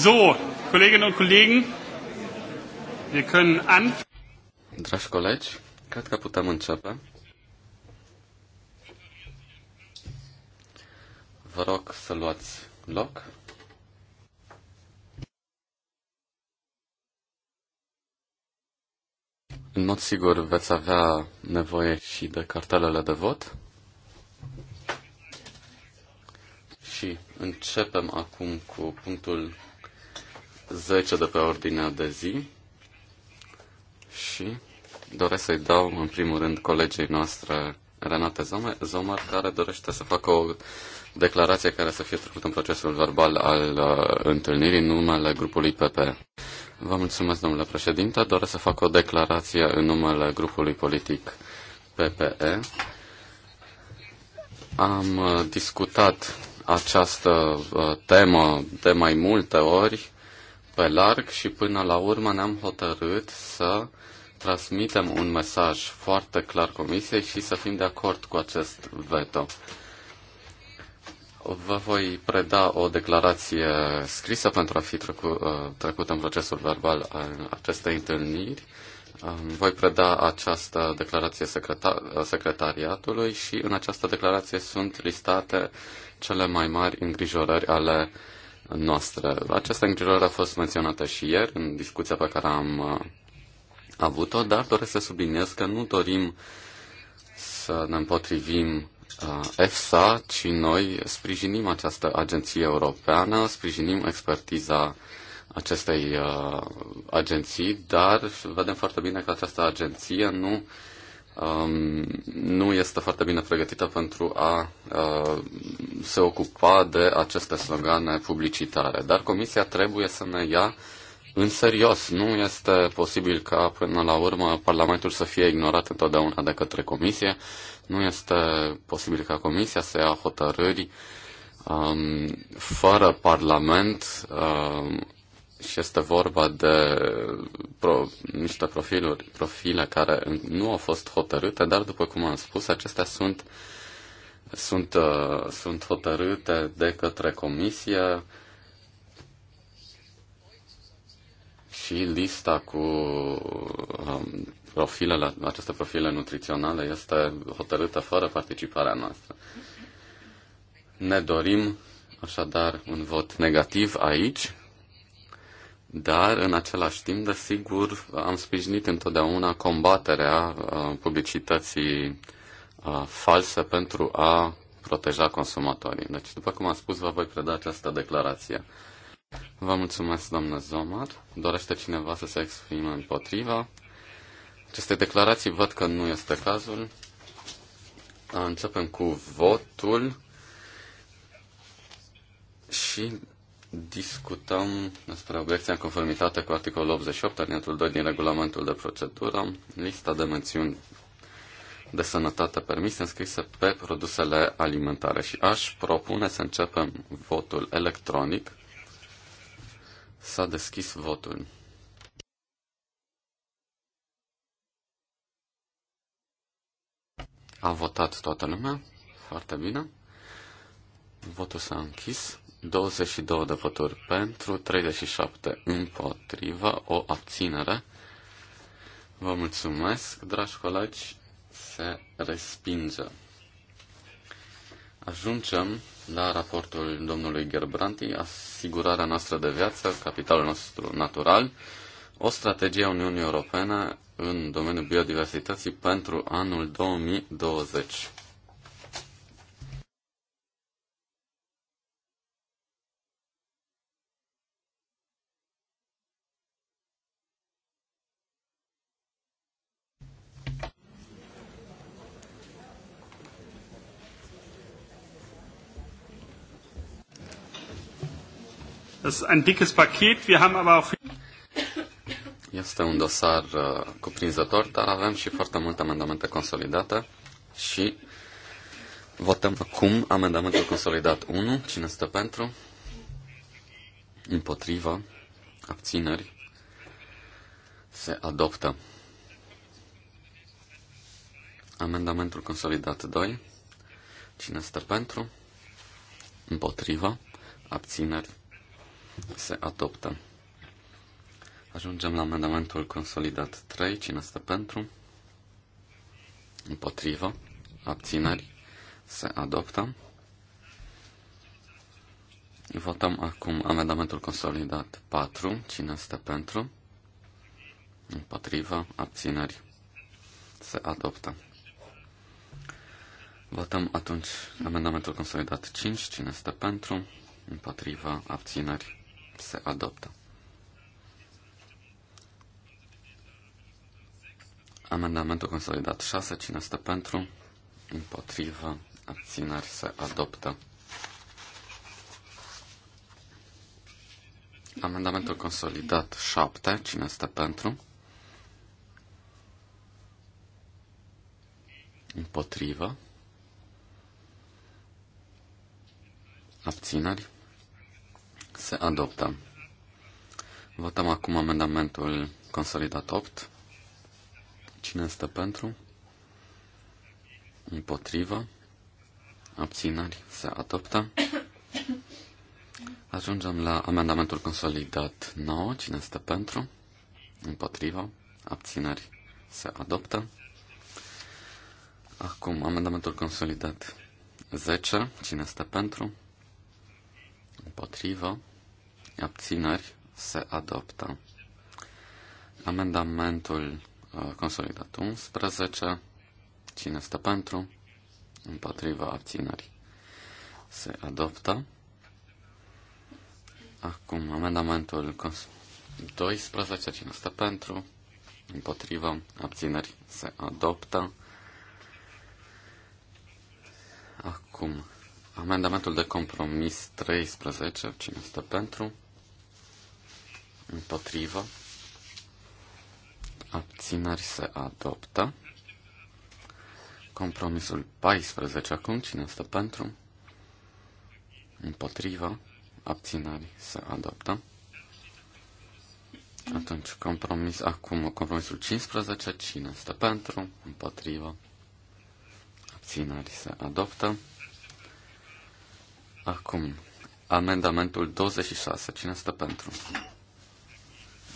So, Kolleginnen und Kollegen, wir können an. Dragi colegi, cred că putem începe. Vă rog să luați loc. În mod sigur veți avea nevoie și de cartelele de vot. Și începem acum cu punctul 10 de pe ordinea de zi și doresc să-i dau în primul rând colegii noastre Renate Zomar, care dorește să facă o declarație care să fie trecută în procesul verbal al uh, întâlnirii în numele grupului PP. Vă mulțumesc, domnule președinte. Doresc să fac o declarație în numele grupului politic PPE. Am uh, discutat această uh, temă de mai multe ori pe larg și până la urmă ne-am hotărât să transmitem un mesaj foarte clar Comisiei și să fim de acord cu acest veto. Vă voi preda o declarație scrisă pentru a fi trecu, uh, în procesul verbal al acestei întâlniri. Um, voi preda această declarație secretar- uh, secretariatului și în această declarație sunt listate cele mai mari îngrijorări ale uh, noastră. Această îngrijorare a fost menționată și ieri în discuția pe care am uh, avut-o, dar doresc să subliniez că nu dorim să ne împotrivim uh, EFSA, ci noi sprijinim această agenție europeană, sprijinim expertiza acestei uh, agenții, dar vedem foarte bine că această agenție nu um, nu este foarte bine pregătită pentru a uh, se ocupa de aceste slogane publicitare. Dar Comisia trebuie să ne ia în serios. Nu este posibil ca până la urmă Parlamentul să fie ignorat întotdeauna de către Comisie. Nu este posibil ca Comisia să ia hotărâri um, fără Parlament um, și este vorba de pro, niște profiluri, profile care nu au fost hotărâte, dar după cum am spus, acestea sunt, sunt, uh, sunt hotărâte de către comisie și lista cu um, profilele, aceste profile nutriționale este hotărâtă fără participarea noastră. Ne dorim așadar un vot negativ aici dar în același timp, desigur, am sprijinit întotdeauna combaterea uh, publicității uh, false pentru a proteja consumatorii. Deci, după cum am spus, vă voi preda această declarație. Vă mulțumesc, doamnă Zomar. Dorește cineva să se exprime împotriva? Aceste declarații văd că nu este cazul. Începem cu votul și Discutăm despre obiecția în conformitate cu articolul 88, alinatul 2 din regulamentul de procedură, lista de mențiuni de sănătate permise înscrise pe produsele alimentare și aș propune să începem votul electronic. S-a deschis votul. A votat toată lumea. Foarte bine. Votul s-a închis. 22 de voturi pentru, 37 împotrivă, o abținere. Vă mulțumesc, dragi colegi, se respinge. Ajungem la raportul domnului Gerbranti, asigurarea noastră de viață, capitalul nostru natural, o strategie a Uniunii Europene în domeniul biodiversității pentru anul 2020. Das ist ein dickes Paket. Wir haben aber auch este un dosar uh, cuprinzător, dar avem și foarte multe amendamente consolidate și votăm acum amendamentul consolidat 1. Cine stă pentru? Împotriva? Abțineri? Se adoptă. Amendamentul consolidat 2. Cine stă pentru? Împotriva? Abțineri? se adoptă. Ajungem la amendamentul consolidat 3. Cine stă pentru? Împotrivă. Abțineri. Se adoptă. Votăm acum amendamentul consolidat 4. Cine stă pentru? Împotrivă. Abțineri. Se adoptă. Votăm atunci amendamentul consolidat 5. Cine stă pentru? Împotrivă. Abțineri se adoptă. Amendamentul consolidat 6, cine este pentru, împotrivă, abțineri se adoptă. Amendamentul consolidat 7, cine este pentru, împotrivă, abțineri se adoptă. Votăm acum amendamentul consolidat 8. Cine este pentru? Împotrivă. Abținări. Se adoptă. Ajungem la amendamentul consolidat 9. Cine este pentru? Împotrivă. Abținări. Se adoptă. Acum, amendamentul consolidat 10. Cine este pentru? Împotrivă abțineri, se adoptă. Amendamentul uh, consolidat 11, cine este pentru, împotriva abținerii, se adoptă. Acum, amendamentul 12, cine este pentru, împotriva abținerii, se adoptă. Acum, amendamentul de compromis 13, cine este pentru, împotrivă, abțineri se adoptă. Compromisul 14 acum, cine este pentru? Împotrivă, abțineri se adoptă. Atunci, compromis, acum compromisul 15, cine este pentru? Împotrivă, abțineri se adoptă. Acum, amendamentul 26, cine este pentru?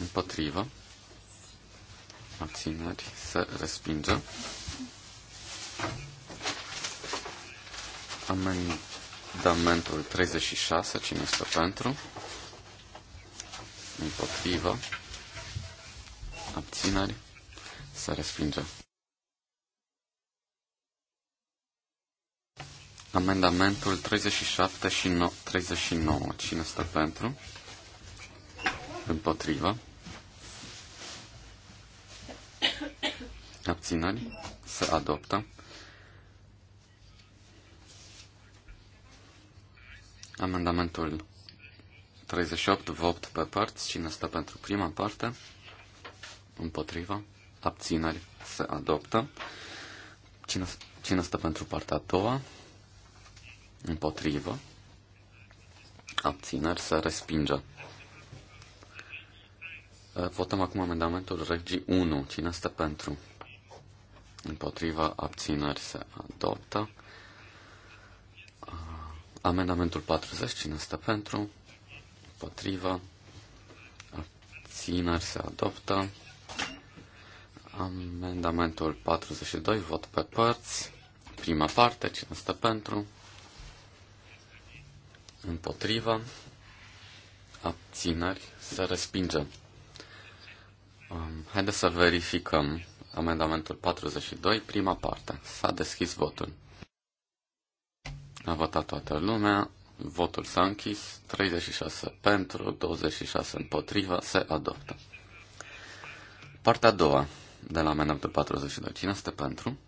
împotrivă, abțineri, se respinge. Amendamentul 36, cine este pentru, împotrivă, abțineri, se respinge. Amendamentul 37 și 39. Cine stă pentru? Împotrivă? abțineri, se adoptă. Amendamentul 38, vot pe părți, cine stă pentru prima parte, împotriva, abțineri, se adoptă. Cine, cine stă pentru partea a doua, împotrivă, abțineri, se respinge. Votăm acum amendamentul regii 1. Cine stă pentru? împotriva abțineri se adoptă. Amendamentul 40, cine stă pentru? Împotriva. Abțineri se adoptă. Amendamentul 42, vot pe părți. Prima parte, cine stă pentru? Împotriva. Abțineri se respinge. Um, haideți să verificăm Amendamentul 42, prima parte. S-a deschis votul. A votat toată lumea. Votul s-a închis. 36 pentru, 26 împotriva. Se adoptă. Partea a doua de la amendamentul 42. Cine este pentru?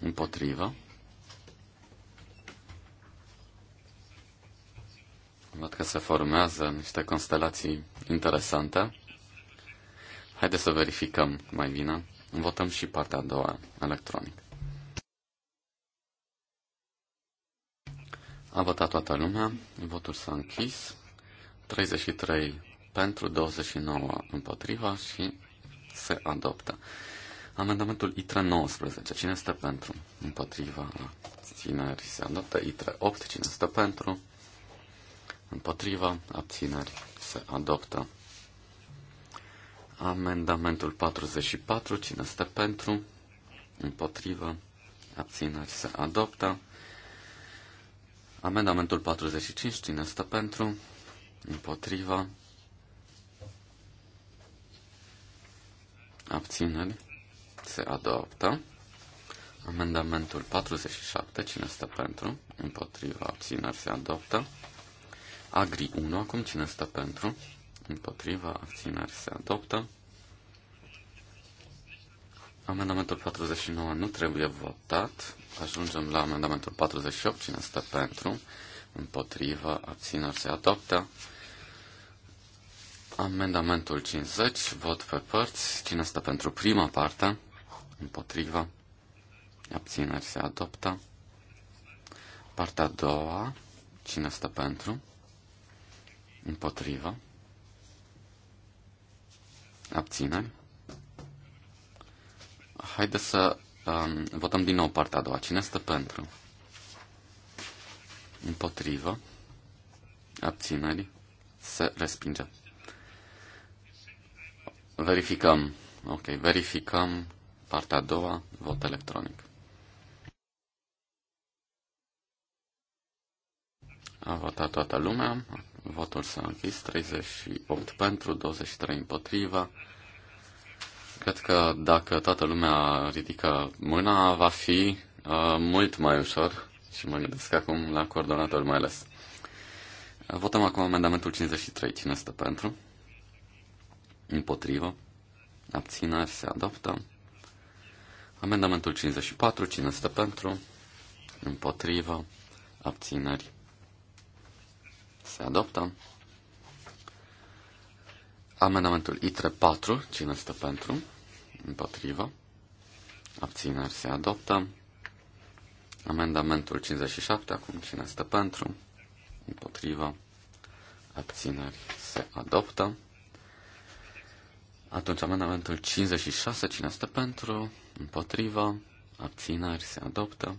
Împotrivă. Văd că se formează niște constelații interesante. Haideți să verificăm mai bine. Votăm și partea a doua electronic. A votat toată lumea, votul s-a închis, 33 pentru, 29 împotriva și se adoptă. Amendamentul ITRE 19. Cine este pentru? Împotriva. Țineri se adoptă. ITRE 8. Cine este pentru? împotriva, abțineri, se adoptă. Amendamentul 44, cine este pentru, împotriva, abțineri, se adoptă. Amendamentul 45, cine este pentru, împotriva, abțineri, se adoptă. Amendamentul 47, cine este pentru, împotriva, abțineri, se adoptă. Agri 1, acum cine stă pentru? Împotriva, abțineri se adoptă. Amendamentul 49 nu trebuie votat. Ajungem la amendamentul 48. Cine stă pentru? Împotriva, abțineri se adoptă. Amendamentul 50, vot pe părți. Cine stă pentru prima parte? Împotriva, abțineri se adoptă. Partea a doua, cine stă pentru? Împotrivă. Abțineri. Haideți să um, votăm din nou partea a doua. Cine stă pentru? Împotrivă. Abțineri. Se respinge. Verificăm. Ok, verificăm partea a doua, vot electronic. A votat toată lumea, Votul s-a închis, 38 pentru, 23 împotriva. Cred că dacă toată lumea ridică mâna, va fi uh, mult mai ușor și mă gândesc acum la coordonator mai ales. Votăm acum amendamentul 53. Cine stă pentru? Împotrivă. Abțineri se adoptă. Amendamentul 54. Cine stă pentru? Împotrivă. Abțineri se adoptă. Amendamentul ITRE 4. Cine stă pentru? Împotrivă. Abțineri se adoptă. Amendamentul 57. Acum cine stă pentru? Împotrivă. Abțineri se adoptă. Atunci amendamentul 56. Cine stă pentru? Împotrivă. Abțineri se adoptă.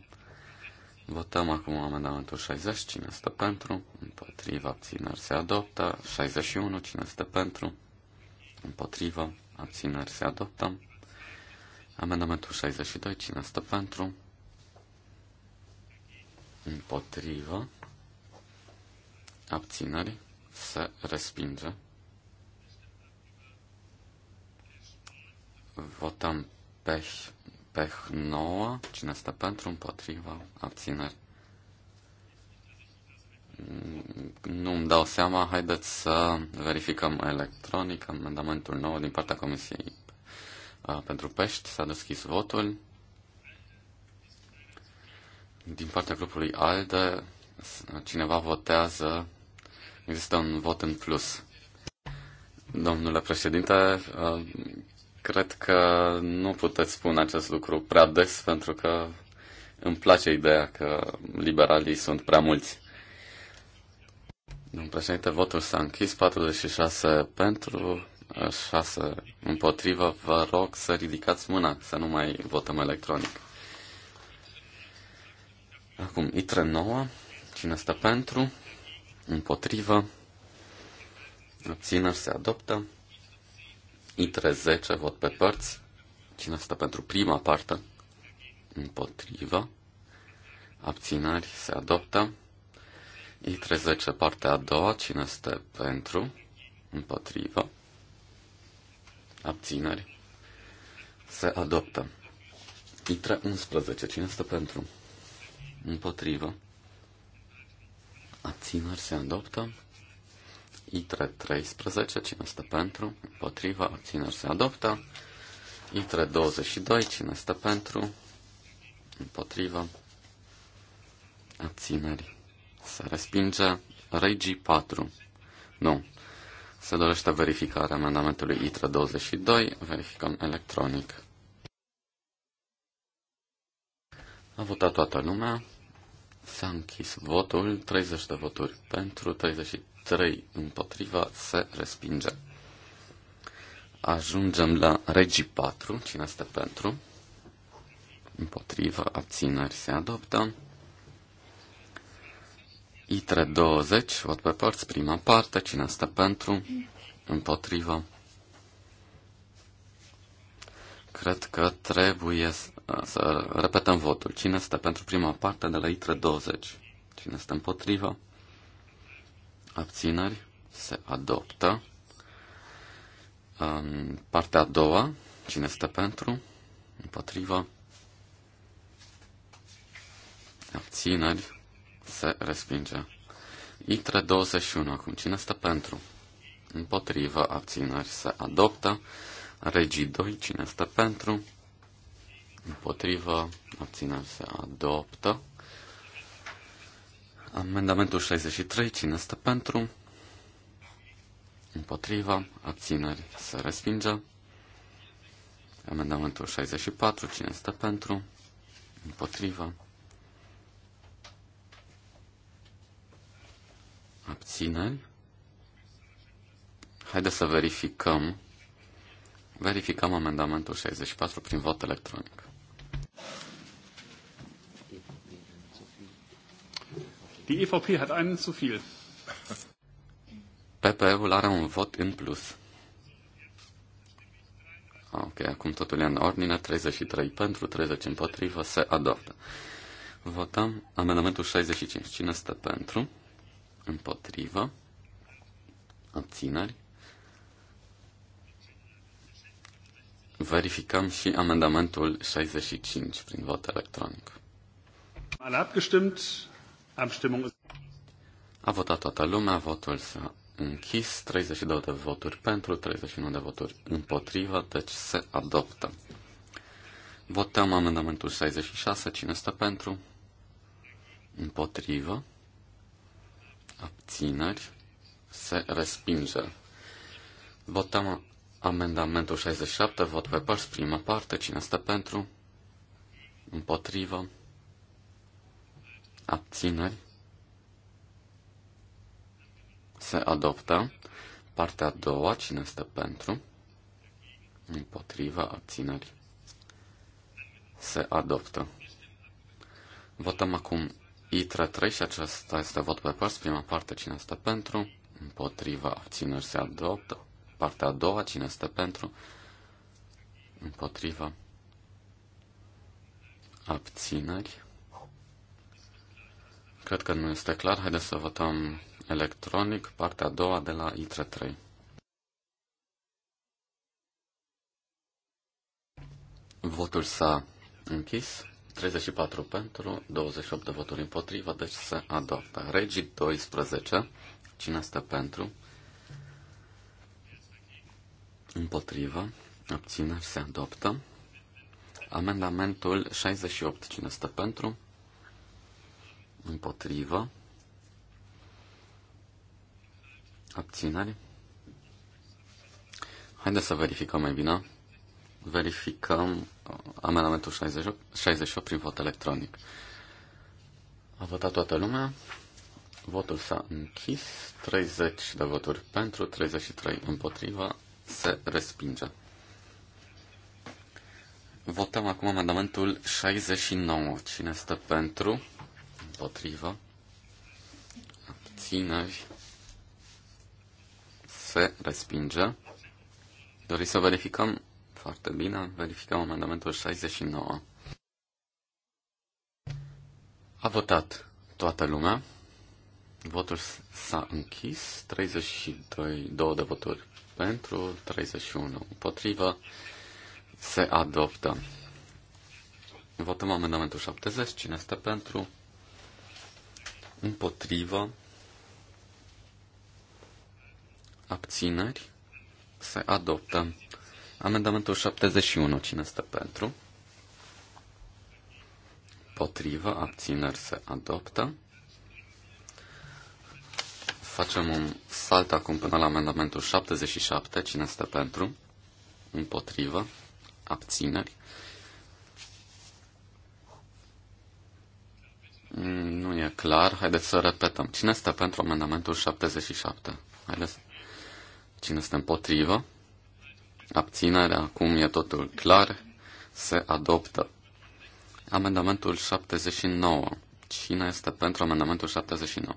Votăm acum amendamentul 60. Cine stă pentru? Împotriva. Abțineri se adoptă. 61. Cine stă pentru? Împotriva. Abțineri se adoptă. Amendamentul 62. Cine stă pentru? Împotriva. Abțineri se respinge. Votăm pe pech 9. Cine stă pentru, împotriva, abțineri. Nu îmi dau seama. Haideți să verificăm electronic amendamentul nou din partea Comisiei pentru Pești. S-a deschis votul. Din partea grupului ALDE, cineva votează. Există un vot în plus. Domnule președinte, Cred că nu puteți spune acest lucru prea des, pentru că îmi place ideea că liberalii sunt prea mulți. Domnul președinte, votul s-a închis, 46 pentru, 6 împotrivă. Vă rog să ridicați mâna, să nu mai votăm electronic. Acum, ITRE 9, cine stă pentru, împotrivă, abțineri se adoptă. ITRE 10, vot pe părți. Cine stă pentru prima parte? Împotrivă. Abținări se adoptă. ITRE 10, partea a doua. Cine stă pentru? Împotrivă. Abținări se adoptă. ITRE 11. Cine stă pentru? Împotrivă. Abținări se adoptă. ITRE 13, cine este pentru, împotriva, abțineri se adoptă. ITRE 22, cine este pentru, împotriva, abțineri se respinge. Regii 4, nu. Se dorește verificarea amendamentului ITRE 22, verificăm electronic. A votat toată lumea, s-a închis votul, 30 de voturi pentru, 33 trei împotriva se respinge. Ajungem la regii 4. Cine este pentru? Împotriva abțineri se adoptă. ITRE 20, vot pe părți, prima parte, cine este pentru, împotriva. Cred că trebuie să repetăm votul. Cine este pentru prima parte de la ITRE 20? Cine este împotriva? abțineri, se adoptă. Partea a doua, cine este pentru, împotriva, abțineri, se respinge. ITRE 21, acum cine este pentru, împotriva, abțineri, se adoptă. Regii 2, cine este pentru, împotriva, abțineri, se adoptă. Amendamentul 63, cine stă pentru? Împotriva, abțineri, se respinge. Amendamentul 64, cine stă pentru? Împotriva. Abțineri. Haideți să verificăm. Verificăm amendamentul 64 prin vot electronic. Die EVP hat einen zu viel. PPE-ul are un vot în plus. Ok, acum totul e în ordine, 33 pentru, 30 împotrivă, se adoptă. Votăm amendamentul 65. Cine stă pentru? Împotrivă? Abțineri? Verificăm și amendamentul 65 prin vot electronic. Alle abgestimmt, a votat toată lumea, votul s-a închis, 32 de voturi pentru, 31 de voturi împotriva, deci se adoptă. Votăm amendamentul 66, cine stă pentru? Împotrivă. Abțineri. Se respinge. Votăm amendamentul 67, vot pe părți, prima parte, cine stă pentru? Împotrivă abțineri, se adoptă. Partea a doua, cine este pentru, împotriva, abțineri, se adoptă. Votăm acum I3 și acesta este vot pe părți. Prima parte, cine este pentru, împotriva, abțineri, se adoptă. Partea a doua, cine este pentru, împotriva, abțineri, Cred că nu este clar. Haideți să votăm electronic partea a doua de la ITRE 3. Votul s-a închis. 34 pentru, 28 de voturi împotriva, deci se adoptă. Regii 12. Cine stă pentru? Împotriva. Abțineri se adoptă. Amendamentul 68. Cine stă pentru? Împotrivă. Abținere. Haideți să verificăm mai bine. Verificăm uh, amendamentul 68, 68 prin vot electronic. A votat toată lumea. Votul s-a închis. 30 de voturi pentru, 33 împotriva. Se respinge. Votăm acum amendamentul 69. Cine stă pentru? împotrivă, abțineri, se respinge. Dori să verificăm foarte bine, verificăm amendamentul 69. A votat toată lumea. Votul s-a închis. 32 2 de voturi pentru, 31 împotrivă. Se adoptă. Votăm amendamentul 70. Cine este pentru? împotrivă, abțineri, se adoptă. Amendamentul 71, cine este pentru? Potrivă, abțineri, se adoptă. Facem un salt acum până la amendamentul 77, cine este pentru? Împotrivă, abțineri, Mm, nu e clar. Haideți să repetăm. Cine este pentru amendamentul 77? Haideți. Cine este împotrivă? Abținerea. Acum e totul clar. Se adoptă. Amendamentul 79. Cine este pentru amendamentul 79?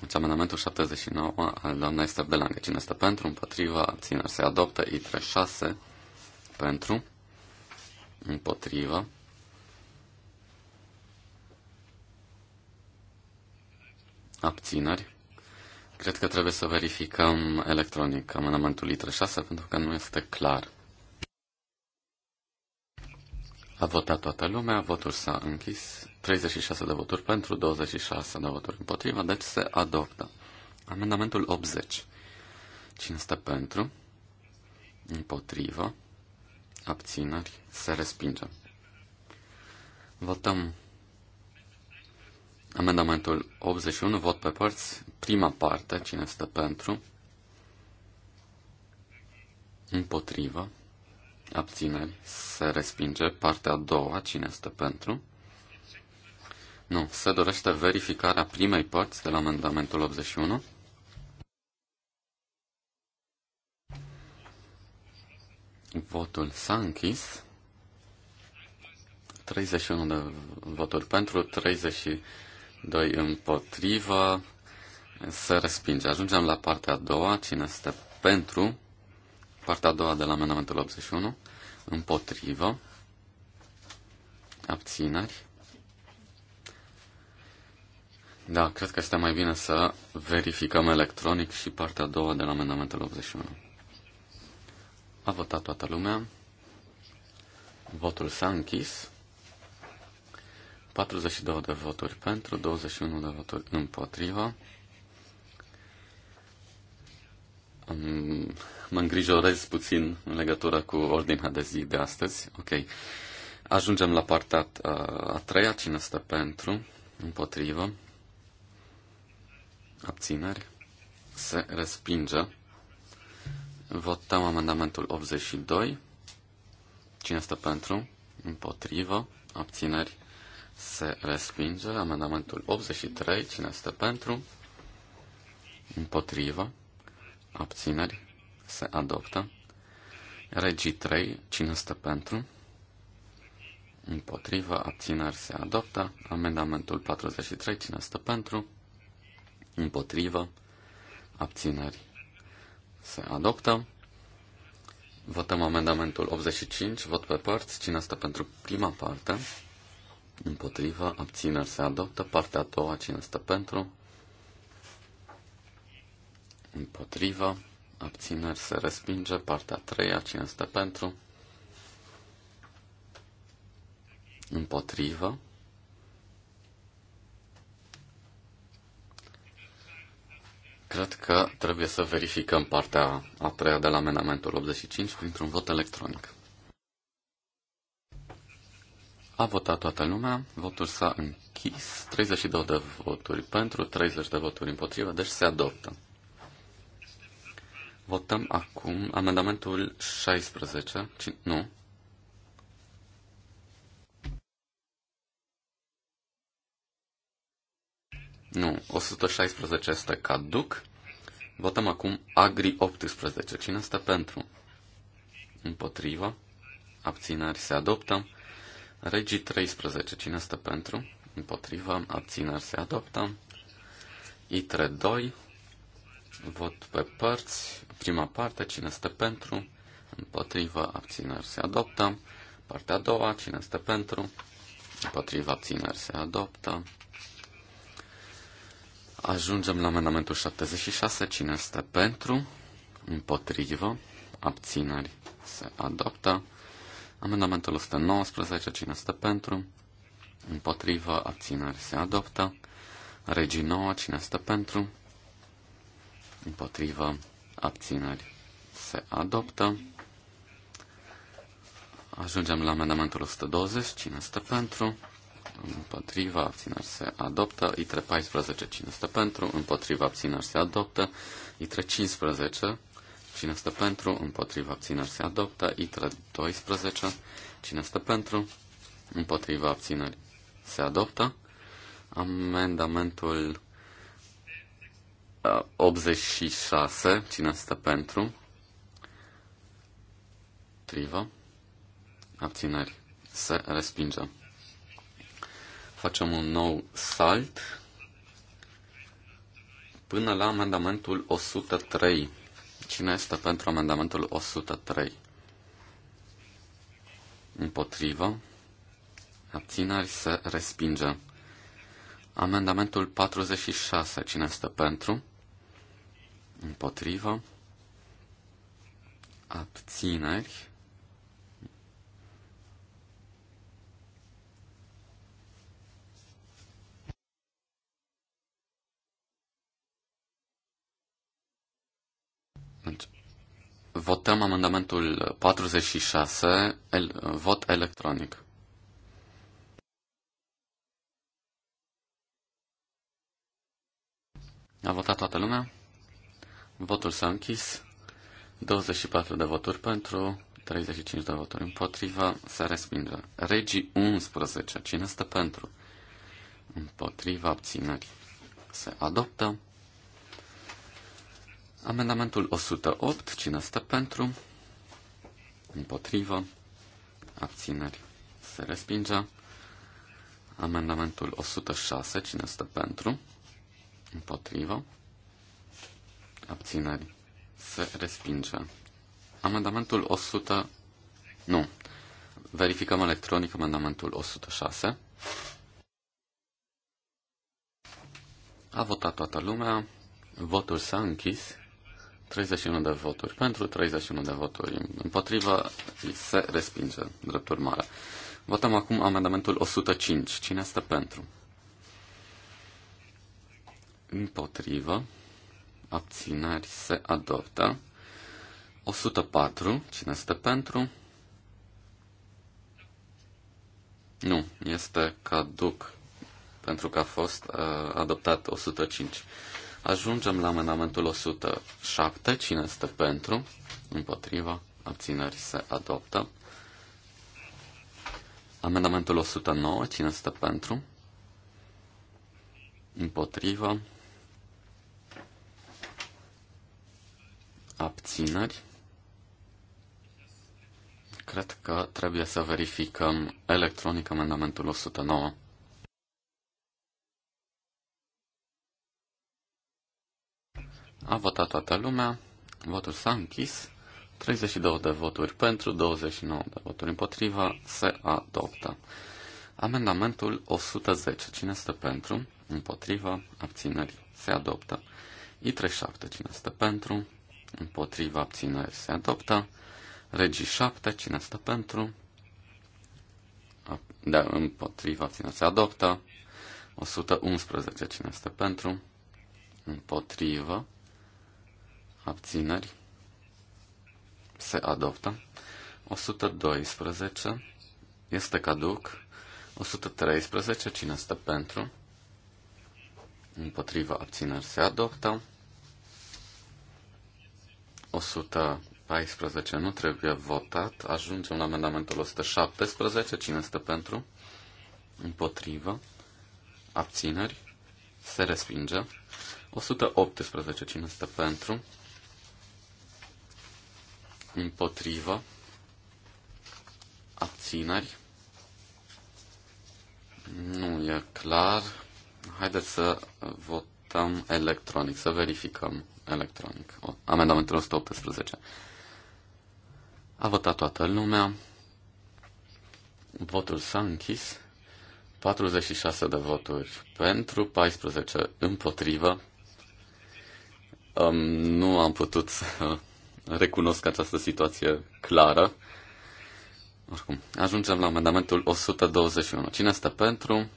Deci amendamentul 79 al doamnei este Belangă. Cine este pentru, împotriva, abțineri, se adoptă. I36 pentru, împotrivă. Abțineri. Cred că trebuie să verificăm electronic amendamentul litre 6 pentru că nu este clar. A votat toată lumea, votul s-a închis, 36 de voturi pentru, 26 de voturi împotriva, deci se adoptă. Amendamentul 80. Cine stă pentru? Împotrivă abțineri, se respinge. Votăm amendamentul 81, vot pe părți, prima parte, cine stă pentru, împotrivă, abțineri, se respinge, partea a doua, cine stă pentru, nu, se dorește verificarea primei părți de la amendamentul 81. Votul s-a închis. 31 de voturi pentru, 32 împotrivă. Se respinge. Ajungem la partea a doua. Cine este pentru? Partea a doua de la amendamentul 81. Împotrivă. Abțineri. Da, cred că este mai bine să verificăm electronic și partea a doua de la amendamentul 81. A votat toată lumea. Votul s-a închis. 42 de voturi pentru, 21 de voturi împotriva. mă îngrijorez puțin în legătură cu ordinea de zi de astăzi. Ok. Ajungem la partea a, a treia. Cine stă pentru? Împotrivă? Abțineri? Se respinge. Votăm amendamentul 82. Cine este pentru? Împotrivă. Abțineri. Se respinge. Amendamentul 83. Cine este pentru? Împotrivă. Abțineri. Se adoptă. Regii 3. Cine este pentru? Împotrivă. Abțineri. Se adoptă. Amendamentul 43. Cine este pentru? Împotrivă. Abțineri se adoptă. Votăm amendamentul 85, vot pe părți, cine stă pentru prima parte, împotrivă, abțineri se adoptă, partea a doua, cine stă pentru, împotrivă, abțineri se respinge, partea a treia, cine stă pentru, împotrivă, Cred că trebuie să verificăm partea a treia de la amendamentul 85 printr-un vot electronic. A votat toată lumea, votul s-a închis, 32 de voturi pentru, 30 de voturi împotrivă, deci se adoptă. Votăm acum amendamentul 16, ci, nu, Nu, 116 este caduc. Votăm acum Agri 18. Cine este pentru? Împotriva. Abțineri se adoptă. Regii 13. Cine este pentru? Împotriva. Abțineri se adoptă. ITRE 2. Vot pe părți. Prima parte. Cine este pentru? Împotriva. Abțineri se adoptă. Partea a doua. Cine este pentru? Împotriva. Abțineri se adoptă. Ajungem la amendamentul 76. Cine este pentru? Împotrivă. Abțineri. Se adoptă. Amendamentul 119. Cine este pentru? Împotrivă. Abțineri. Se adoptă. Regii 9. Cine este pentru? Împotrivă. Abțineri. Se adoptă. Ajungem la amendamentul 120. Cine este pentru? împotriva abțineri se adoptă, ITRE 14 cine stă pentru, împotriva abțineri se adoptă, ITRE 15 cine stă pentru, împotriva abțineri se adoptă, ITRE 12 cine stă pentru, împotriva abțineri se adoptă, amendamentul 86 uh, cine stă pentru, Triva. abțineri se respinge facem un nou salt până la amendamentul 103. Cine este pentru amendamentul 103? Împotrivă. Abțineri se respinge. Amendamentul 46. Cine este pentru? Împotrivă. Abțineri. votăm amendamentul 46, el, vot electronic. A votat toată lumea? Votul s-a închis. 24 de voturi pentru, 35 de voturi împotriva, se respinge. Regii 11. Cine stă pentru? Împotriva abținerii. Se adoptă. Amendamentul 108, cine stă pentru? Împotrivă. Abțineri. Se respinge. Amendamentul 106, cine stă pentru? Împotrivă. Abțineri. Se respinge. Amendamentul 100. Nu. Verificăm electronic amendamentul 106. A votat toată lumea. Votul s-a închis. 31 de voturi pentru, 31 de voturi împotriva, se respinge, drept urmare. Votăm acum amendamentul 105. Cine este pentru? Împotrivă. Abțineri se adoptă. 104. Cine este pentru? Nu, este caduc pentru că a fost uh, adoptat 105. Ajungem la amendamentul 107. Cine este pentru? Împotriva. Abțineri se adoptă. Amendamentul 109. Cine este pentru? Împotriva. Abțineri. Cred că trebuie să verificăm electronic amendamentul 109. A votat toată lumea. Votul s-a închis. 32 de voturi pentru, 29 de voturi împotriva. Se adoptă. Amendamentul 110. Cine este pentru? Împotriva. Abțineri. Se adoptă. I37. Cine este pentru? Împotriva. Abțineri. Se adoptă. Regii 7. Cine este pentru? De da, împotriva. Abțineri. Se adoptă. 111. Cine este pentru? Împotrivă abțineri, se adoptă. 112 este caduc. 113, cine este pentru? Împotriva abțineri se adoptă. 114 nu trebuie votat. Ajungem la amendamentul 117. Cine este pentru? Împotrivă. Abțineri. Se respinge. 118. Cine este pentru? împotrivă, abțineri. Nu e clar. Haideți să votăm electronic, să verificăm electronic. Amendamentul 118. A votat toată lumea. Votul s-a închis. 46 de voturi pentru, 14 împotrivă. Um, nu am putut să recunosc această situație clară. Oricum, ajungem la amendamentul 121. Cine este pentru?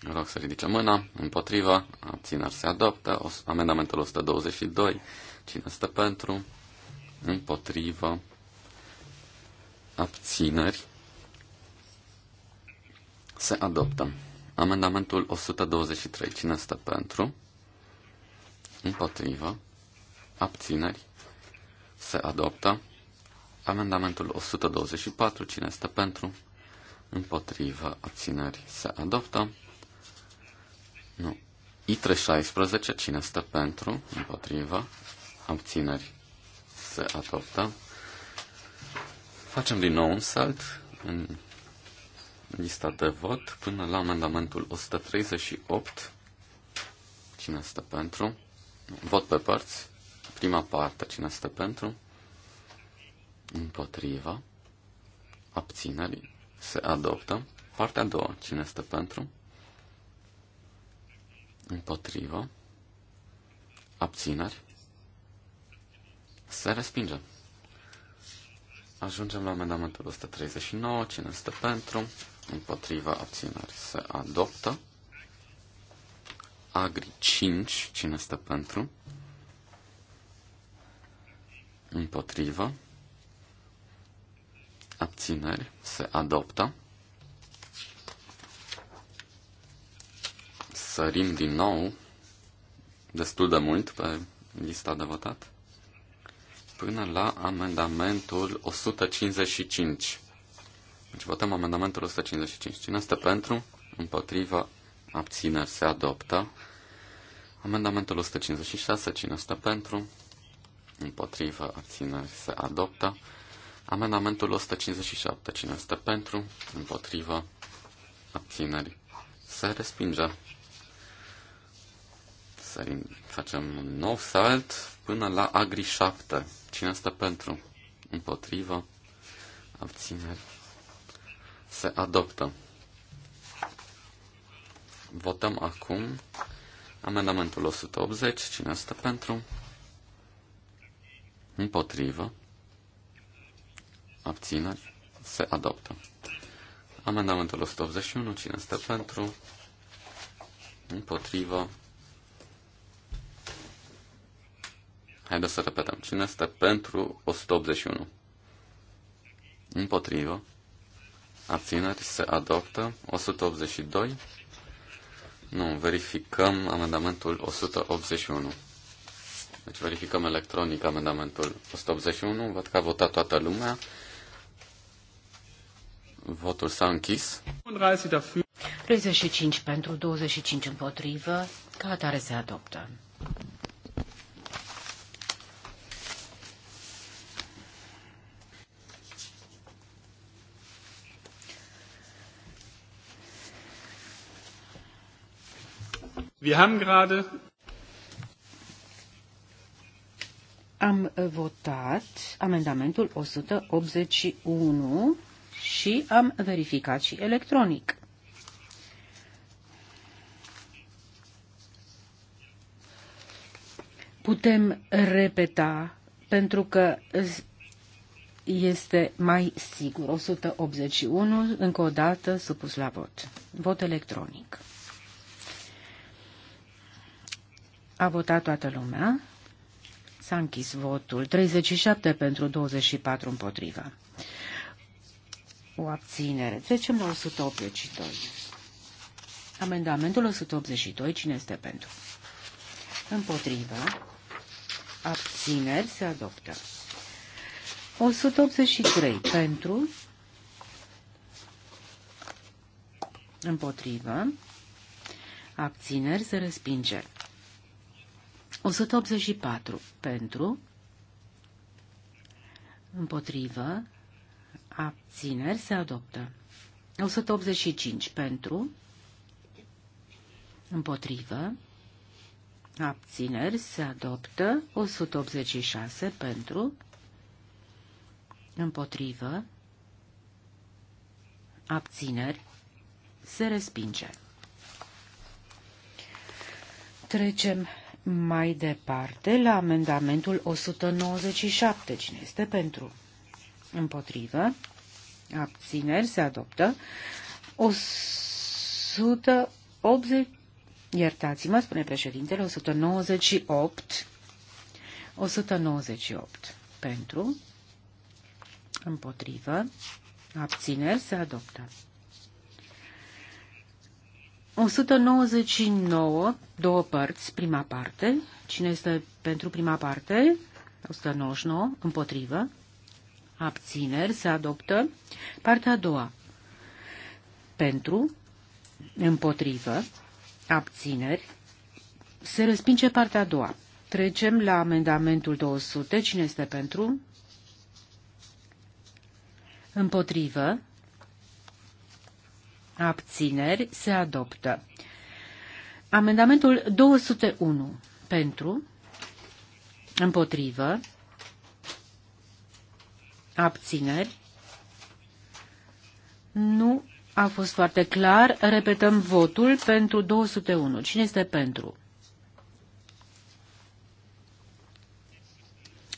Vă rog să ridice mâna. Împotriva. Abțineri se adoptă. Amendamentul 122. Cine este pentru? Împotriva. Abțineri. Se adoptă. Amendamentul 123. Cine este pentru? Împotriva. Abțineri se adoptă. Amendamentul 124, cine este pentru? Împotrivă, abțineri, se adoptă. Nu. I316, cine este pentru? Împotrivă, abțineri, se adoptă. Facem din nou un salt în lista de vot până la amendamentul 138. Cine este pentru? Vot pe părți. Prima parte, cine este pentru? Împotriva. Abținerii. Se adoptă. Partea a doua, cine este pentru? Împotriva. Abțineri. Se respinge. Ajungem la amendamentul 139. Cine este pentru? Împotriva abțineri. Se adoptă. Agri 5. Cine este pentru? împotrivă, abțineri, se adoptă. Sărim din nou destul de mult pe lista de votat până la amendamentul 155. Deci votăm amendamentul 155. Cine este pentru? Împotriva abțineri se adoptă. Amendamentul 156. Cine este pentru? împotrivă, abțineri, se adoptă. Amendamentul 157, cine este pentru, împotrivă, abțineri, se respinge. Să facem un nou salt până la Agri 7. Cine este pentru, împotrivă, abțineri, se adoptă. Votăm acum amendamentul 180. Cine este pentru? Împotrivă. Abțineri. Se adoptă. Amendamentul 181. Cine este pentru? Împotrivă. Haideți să repetăm. Cine este pentru 181? Împotrivă. Abțineri se adoptă. 182. Nu, verificăm amendamentul 181. Deci verificăm electronic amendamentul 181. Văd că a votat toată lumea. Votul s-a închis. 35 pentru, 25 împotrivă. Ca atare se adoptă. Wir haben gerade Am votat amendamentul 181 și am verificat și electronic. Putem repeta pentru că este mai sigur. 181, încă o dată, supus la vot. Vot electronic. A votat toată lumea. S-a închis votul. 37 pentru 24 împotriva. O abținere. Trecem la 182. Amendamentul 182. Cine este pentru? Împotriva. Abțineri. Se adoptă. 183. Pentru. Împotrivă. Abțineri. Se respinge. 184 pentru, împotrivă, abțineri se adoptă. 185 pentru, împotrivă, abțineri se adoptă. 186 pentru, împotrivă, abțineri se respinge. Trecem mai departe la amendamentul 197. Cine este pentru? Împotrivă. Abțineri se adoptă. 180. Iertați-mă, spune președintele, 198. 198 pentru, împotrivă, abțineri se adoptă. 199, două părți, prima parte. Cine este pentru prima parte? 199, împotrivă. Abțineri, se adoptă. Partea a doua. Pentru, împotrivă, abțineri, se respinge partea a doua. Trecem la amendamentul 200. Cine este pentru? Împotrivă, abțineri, se adoptă. Amendamentul 201 pentru, împotrivă, abțineri, nu a fost foarte clar. Repetăm votul pentru 201. Cine este pentru?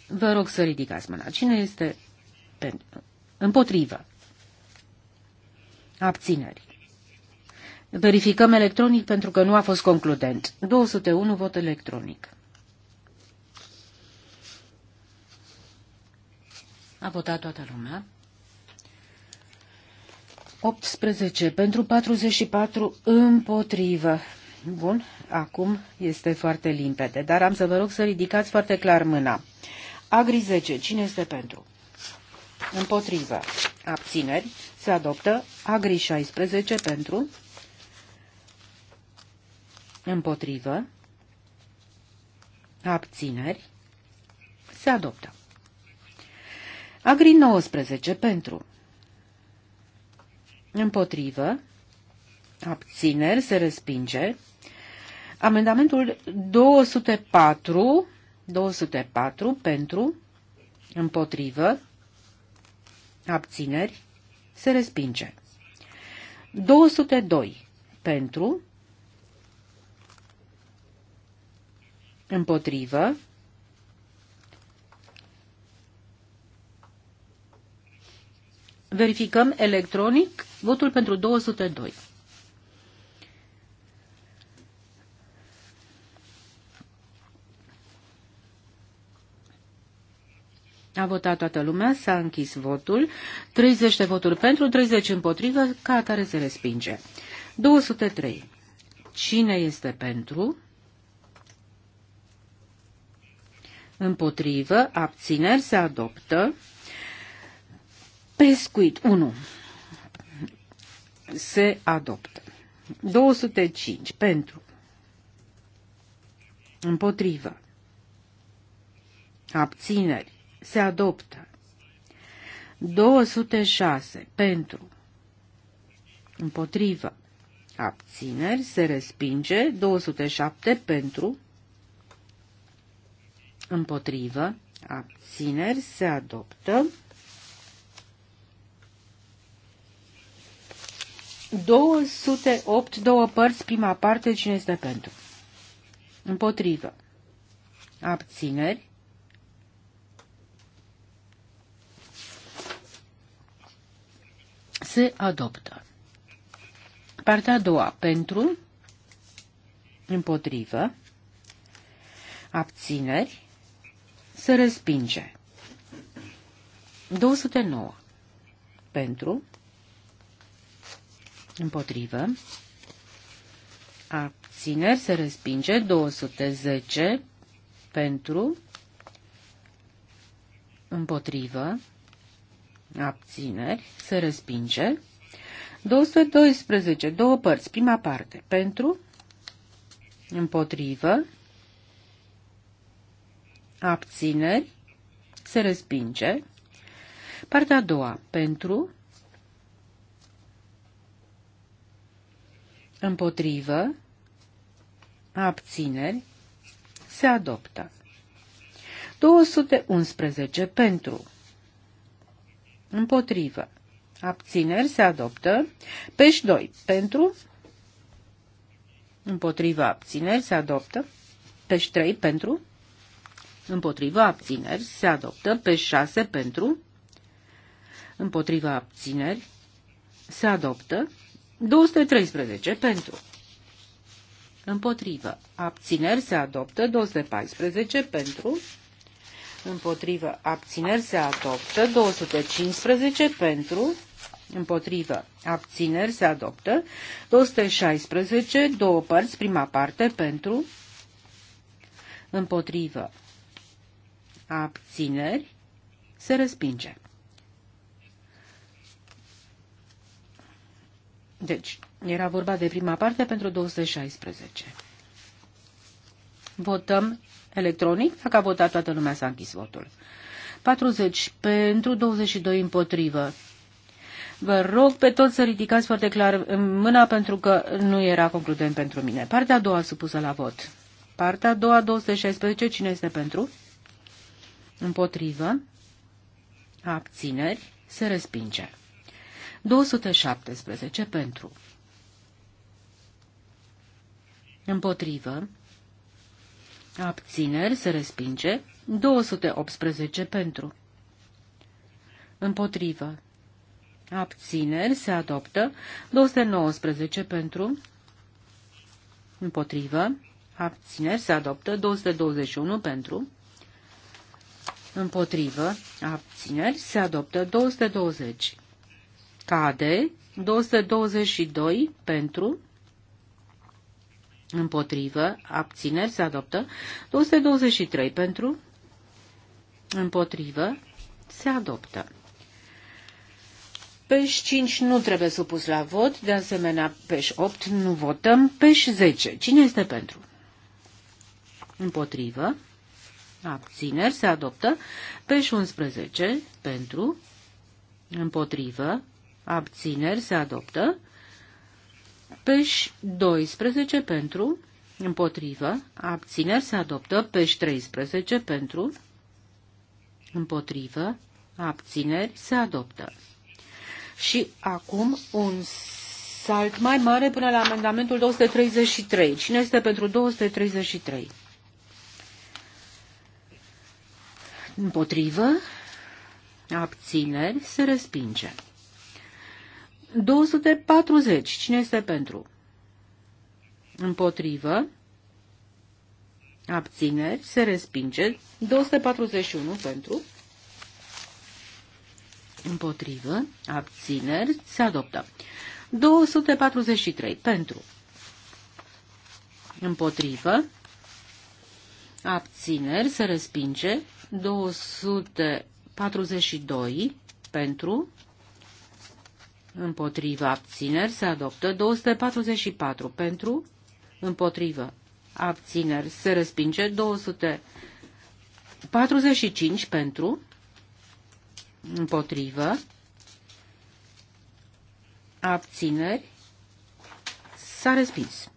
Vă rog să ridicați mâna. Cine este pentru? împotrivă? Abțineri. Verificăm electronic pentru că nu a fost concludent. 201 vot electronic. A votat toată lumea. 18 pentru 44 împotrivă. Bun, acum este foarte limpede, dar am să vă rog să ridicați foarte clar mâna. Agri 10, cine este pentru? Împotrivă. Abțineri se adoptă. Agri 16 pentru, împotrivă, abțineri, se adoptă. Agri 19 pentru, împotrivă, abțineri, se respinge. Amendamentul 204, 204 pentru, împotrivă, abțineri, se respinge. 202 pentru, împotrivă, verificăm electronic votul pentru 202. A votat toată lumea, s-a închis votul, 30 de voturi pentru, 30 împotrivă, ca atare se respinge. 203. Cine este pentru? Împotrivă, abțineri, se adoptă. Pescuit 1. Se adoptă. 205. Pentru. Împotrivă. Abțineri se adoptă. 206 pentru, împotrivă, abțineri, se respinge. 207 pentru, împotrivă, abțineri, se adoptă. 208, două părți, prima parte, cine este pentru? Împotrivă. Abțineri, se adoptă. Partea a doua, pentru, împotrivă, abțineri, se respinge. 209. Pentru, împotrivă, abțineri, se respinge. 210. Pentru, împotrivă, abțineri, se respinge. 212, două părți, prima parte, pentru, împotrivă, abțineri, se respinge. Partea a doua, pentru, împotrivă, abțineri, se adoptă. 211 pentru, Împotrivă. Abțineri se adoptă. Peș 2. Pentru. Împotrivă abțineri se adoptă. Peș 3. Pentru. Împotrivă abțineri se adoptă. Peș 6. Pentru. Împotrivă abțineri se adoptă. 213. Pentru. Împotrivă. Abțineri se adoptă. 214. Pentru împotrivă, abțineri se adoptă, 215 pentru, împotrivă, abțineri se adoptă, 216, două părți, prima parte pentru, împotrivă, abțineri se respinge. Deci, era vorba de prima parte pentru 216. Votăm electronic. Dacă a votat toată lumea, s-a închis votul. 40 pentru, 22 împotrivă. Vă rog pe toți să ridicați foarte clar mâna pentru că nu era concludent pentru mine. Partea a doua supusă la vot. Partea a doua, 216, cine este pentru? Împotrivă. Abțineri. Se respinge. 217 pentru. Împotrivă. Abțineri se respinge. 218 pentru. Împotrivă. Abțineri se adoptă. 219 pentru. Împotrivă. Abțineri se adoptă. 221 pentru. Împotrivă. Abțineri se adoptă. 220. Cade. 222 pentru. Împotrivă. Abțineri. Se adoptă. 223 pentru. Împotrivă. Se adoptă. Peș 5 nu trebuie supus la vot, de asemenea peș 8 nu votăm, peș 10. Cine este pentru? Împotrivă. Abțineri se adoptă. Peș 11 pentru. Împotrivă. Abțineri se adoptă. Peș 12 pentru, împotrivă, abțineri se adoptă. Peș 13 pentru, împotrivă, abțineri se adoptă. Și acum un salt mai mare până la amendamentul 233. Cine este pentru 233? Împotrivă, abțineri se respinge. 240. Cine este pentru? Împotrivă. Abțineri. Se respinge. 241 pentru. Împotrivă. Abțineri. Se adoptă. 243 pentru. Împotrivă. Abțineri. Se respinge. 242 pentru împotriva abțineri se adoptă 244 pentru, împotrivă abțineri se respinge 245 pentru, împotrivă abțineri s-a respins.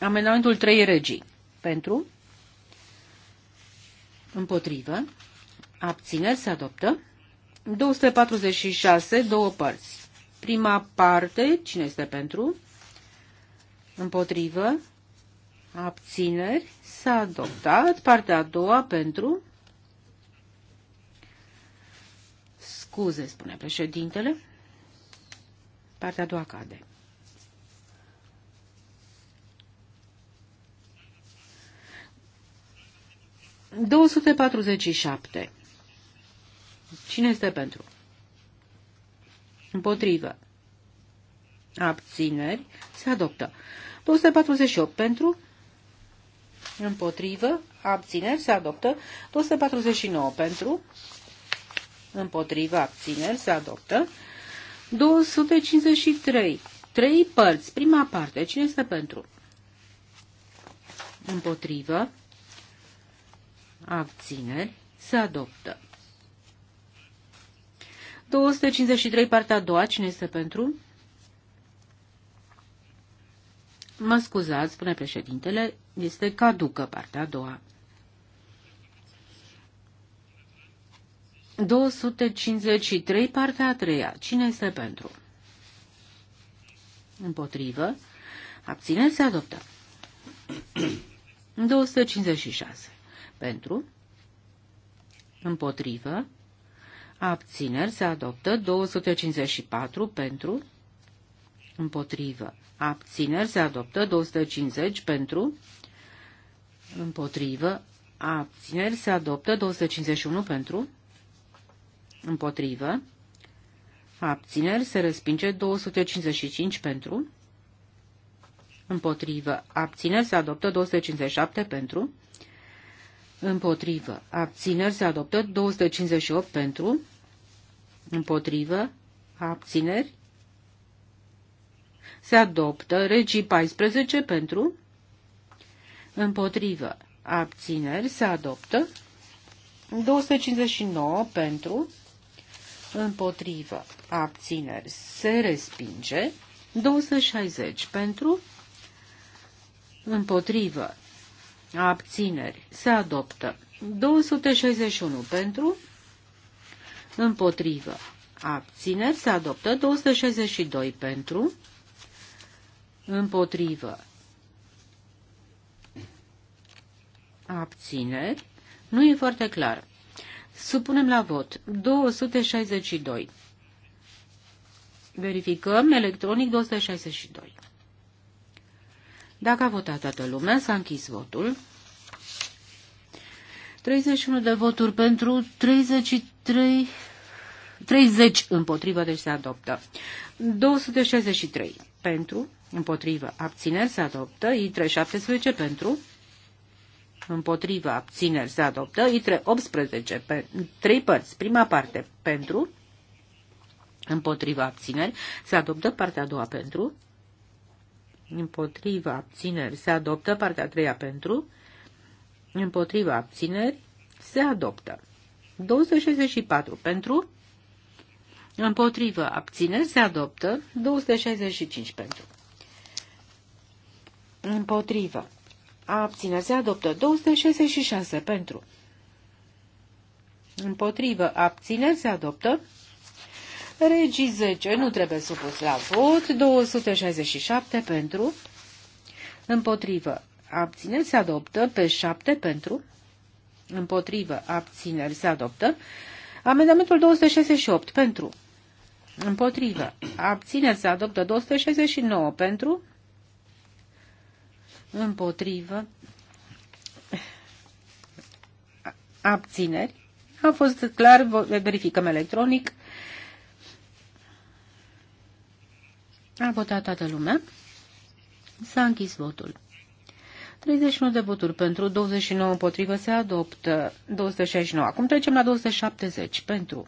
Amendamentul 3 regii pentru Împotrivă. Abțineri se adoptă. 246, două părți. Prima parte, cine este pentru? Împotrivă. Abțineri s-a adoptat. Partea a doua pentru. Scuze, spune președintele. Partea a doua cade. 247. Cine este pentru? Împotrivă. Abțineri. Se adoptă. 248 pentru. Împotrivă. Abțineri. Se adoptă. 249 pentru. Împotrivă. Abțineri. Se adoptă. 253. Trei părți. Prima parte. Cine este pentru? Împotrivă abțineri, se adoptă. 253, partea a doua, cine este pentru? Mă scuzați, spune președintele, este caducă partea a doua. 253, partea a treia. Cine este pentru? Împotrivă. Abține, se adoptă. 256. pentru, împotrivă, abțineri se adoptă 254 pentru, împotrivă, abțineri se adoptă 250 pentru, împotrivă, abțineri se adoptă 251 pentru, împotrivă, abțineri se respinge 255 pentru, Împotrivă. Abțineri se adoptă 257 pentru împotrivă, abțineri se adoptă, 258 pentru, împotrivă, abțineri, se adoptă, regii 14 pentru, împotrivă, abțineri, se adoptă, 259 pentru, împotrivă, abțineri, se respinge, 260 pentru, împotrivă, abțineri, se adoptă. 261 pentru, împotrivă, abțineri, se adoptă. 262 pentru, împotrivă, abțineri, nu e foarte clar. Supunem la vot 262. Verificăm electronic 262. Dacă a votat toată lumea, s-a închis votul. 31 de voturi pentru, 33, 30 împotrivă, deci se adoptă. 263 pentru, împotrivă, abțineri, se adoptă. I3 17 pentru, împotrivă, abțineri, se adoptă. I3 18, pe, 3 părți, prima parte pentru, împotrivă, abțineri, se adoptă. Partea a doua pentru, împotriva abțineri se adoptă, partea a treia pentru, împotriva abțineri se adoptă. 264 pentru, împotriva abțineri se adoptă, 265 pentru. împotriva Abțineri se adoptă 266 pentru. împotriva Abțineri se adoptă Regii 10 nu trebuie supus la vot. 267 pentru. Împotrivă. Abțineri se adoptă pe 7 pentru. Împotrivă. Abțineri se adoptă. Amendamentul 268 pentru. Împotrivă. Abțineri se adoptă 269 pentru. Împotrivă. Abțineri. A fost clar, verificăm electronic. A votat toată lumea. S-a închis votul. 31 de voturi pentru, 29 împotrivă, se adoptă 269. Acum trecem la 270 pentru.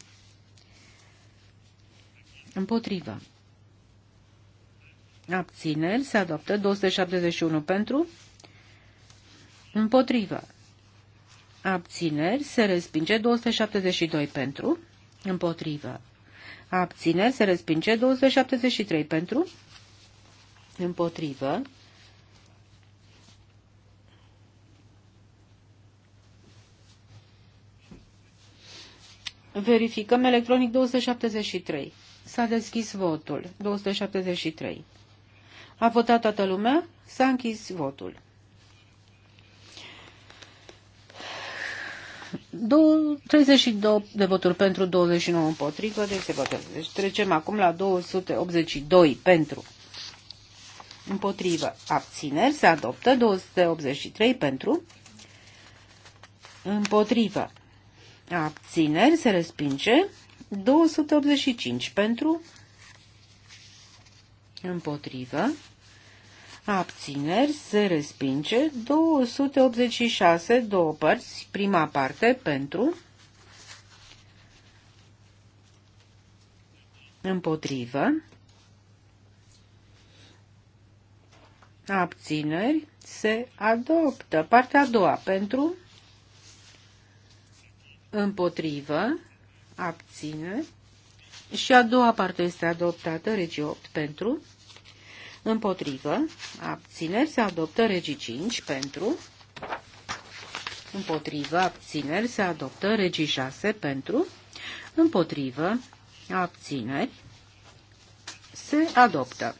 Împotrivă. Abțineri se adoptă 271 pentru. Împotrivă. Abțineri se respinge 272 pentru. Împotrivă abțineri, se respinge. 273 pentru, împotrivă. Verificăm electronic 273. S-a deschis votul. 273. A votat toată lumea? S-a închis votul. 32 de voturi pentru, 29 împotrivă, deci se votează. Deci trecem acum la 282 pentru. Împotrivă abțineri se adoptă 283 pentru. Împotrivă abțineri se respinge 285 pentru. Împotrivă abțineri, se respinge. 286, două părți, prima parte pentru, împotrivă, abțineri, se adoptă. Partea a doua pentru, împotrivă, abține și a doua parte este adoptată, regi 8 pentru, împotrivă, abțineri se adoptă regii 5 pentru, împotrivă, abțineri se adoptă regii 6 pentru, împotrivă, abțineri se adoptă.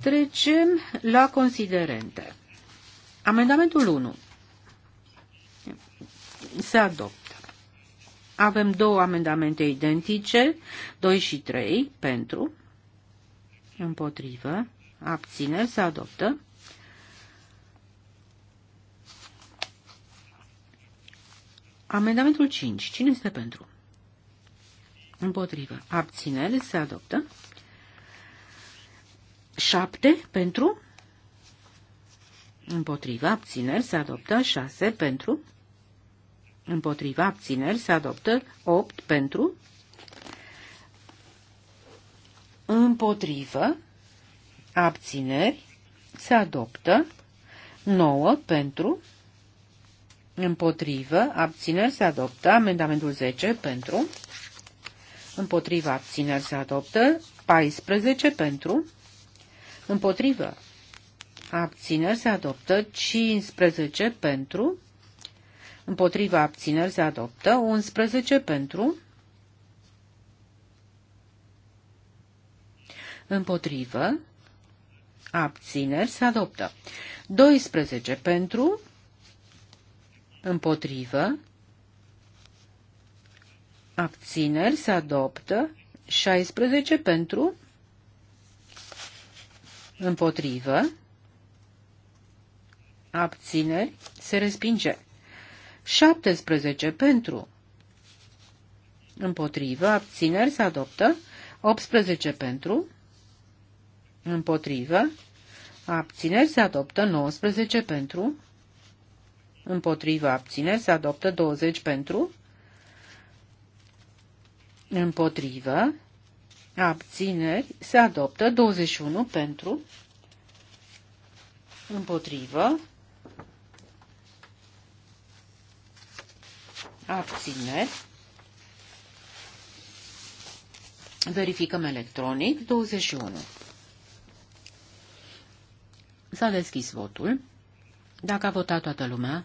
Trecem la considerente. Amendamentul 1 se adoptă. Avem două amendamente identice, 2 și 3, pentru, împotrivă, abțineri, se adoptă. Amendamentul 5. Cine este pentru? Împotrivă. Abțineri, se adoptă. 7 pentru. Împotrivă. abțineri se adoptă 6 pentru. Împotrivă. abțineri se adoptă 8 pentru. Împotrivă abțineri, se adoptă. 9 pentru, împotrivă, abțineri, se adoptă. Amendamentul 10 pentru, împotrivă, abțineri, se adoptă. 14 pentru, împotrivă, abțineri, se adoptă. 15 pentru, împotrivă, abțineri, se adoptă. 11 pentru, Împotrivă, abțineri, se adoptă. 12 pentru, împotrivă, abțineri, se adoptă. 16 pentru, împotrivă, abțineri, se respinge. 17 pentru, împotrivă, abțineri, se adoptă. 18 pentru, împotrivă, abțineri se adoptă 19 pentru, împotrivă, abțineri se adoptă 20 pentru, împotrivă, abțineri se adoptă 21 pentru, împotrivă, abțineri, verificăm electronic 21. S-a deschis votul. Dacă a votat toată lumea,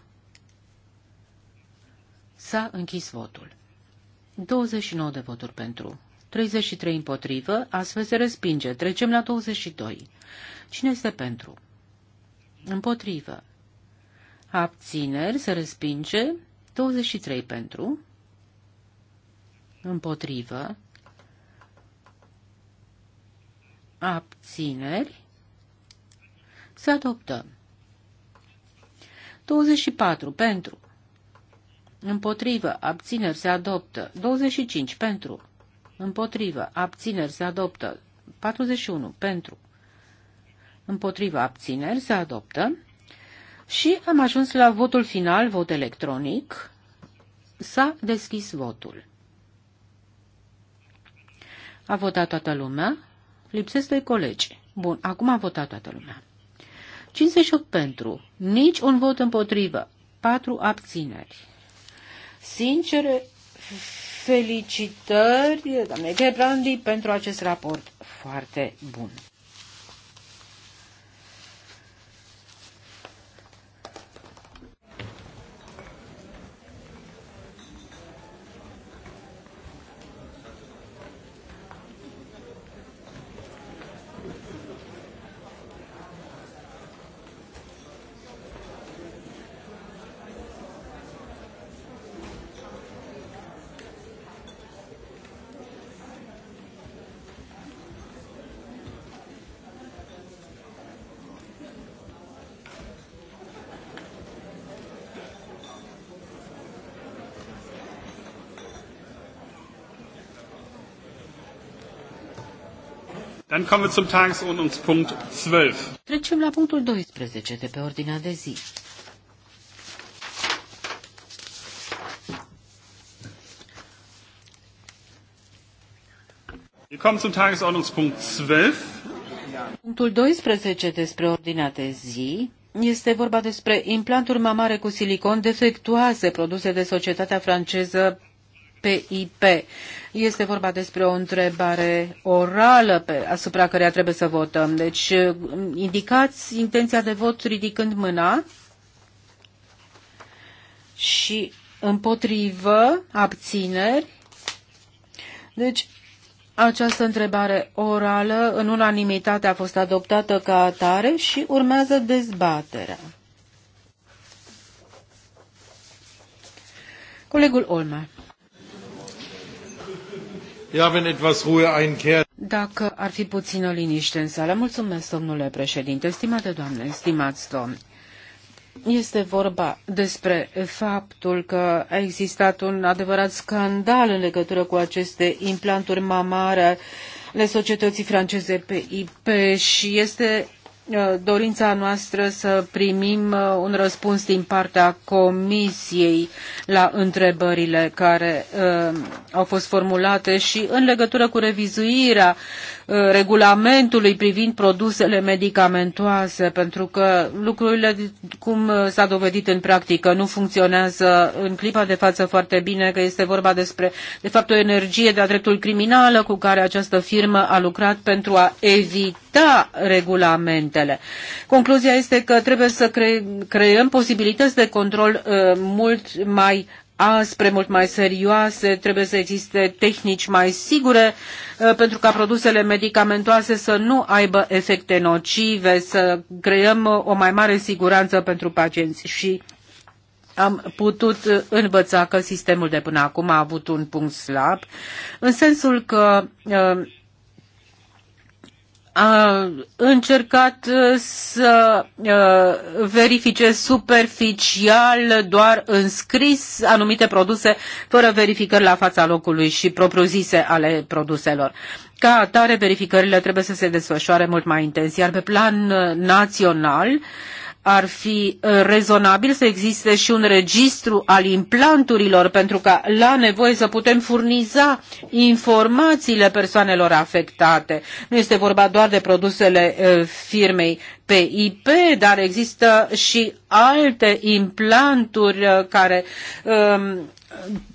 s-a închis votul. 29 de voturi pentru, 33 împotrivă, astfel se respinge. Trecem la 22. Cine este pentru? Împotrivă. Abțineri se respinge. 23 pentru. Împotrivă. Abțineri. Se adoptă. 24. Pentru. Împotrivă. Abțineri. Se adoptă. 25. Pentru. Împotrivă. Abțineri. Se adoptă. 41. Pentru. Împotrivă. Abțineri. Se adoptă. Și am ajuns la votul final, vot electronic. S-a deschis votul. A votat toată lumea. Lipsesc doi colegi. Bun, acum a votat toată lumea. 58 pentru, nici un vot împotrivă, 4 abțineri. Sincere, felicitări, doamne Gebrandi, pentru acest raport foarte bun. Dann kommen wir zum Tagesordnungspunkt 12. Trecem la punctul 12 de pe ordinea de zi. Wir kommen zum Tagesordnungspunkt 12. Punctul 12 despre ordinea de zi este vorba despre implanturi mamare cu silicon defectuoase produse de societatea franceză PIP. Este vorba despre o întrebare orală pe, asupra căreia trebuie să votăm. Deci indicați intenția de vot ridicând mâna și împotrivă abțineri. Deci această întrebare orală în unanimitate a fost adoptată ca atare și urmează dezbaterea. Colegul Olmer. Ja, wenn etwas Ruhe einkehrt. Dacă ar fi puțină liniște în sală. Mulțumesc, domnule președinte, stimate doamne, stimați domni. Este vorba despre faptul că a existat un adevărat scandal în legătură cu aceste implanturi mamare ale societății franceze PIP și este Uh, dorința noastră să primim uh, un răspuns din partea Comisiei la întrebările care uh, au fost formulate și în legătură cu revizuirea Uh, regulamentului privind produsele medicamentoase, pentru că lucrurile, cum uh, s-a dovedit în practică, nu funcționează în clipa de față foarte bine, că este vorba despre, de fapt, o energie de-a dreptul criminală cu care această firmă a lucrat pentru a evita regulamentele. Concluzia este că trebuie să cre- creăm posibilități de control uh, mult mai aspre, mult mai serioase, trebuie să existe tehnici mai sigure uh, pentru ca produsele medicamentoase să nu aibă efecte nocive, să creăm uh, o mai mare siguranță pentru pacienți și am putut uh, învăța că sistemul de până acum a avut un punct slab, în sensul că uh, a încercat uh, să uh, verifice superficial, doar înscris anumite produse, fără verificări la fața locului și propriu-zise ale produselor. Ca atare, verificările trebuie să se desfășoare mult mai intens, iar pe plan uh, național, ar fi uh, rezonabil să existe și un registru al implanturilor pentru ca la nevoie să putem furniza informațiile persoanelor afectate. Nu este vorba doar de produsele uh, firmei PIP, dar există și alte implanturi uh, care um,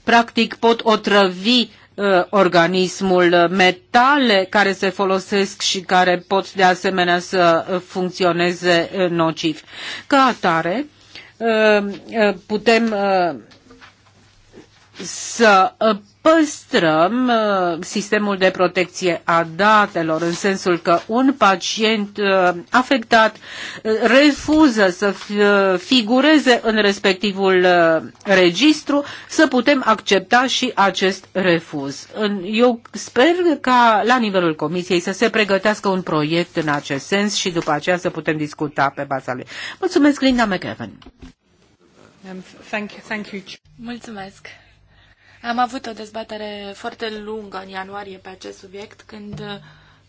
practic pot otrăvi Uh, organismul metale care se folosesc și care pot de asemenea să funcționeze uh, nociv. Ca atare, uh, putem să păstrăm uh, sistemul de protecție a datelor, în sensul că un pacient uh, afectat uh, refuză să figureze în respectivul registru, să putem accepta și acest refuz. Eu sper ca la nivelul Comisiei să se pregătească un proiect în acest sens și după aceea să putem discuta pe baza lui. Mulțumesc, Linda McEwen. Um, Mulțumesc. Am avut o dezbatere foarte lungă în ianuarie pe acest subiect, când uh,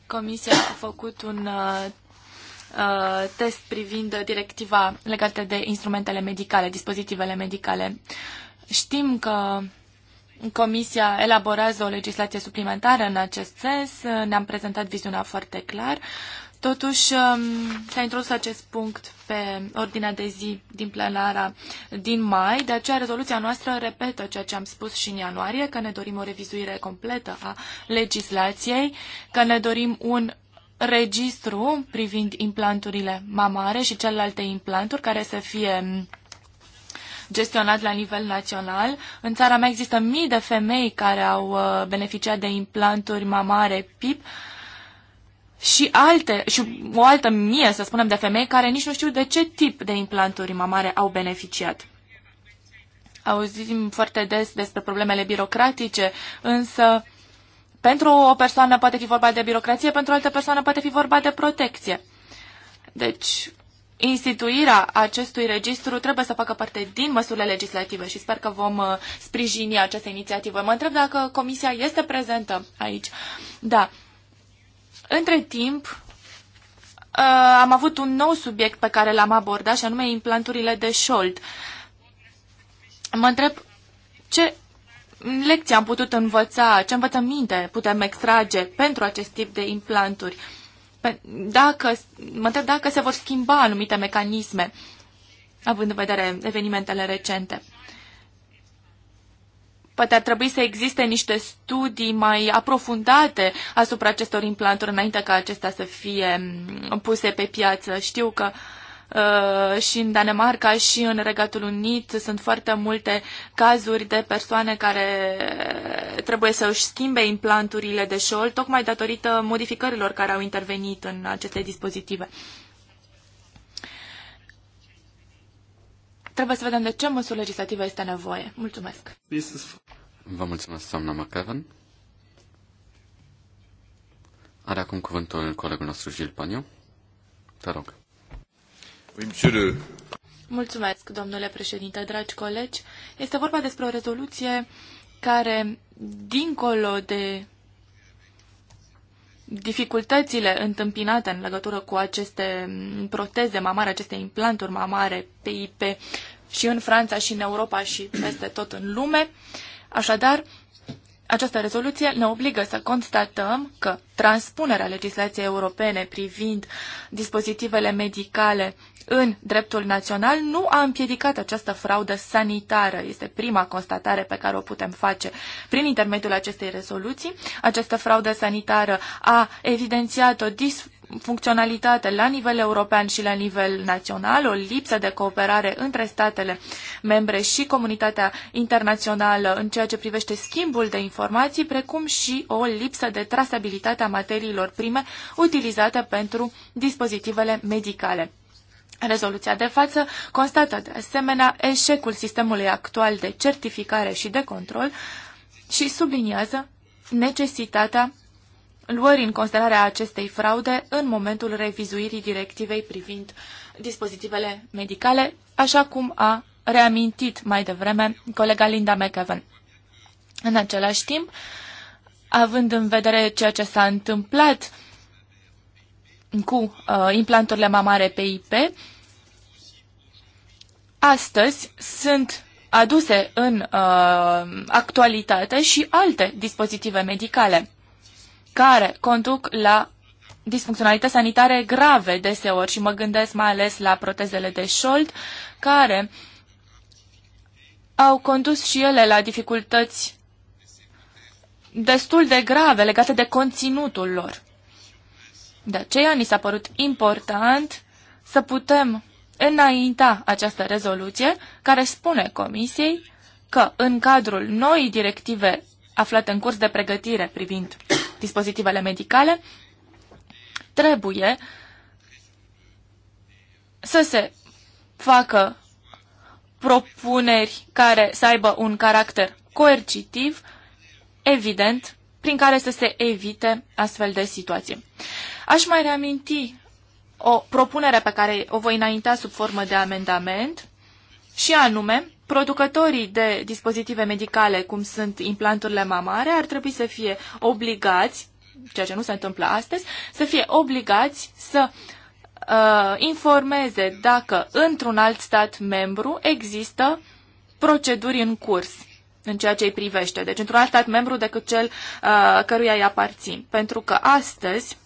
Comisia a făcut un uh, uh, test privind directiva legată de instrumentele medicale, dispozitivele medicale. Știm că Comisia elaborează o legislație suplimentară în acest sens, ne-am prezentat viziunea foarte clar Totuși, um, s-a introdus acest punct pe ordinea de zi din plenara din mai, de aceea rezoluția noastră repetă ceea ce am spus și în ianuarie, că ne dorim o revizuire completă a legislației, că ne dorim un registru privind implanturile mamare și celelalte implanturi care să fie gestionat la nivel național. În țara mea există mii de femei care au uh, beneficiat de implanturi mamare PIP, și alte, și o altă mie, să spunem, de femei care nici nu știu de ce tip de implanturi mamare au beneficiat. Auzim foarte des despre problemele birocratice, însă pentru o persoană poate fi vorba de birocrație, pentru o altă persoană poate fi vorba de protecție. Deci, instituirea acestui registru trebuie să facă parte din măsurile legislative și sper că vom uh, sprijini această inițiativă. Mă întreb dacă comisia este prezentă aici. Da, între timp, uh, am avut un nou subiect pe care l-am abordat și anume implanturile de șold. Mă întreb ce lecții am putut învăța, ce învățăminte putem extrage pentru acest tip de implanturi. Dacă, mă întreb dacă se vor schimba anumite mecanisme, având în vedere evenimentele recente. Poate ar trebui să existe niște studii mai aprofundate asupra acestor implanturi înainte ca acestea să fie mm, puse pe piață. Știu că uh, și în Danemarca și în Regatul Unit sunt foarte multe cazuri de persoane care trebuie să își schimbe implanturile de șol, tocmai datorită modificărilor care au intervenit în aceste dispozitive. trebuie să vedem de ce măsuri legislative este nevoie. Mulțumesc! Vă mulțumesc, doamna McEvan. Are acum cuvântul colegul nostru, Gil Paniu. Te rog. Mulțumesc, domnule președinte, dragi colegi. Este vorba despre o rezoluție care, dincolo de dificultățile întâmpinate în legătură cu aceste proteze mamare, aceste implanturi mamare PIP și în Franța și în Europa și peste tot în lume. Așadar, această rezoluție ne obligă să constatăm că transpunerea legislației europene privind dispozitivele medicale în dreptul național nu a împiedicat această fraudă sanitară. Este prima constatare pe care o putem face prin intermediul acestei rezoluții. Această fraudă sanitară a evidențiat o dis funcționalitate la nivel european și la nivel național, o lipsă de cooperare între statele membre și comunitatea internațională în ceea ce privește schimbul de informații, precum și o lipsă de trasabilitate a materiilor prime utilizate pentru dispozitivele medicale. Rezoluția de față constată de asemenea eșecul sistemului actual de certificare și de control și subliniază necesitatea luării în considerare a acestei fraude în momentul revizuirii directivei privind dispozitivele medicale, așa cum a reamintit mai devreme colega Linda McEwen. În același timp, având în vedere ceea ce s-a întâmplat uh, cu uh, implanturile mamare PIP, astăzi sunt aduse în uh, actualitate și alte dispozitive medicale care conduc la disfuncționalități sanitare grave deseori și mă gândesc mai ales la protezele de șold care au condus și ele la dificultăți destul de grave legate de conținutul lor. De aceea ni s-a părut important să putem înainta această rezoluție care spune Comisiei că în cadrul noii directive aflate în curs de pregătire privind dispozitivele medicale, trebuie să se facă propuneri care să aibă un caracter coercitiv, evident, prin care să se evite astfel de situații. Aș mai reaminti o propunere pe care o voi înainta sub formă de amendament și anume, producătorii de dispozitive medicale, cum sunt implanturile mamare, ar trebui să fie obligați, ceea ce nu se întâmplă astăzi, să fie obligați să uh, informeze dacă într-un alt stat membru există proceduri în curs în ceea ce îi privește, deci într-un alt stat membru decât cel uh, căruia îi aparțin. Pentru că astăzi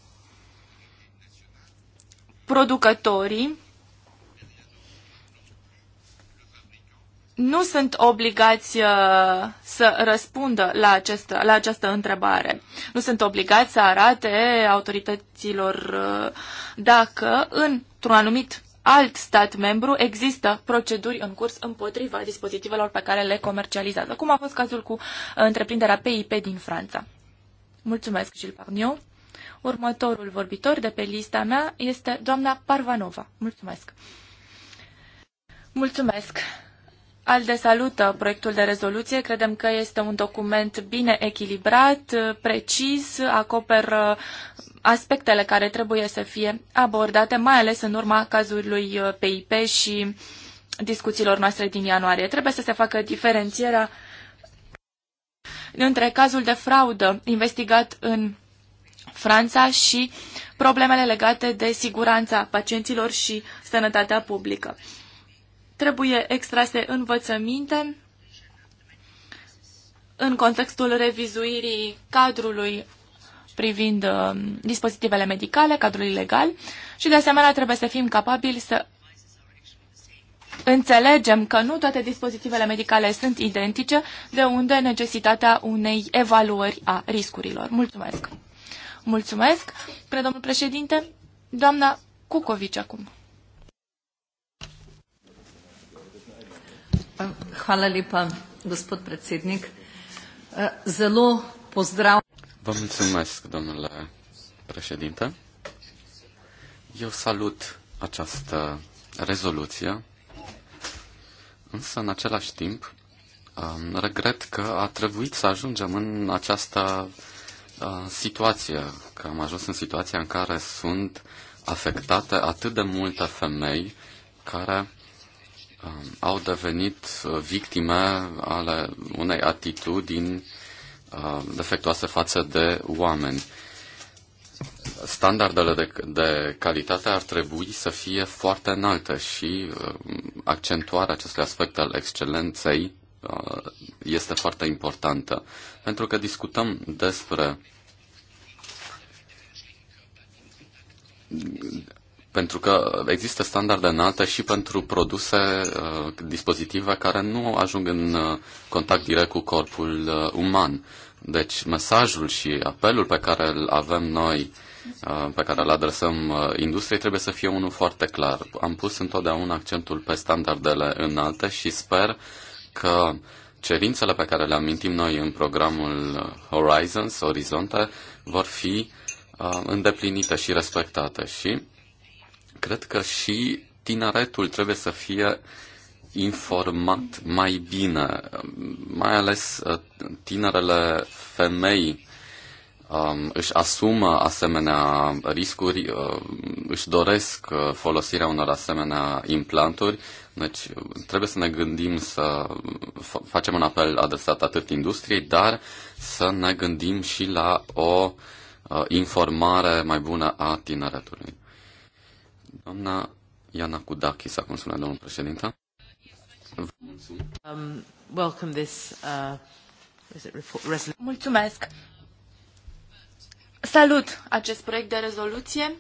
producătorii nu sunt obligați uh, să răspundă la, acest, la această întrebare. Nu sunt obligați să arate autorităților uh, dacă într-un anumit alt stat membru există proceduri în curs împotriva dispozitivelor pe care le comercializează, cum a fost cazul cu uh, întreprinderea PIP din Franța. Mulțumesc, Gilles Parniu. Următorul vorbitor de pe lista mea este doamna Parvanova. Mulțumesc. Mulțumesc, ALDE salută proiectul de rezoluție. Credem că este un document bine echilibrat, precis, acoperă aspectele care trebuie să fie abordate, mai ales în urma cazului PIP uh, și discuțiilor noastre din ianuarie. Trebuie să se facă diferențierea între cazul de fraudă investigat în Franța și problemele legate de siguranța pacienților și sănătatea publică trebuie extrase învățăminte în contextul revizuirii cadrului privind uh, dispozitivele medicale, cadrul legal și de asemenea trebuie să fim capabili să înțelegem că nu toate dispozitivele medicale sunt identice, de unde necesitatea unei evaluări a riscurilor. Mulțumesc! Mulțumesc, pre domnul președinte, doamna Cucovici acum. Hvala lepa, gospod predsednik. Eh, zelo pozdrav. Vă mulțumesc, domnule președinte. Eu salut această rezoluție, însă în același timp regret că a trebuit să ajungem în această eh, situație, că am ajuns în situația în care sunt afectate atât de multe femei care Um, au devenit uh, victime ale unei atitudini uh, defectuoase față de oameni. Standardele de, de calitate ar trebui să fie foarte înalte și uh, accentuarea acestui aspect al excelenței este foarte importantă. Pentru că discutăm despre pentru că există standarde înalte și pentru produse, uh, dispozitive care nu ajung în uh, contact direct cu corpul uh, uman. Deci mesajul și apelul pe care îl avem noi, pe care îl adresăm industriei, trebuie să fie unul foarte clar. Am pus întotdeauna accentul pe standardele înalte și sper că cerințele pe care le amintim noi în programul Horizons, Orizonte, vor fi îndeplinite și respectate. Și cred că și tineretul trebuie să fie informat mai bine, mai ales ă, tinerele femei um, își asumă asemenea riscuri, uh, își doresc ă, folosirea unor asemenea implanturi. Deci trebuie să ne gândim să facem un apel adresat atât industriei, dar să ne gândim și la o uh, informare mai bună a tineretului. Doamna Iana Kudaki, s-a consumat domnul președinte. Um, this, uh, Mulțumesc. Salut acest proiect de rezoluție.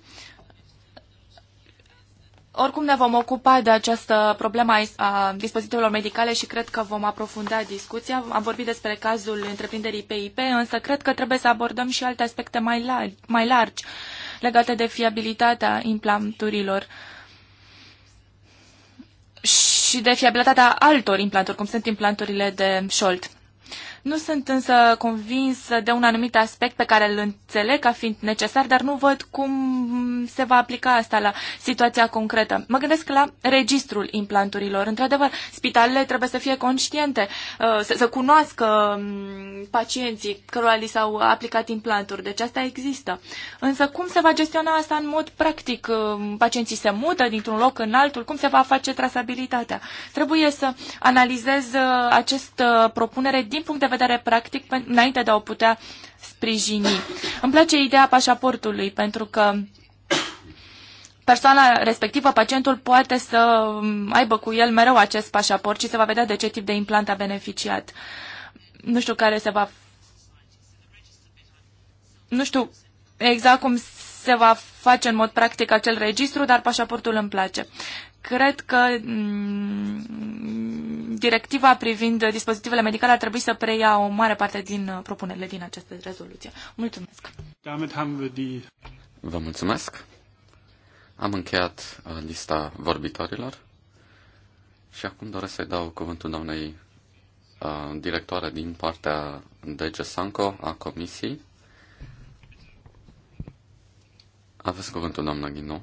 Oricum ne vom ocupa de această problemă a dispozitivelor medicale și cred că vom aprofunda discuția. Am vorbit despre cazul întreprinderii PIP, însă cred că trebuie să abordăm și alte aspecte mai, largi, mai largi legate de fiabilitatea implanturilor și de fiabilitatea altor implanturi, cum sunt implanturile de șold. Nu sunt însă convins de un anumit aspect pe care îl înțeleg ca fiind necesar, dar nu văd cum se va aplica asta la situația concretă. Mă gândesc la registrul implanturilor. Într-adevăr, spitalele trebuie să fie conștiente, uh, să cunoască um, pacienții cărora li s-au aplicat implanturi. Deci asta există. Însă cum se va gestiona asta în mod practic? Um, pacienții se mută dintr-un loc în altul? Cum se va face trasabilitatea? Trebuie să analizez uh, această propunere din punct de vedere vedere practic înainte de a o putea sprijini. Îmi place ideea pașaportului pentru că persoana respectivă, pacientul, poate să aibă cu el mereu acest pașaport și se va vedea de ce tip de implant a beneficiat. Nu știu care se va... Nu știu exact cum se va face în mod practic acel registru, dar pașaportul îmi place cred că mm, directiva privind dispozitivele medicale ar trebui să preia o mare parte din uh, propunerile din această rezoluție. Mulțumesc! Vă mulțumesc! Am încheiat uh, lista vorbitorilor și acum doresc să-i dau cuvântul doamnei uh, directoare din partea DG Sanco a Comisiei. Aveți cuvântul, doamna Ghinou.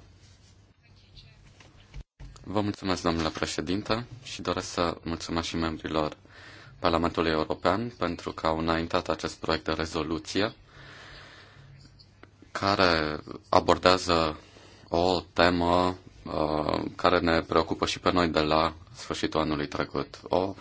Vă mulțumesc, domnule președinte, și doresc să mulțumesc și membrilor Parlamentului European pentru că au înaintat acest proiect de rezoluție care abordează o temă uh, care ne preocupă și pe noi de la sfârșitul anului trecut. O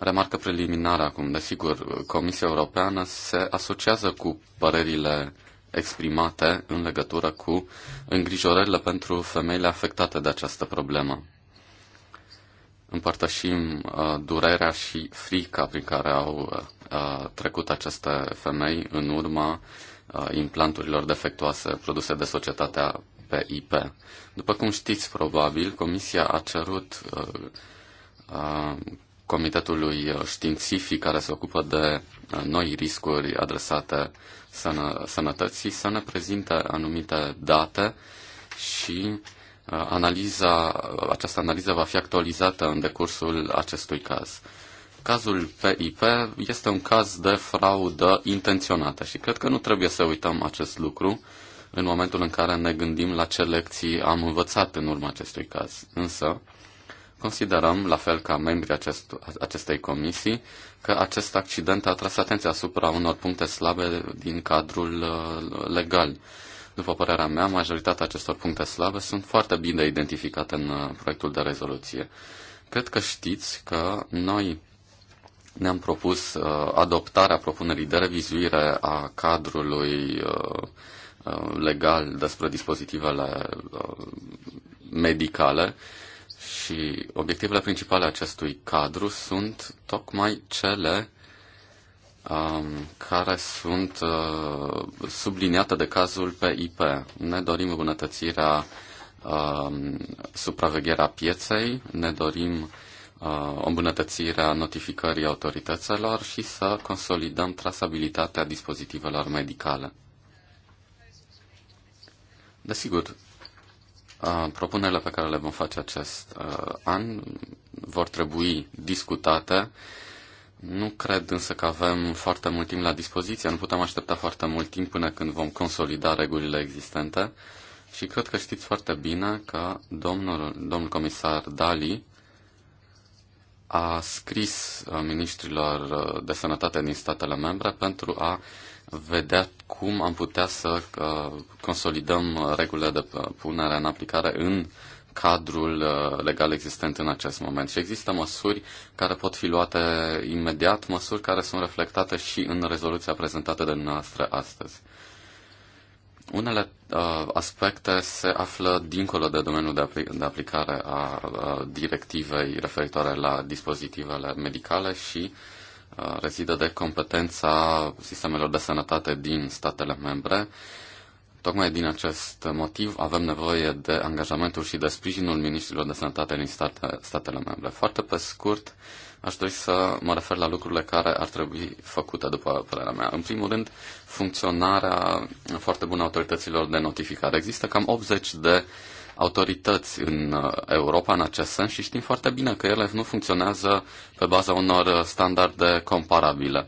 remarcă preliminară acum. Desigur, Comisia Europeană se asociază cu părerile exprimate în legătură cu îngrijorările pentru femeile afectate de această problemă. Împărtășim uh, durerea și frica prin care au uh, trecut aceste femei în urma uh, implanturilor defectuoase produse de societatea PIP. După cum știți, probabil, Comisia a cerut uh, uh, Comitetului Științific care se ocupă de uh, noi riscuri adresate sănă, Sănătății să ne prezinte anumite date și uh, analiza, această analiză va fi actualizată în decursul acestui caz. Cazul PIP este un caz de fraudă intenționată și cred că nu trebuie să uităm acest lucru în momentul în care ne gândim la ce lecții am învățat în urma acestui caz. Însă, Considerăm, la fel ca membrii acest, acestei comisii, că acest accident a tras atenția asupra unor puncte slabe din cadrul uh, legal. După părerea mea, majoritatea acestor puncte slabe sunt foarte bine identificate în uh, proiectul de rezoluție. Cred că știți că noi ne-am propus uh, adoptarea propunerii de revizuire a cadrului uh, uh legal despre dispozitivele uh, medicale și obiectivele principale acestui cadru sunt tocmai cele um, care sunt uh, subliniate de cazul pe IP. Ne dorim îmbunătățirea um, supravegherea pieței, ne dorim uh, îmbunătățirea notificării autorităților și să consolidăm trasabilitatea dispozitivelor medicale. Desigur, Propunerile pe care le vom face acest an vor trebui discutate. Nu cred însă că avem foarte mult timp la dispoziție, nu putem aștepta foarte mult timp până când vom consolida regulile existente și cred că știți foarte bine că domnul, domnul comisar Dali a scris ministrilor de sănătate din statele membre pentru a vedea cum am putea să uh, consolidăm regulile de punere în aplicare în cadrul uh, legal existent în acest moment. Și există măsuri care pot fi luate imediat, măsuri care sunt reflectate și în rezoluția prezentată de noastră astăzi. Unele uh, aspecte se află dincolo de domeniul de, apli- de aplicare a, a uh, directivei referitoare la dispozitivele medicale și uh, Uh, rezidă de competența sistemelor de sănătate din statele membre. Tocmai din acest motiv avem nevoie de angajamentul și de sprijinul ministrilor de sănătate din state, statele membre. Foarte pe scurt, aș dori să mă refer la lucrurile care ar trebui făcute, după părerea mea. În primul rând, funcționarea foarte bună a autorităților de notificare. Există cam 80 de uh, autorități în uh, Europa în acest sens și știm foarte bine că ele nu funcționează pe baza unor uh, standarde comparabile.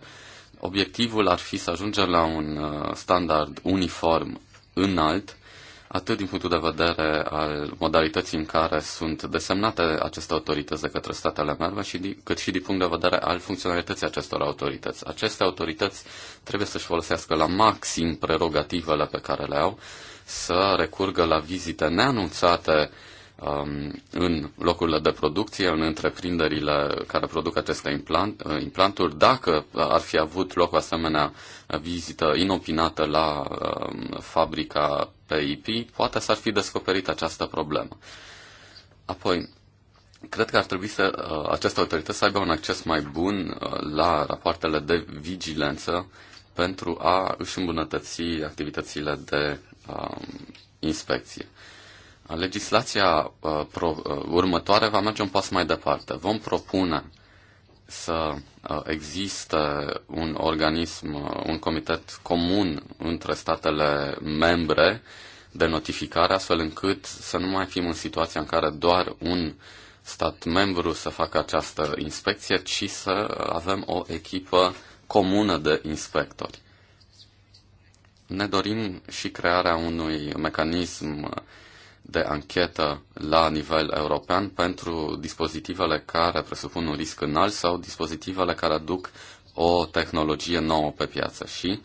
Obiectivul ar fi să ajungem la un uh, standard uniform înalt, atât din punctul de vedere al modalității în care sunt desemnate aceste autorități de către statele membre, cât și din punct de vedere al funcționalității acestor autorități. Aceste autorități trebuie să-și folosească la maxim prerogativele pe care le au să recurgă la vizite neanunțate um, în locurile de producție, în întreprinderile care produc aceste implant, uh, implanturi. Dacă ar fi avut loc o asemenea vizită inopinată la um, fabrica PIP, poate s-ar fi descoperit această problemă. Apoi, cred că ar trebui să uh, aceste autorități să aibă un acces mai bun uh, la rapoartele de vigilență pentru a își îmbunătăți activitățile de Um, inspecție. Legislația uh, uh, următoare va merge un pas mai departe. Vom propune să uh, existe un organism, un comitet comun între statele membre de notificare, astfel încât să nu mai fim în situația în care doar un stat membru să facă această inspecție, ci să avem o echipă comună de inspectori. Ne dorim și crearea unui mecanism de anchetă la nivel european pentru dispozitivele care presupun un risc înalt sau dispozitivele care aduc o tehnologie nouă pe piață și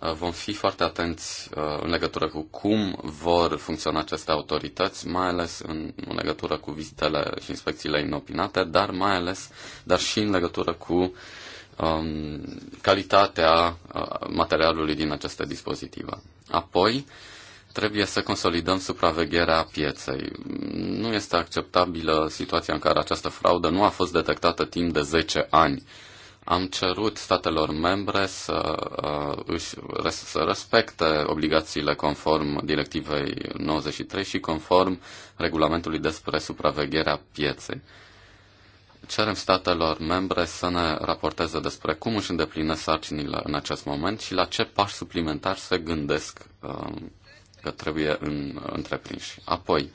uh, vom fi foarte atenți uh, în legătură cu cum vor funcționa aceste autorități, mai ales în, legătură cu vizitele și inspecțiile inopinate, dar mai ales, dar și în legătură cu um, calitatea uh, materialului din aceste dispozitive. Apoi, trebuie să consolidăm supravegherea pieței. Nu este acceptabilă situația în care această fraudă nu a fost detectată timp de 10 ani. Am cerut statelor membre să, uh, să respecte obligațiile conform directivei 93 și conform regulamentului despre supravegherea pieței cerem statelor membre să ne raporteze despre cum își îndeplinesc sarcinile în acest moment și la ce pași suplimentari se gândesc um, că trebuie în, întreprinși. Apoi,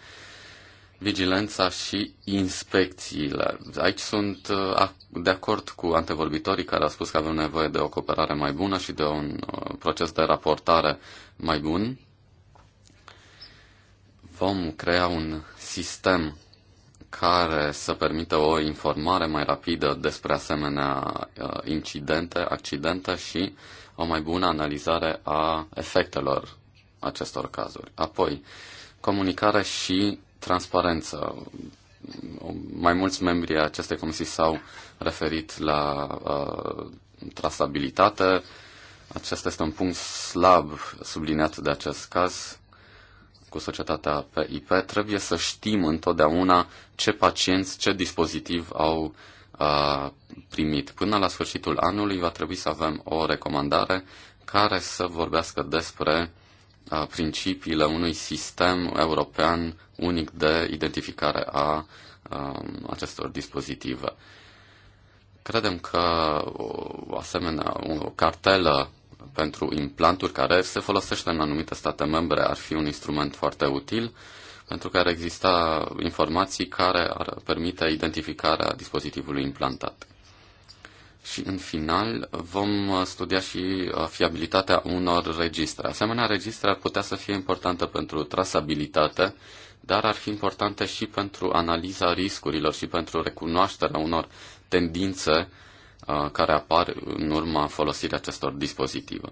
vigilența și inspecțiile. Aici sunt uh, de acord cu antevorbitorii care au spus că avem nevoie de o cooperare mai bună și de un uh, proces de raportare mai bun. Vom crea un sistem care să permită o informare mai rapidă despre asemenea uh, incidente, accidente și o mai bună analizare a efectelor acestor cazuri. Apoi, comunicare și transparență. Mai mulți membri ai acestei comisii s-au referit la uh, trasabilitate. Acesta este un punct slab subliniat de acest caz cu societatea PIP, trebuie să știm întotdeauna ce pacienți, ce dispozitiv au uh, primit. Până la sfârșitul anului va trebui să avem o recomandare care să vorbească despre uh, principiile unui sistem european unic de identificare a uh, acestor dispozitive. Credem că o asemenea o cartelă pentru implanturi care se folosește în anumite state membre ar fi un instrument foarte util pentru că ar exista informații care ar permite identificarea dispozitivului implantat. Și în final vom studia și uh, fiabilitatea unor registre. Asemenea, registre ar putea să fie importantă pentru trasabilitate, dar ar fi importante și pentru analiza riscurilor și pentru recunoașterea unor tendințe Uh, care apar în urma folosirii acestor dispozitive.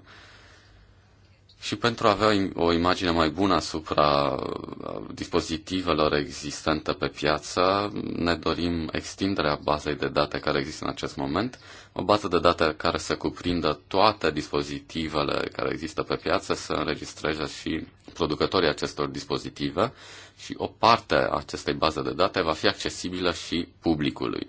Și pentru a avea o imagine mai bună asupra uh, dispozitivelor existente pe piață, ne dorim extinderea bazei de date care există în acest moment, o bază de date care să cuprindă toate dispozitivele care există pe piață, să înregistreze și producătorii acestor dispozitive și o parte a acestei baze de date va fi accesibilă și publicului.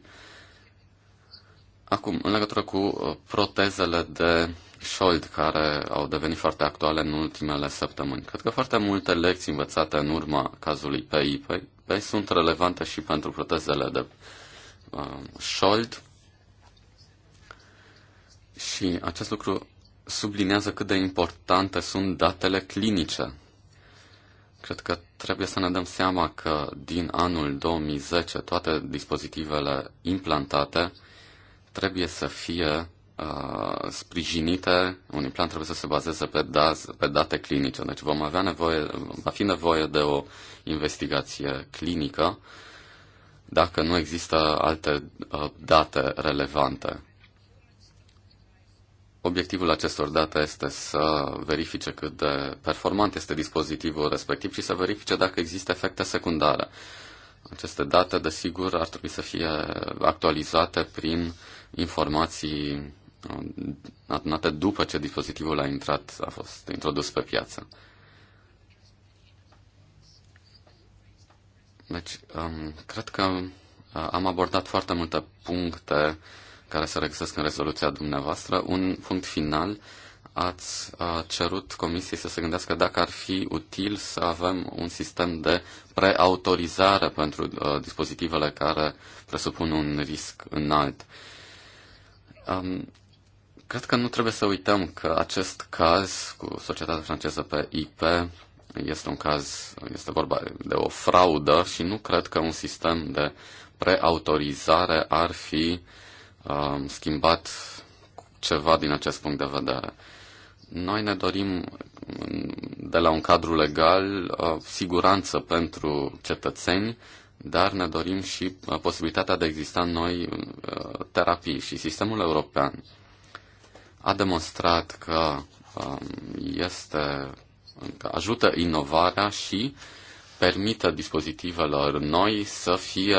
Acum, în legătură cu uh, protezele de șold care au devenit foarte actuale în ultimele săptămâni. Cred că foarte multe lecții învățate în urma cazului PIP sunt relevante și pentru protezele de uh, șold și acest lucru sublinează cât de importante sunt datele clinice. Cred că trebuie să ne dăm seama că din anul 2010 toate dispozitivele implantate trebuie să fie uh, sprijinite, un implant trebuie să se bazeze pe, daz, pe date clinice. Deci vom avea nevoie, va fi nevoie de o investigație clinică dacă nu există alte uh, date relevante. Obiectivul acestor date este să verifice cât de performant este dispozitivul respectiv și să verifice dacă există efecte secundare. Aceste date, desigur, ar trebui să fie actualizate prin informații uh, adunate după ce dispozitivul a intrat, a fost introdus pe piață. Deci, um, cred că uh, am abordat foarte multe puncte care se regăsesc în rezoluția dumneavoastră. Un punct final, ați uh, cerut Comisiei să se gândească dacă ar fi util să avem un sistem de preautorizare pentru uh, dispozitivele care presupun un risc înalt. Uh, Um, cred că nu trebuie să uităm că acest caz cu societatea franceză pe IP este un caz, este vorba de o fraudă și nu cred că un sistem de preautorizare ar fi um, schimbat ceva din acest punct de vedere. Noi ne dorim de la un cadru legal siguranță pentru cetățeni, dar ne dorim și uh, posibilitatea de a exista noi uh, terapii. Și sistemul european a demonstrat că um, este, că ajută inovarea și permită dispozitivelor noi să fie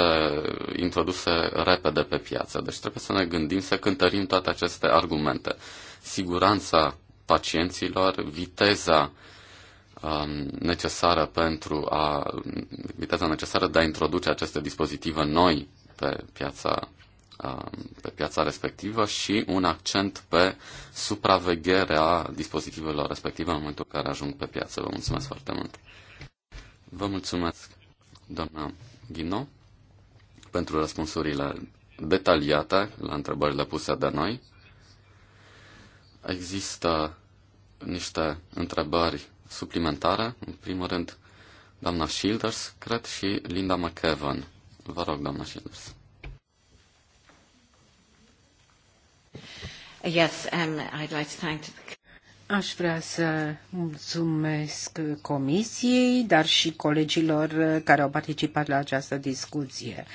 introduse repede pe piață. Deci trebuie să ne gândim să cântărim toate aceste argumente. Siguranța pacienților, viteza uh, Um, necesară pentru a, viteza necesară de a introduce aceste dispozitive noi pe piața, um, pe piața respectivă și un accent pe supravegherea dispozitivelor respective în momentul în care ajung pe piață. Vă mulțumesc foarte mult. Vă mulțumesc, doamna Ghino, pentru răspunsurile detaliate la întrebările puse de noi. Există niște întrebări suplimentare. În primul rând, doamna Shielders, cred, și Linda McEvan. Vă rog, doamna Shielders. Yes, um, I'd like to thank Aș vrea să mulțumesc comisiei, dar și colegilor care au participat la această discuție.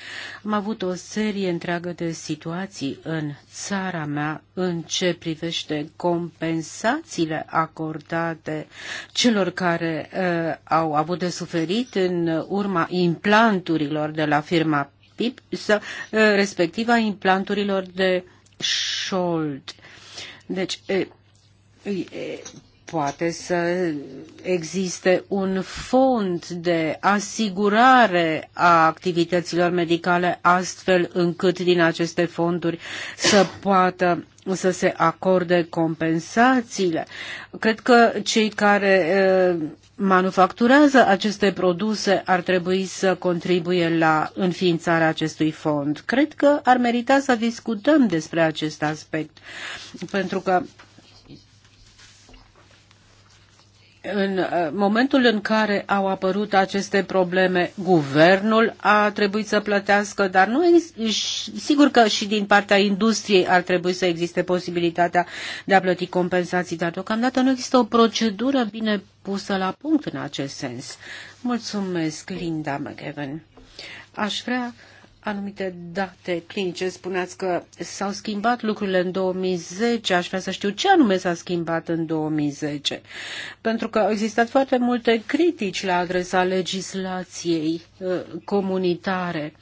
Am avut o serie întreagă de situații în țara mea în ce privește compensațiile acordate celor care uh, au avut de suferit în urma implanturilor de la firma PIP, să, uh, respectiv a implanturilor de șold. Deci, uh, poate să existe un fond de asigurare a activităților medicale astfel încât din aceste fonduri să poată să se acorde compensațiile. Cred că cei care manufacturează aceste produse ar trebui să contribuie la înființarea acestui fond. Cred că ar merita să discutăm despre acest aspect, pentru că în uh, momentul în care au apărut aceste probleme, guvernul a trebuit să plătească, dar nu sigur că și din partea industriei ar trebui să existe posibilitatea de a plăti compensații, dar deocamdată nu există o procedură bine pusă la punct în acest sens. Mulțumesc, Linda McEwen. Aș vrea anumite date clinice. Spuneați că s-au schimbat lucrurile în 2010. Aș vrea să știu ce anume s-a schimbat în 2010. Pentru că au existat foarte multe critici la adresa legislației uh, comunitare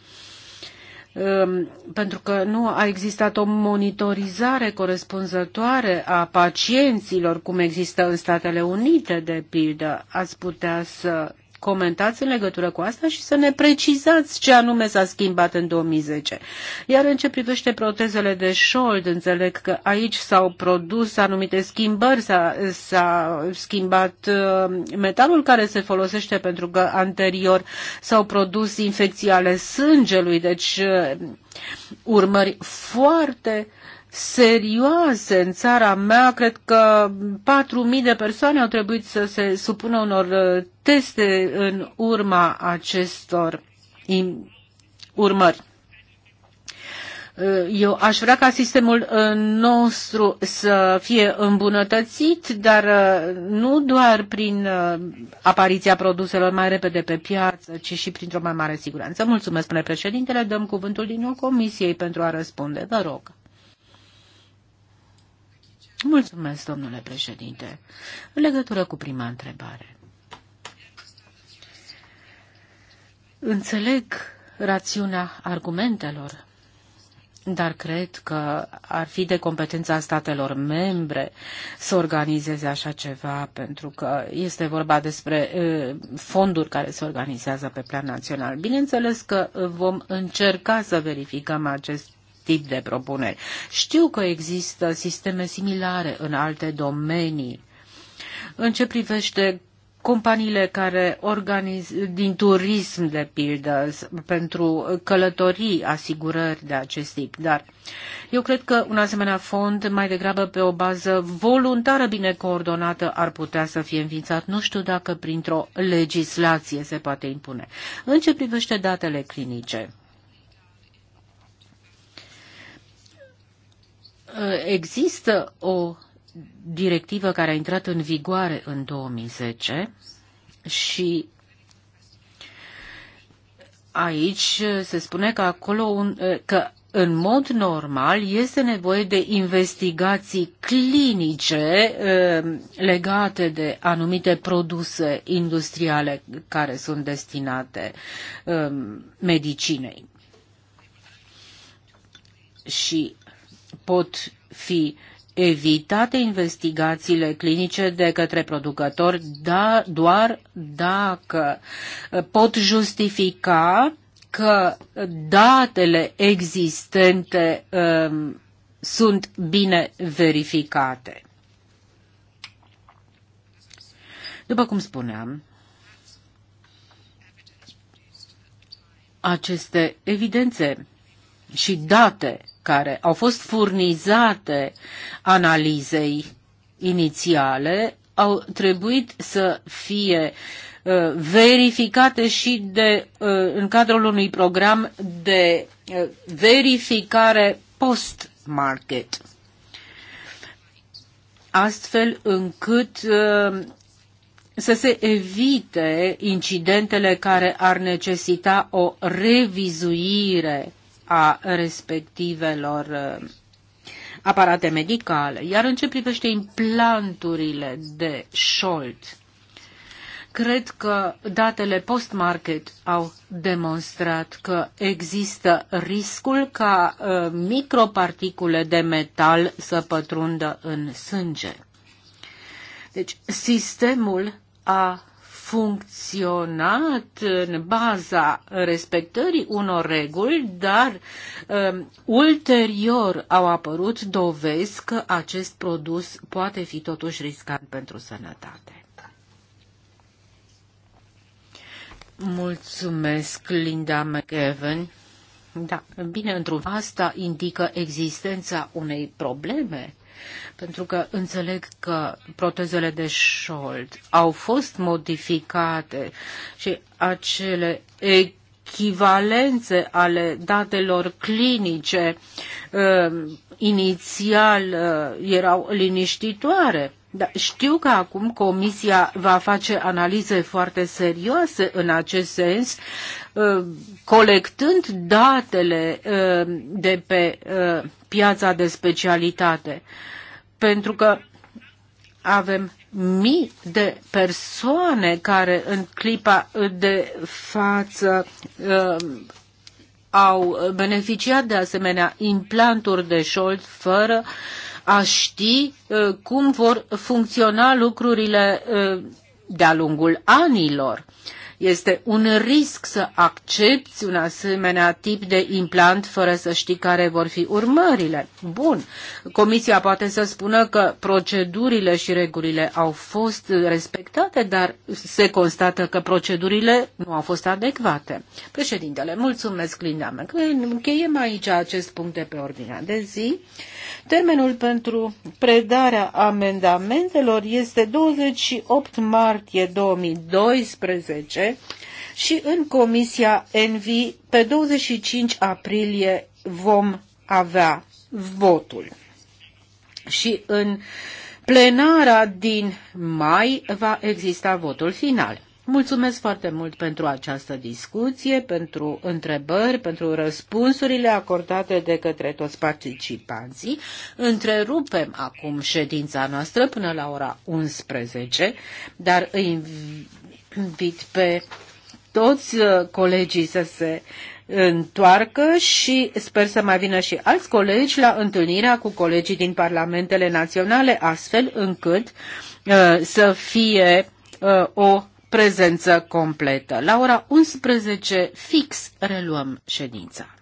um, pentru că nu a existat o monitorizare corespunzătoare a pacienților, cum există în Statele Unite, de pildă. Ați putea să comentați în legătură cu asta și să ne precizați ce anume s-a schimbat în 2010. Iar în ce privește protezele de șold, înțeleg că aici s-au produs anumite schimbări, s-a, schimbat uh, metalul care se folosește pentru că anterior s-au produs infecții ale sângelui, deci uh, urmări foarte serioase în țara mea. Cred că 4.000 de persoane au trebuit să se supună unor uh, teste în urma acestor urmări. Uh, eu aș vrea ca sistemul uh, nostru să fie îmbunătățit, dar nu doar prin apariția produselor mai repede pe piață, ci și printr-o mai mare siguranță. Mulțumesc, spune președintele. Dăm cuvântul din nou Comisiei pentru a răspunde. Vă rog. Mulțumesc, domnule președinte. În legătură cu prima întrebare. Înțeleg rațiunea argumentelor, dar cred că ar fi de competența statelor membre să organizeze așa ceva, pentru că este vorba despre fonduri care se organizează pe plan național. Bineînțeles că vom încerca să verificăm acest tip de propuneri. Știu că există sisteme similare în alte domenii. În ce privește companiile care organiz, din turism, de pildă, pentru călătorii, asigurări de acest tip. Dar eu cred că un asemenea fond, mai degrabă pe o bază voluntară bine coordonată, ar putea să fie înființat. Nu știu dacă printr-o legislație se poate impune. În ce privește datele clinice, Uh, există o directivă care a intrat în vigoare în 2010 și aici se spune că acolo un, uh, că în mod normal este nevoie de investigații clinice uh, legate de anumite produse industriale care sunt destinate medicinei. Și pot fi evitate investigațiile clinice de către producători da, doar dacă pot justifica că datele existente um, sunt bine verificate. După cum spuneam, aceste evidențe și date care au fost furnizate analizei inițiale au trebuit să fie uh, verificate și de, uh, în cadrul unui program de uh, verificare post-market. Astfel încât uh, să se evite incidentele care ar necesita o revizuire a respectivelor uh, aparate medicale. Iar în ce privește implanturile de șold, cred că datele post-market au demonstrat că există riscul ca uh, microparticule de metal să pătrundă în sânge. Deci, sistemul a funcționat în baza respectării unor reguli, dar um, ulterior au apărut dovezi că acest produs poate fi totuși riscant pentru sănătate. Mulțumesc, Linda McEwen. Da, bine, într-un asta indică existența unei probleme pentru că înțeleg că protezele de șold au fost modificate și acele echivalențe ale datelor clinice uh, inițial uh, erau liniștitoare da, știu că acum Comisia va face analize foarte serioase în acest sens, uh, colectând datele uh, de pe uh, piața de specialitate, pentru că avem mii de persoane care în clipa de față au beneficiat de asemenea implanturi de șold fără uh, a ști uh, cum vor funcționa lucrurile uh, de-a lungul anilor. Este un risc să accepti un asemenea tip de implant fără să știi care vor fi urmările. Bun, comisia poate să spună că procedurile și regulile au fost respectate, dar se constată că procedurile nu au fost adecvate. Președintele, mulțumesc, Linda. Încheiem aici acest punct de pe ordinea de zi. Termenul pentru predarea amendamentelor este 28 martie 2012 și în Comisia Envi pe 25 aprilie vom avea votul. Și în plenara din mai va exista votul final. Mulțumesc foarte mult pentru această discuție, pentru întrebări, pentru răspunsurile acordate de către toți participanții. Întrerupem acum ședința noastră până la ora 11, dar îi invit pe toți uh, colegii să se întoarcă și sper să mai vină și alți colegi la întâlnirea cu colegii din parlamentele naționale, astfel încât uh, să fie uh, o prezență completă. La ora 11 fix reluăm ședința.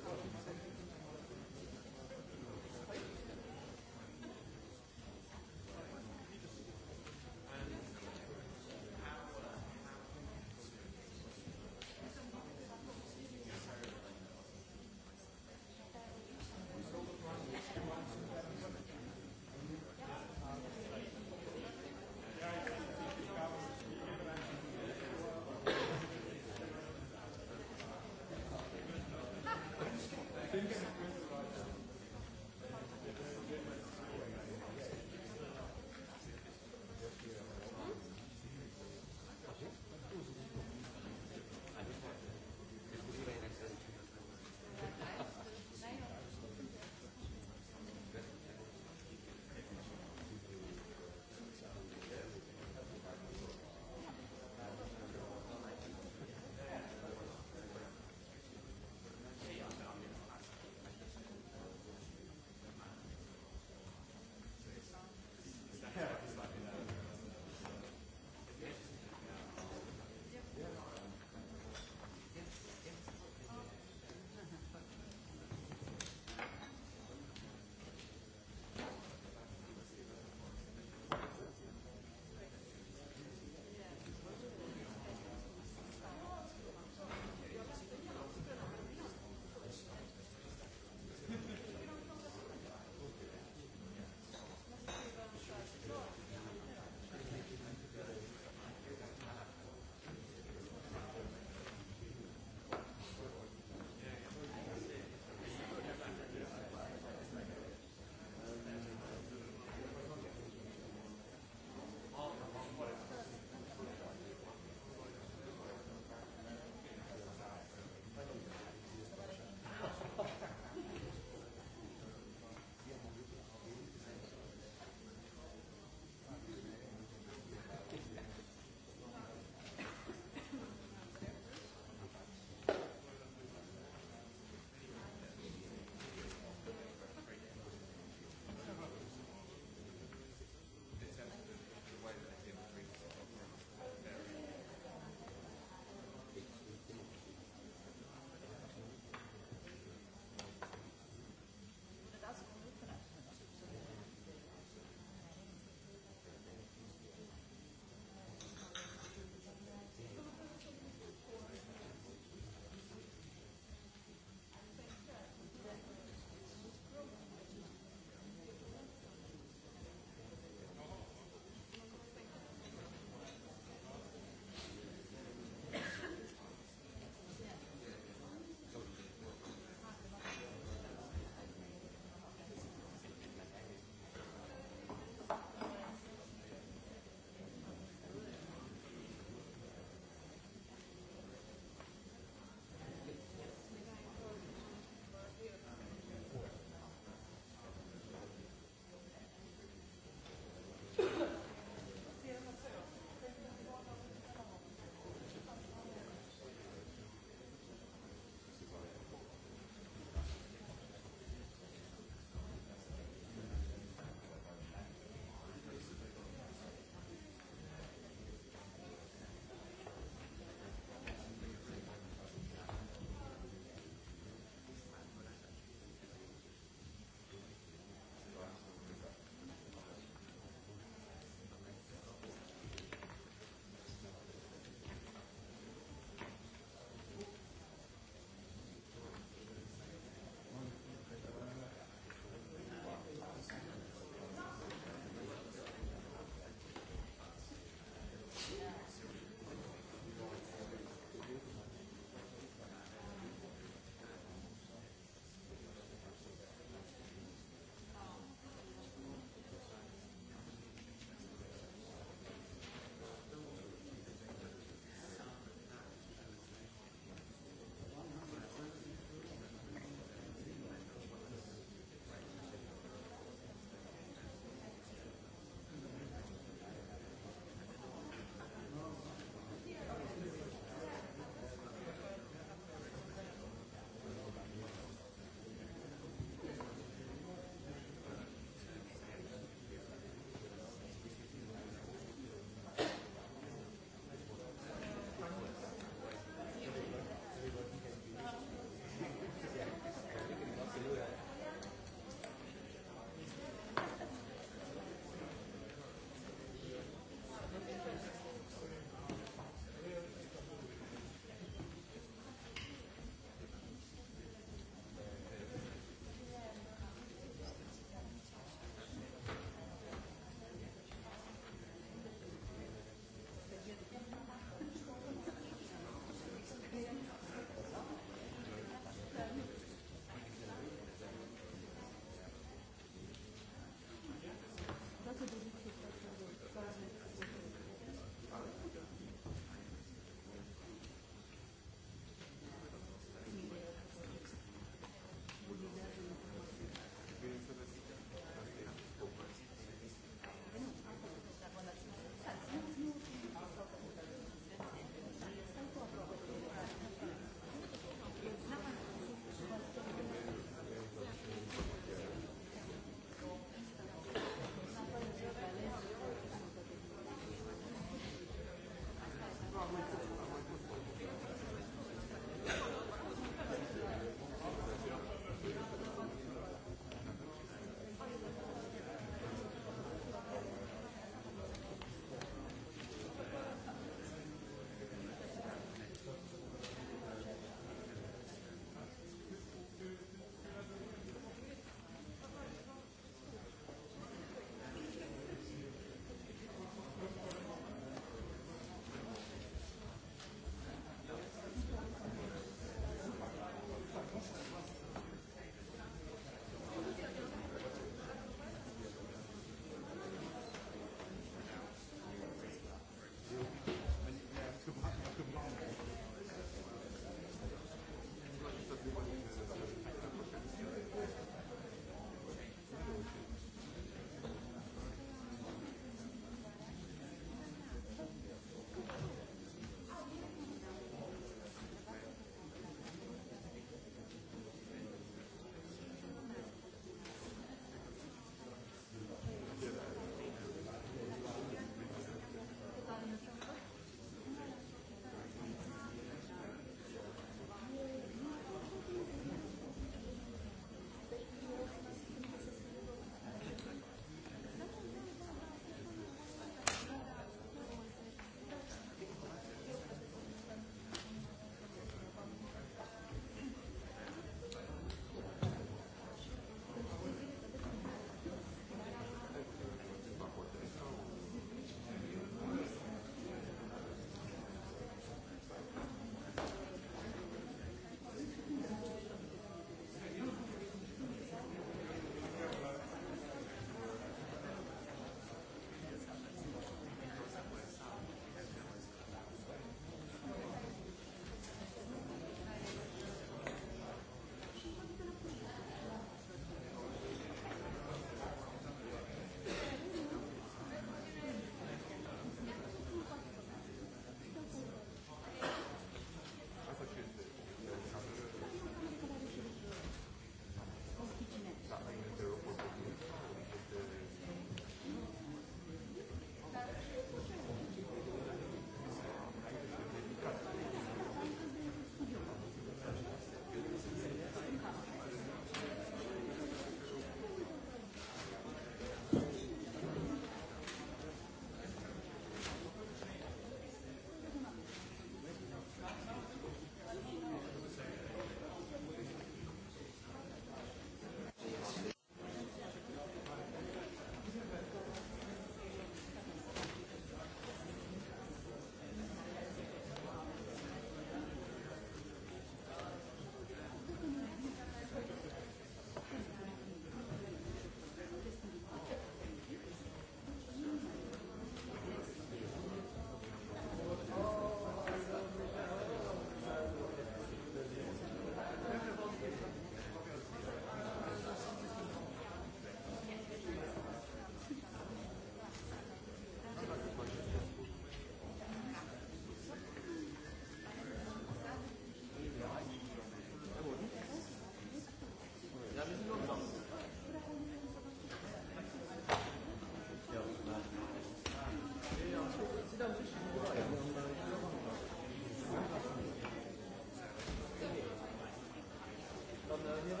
Thank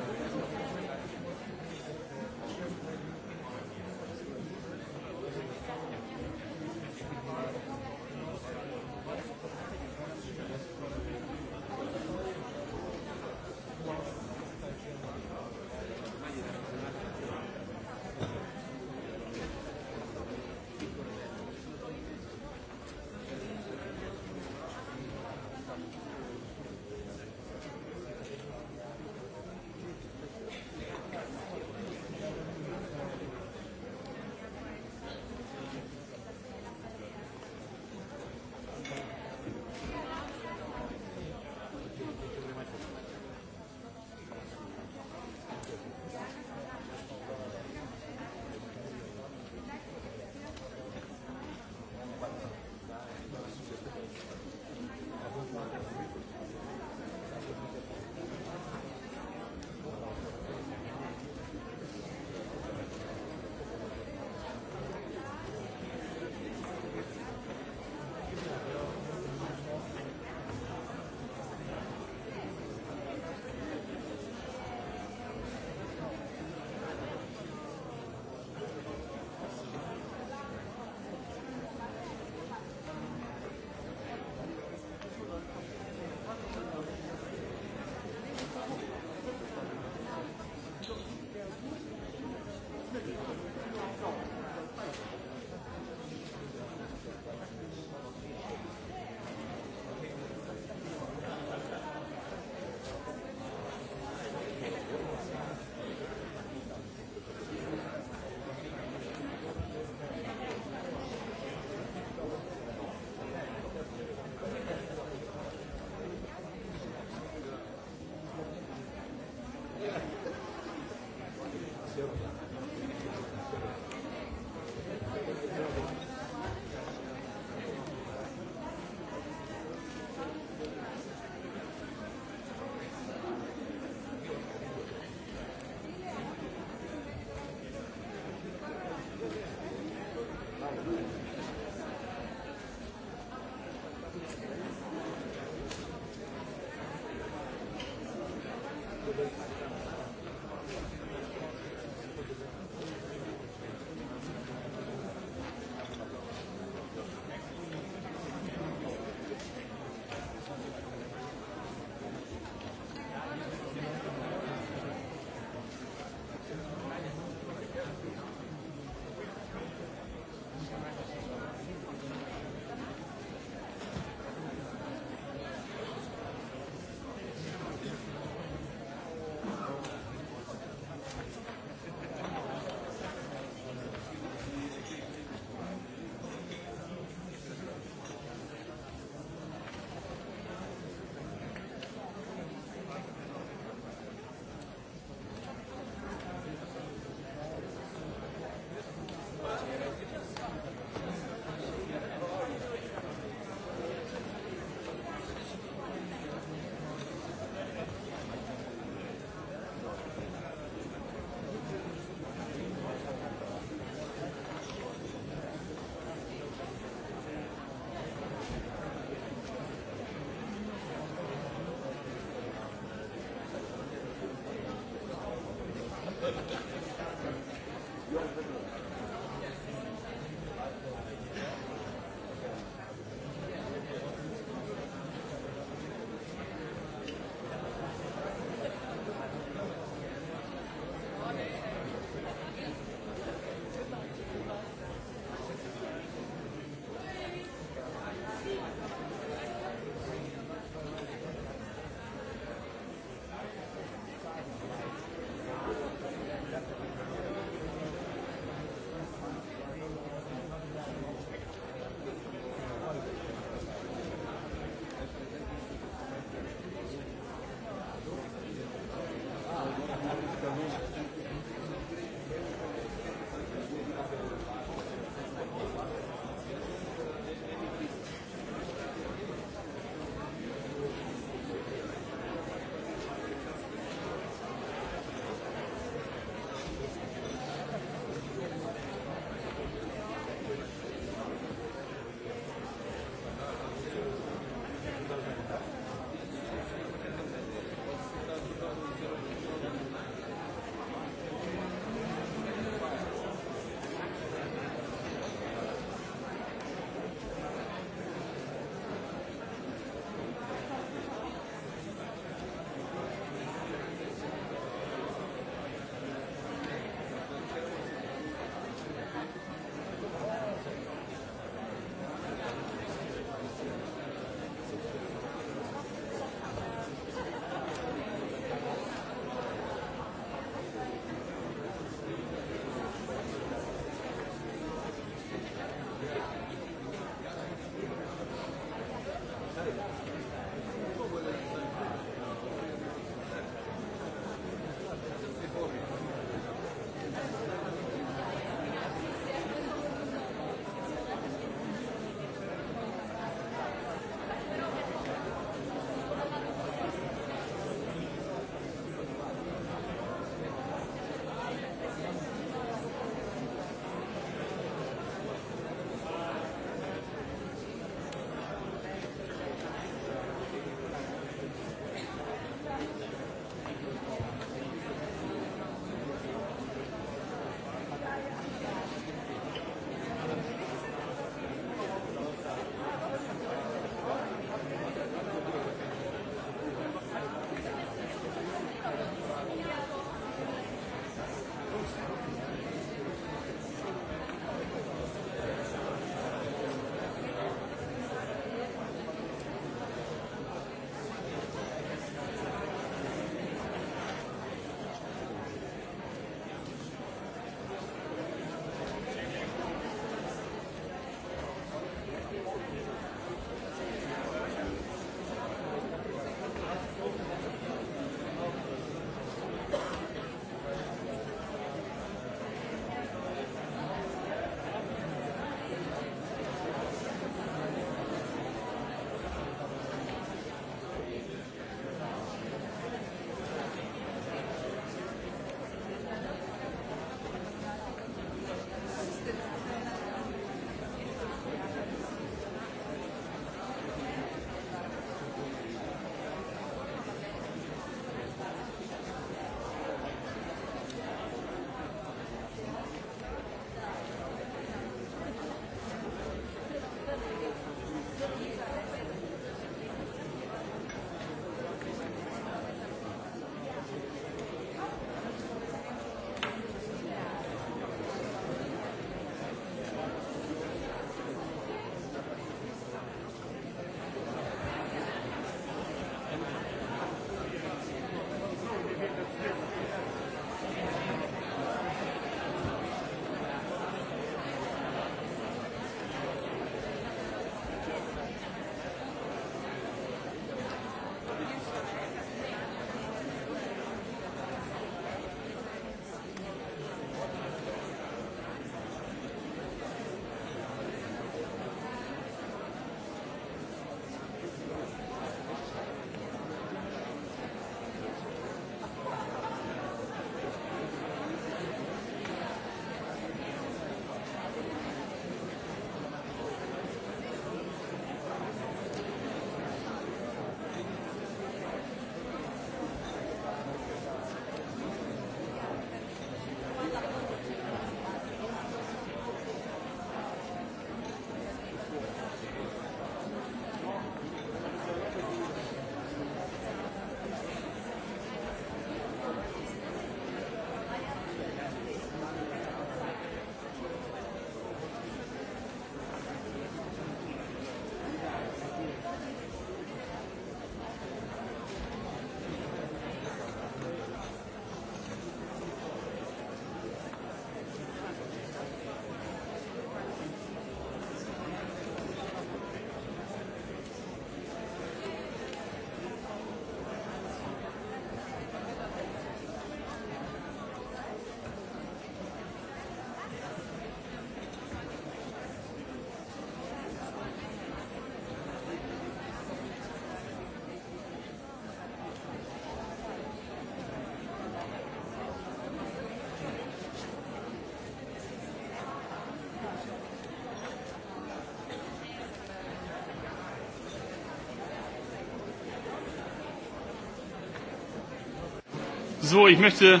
So, ich möchte.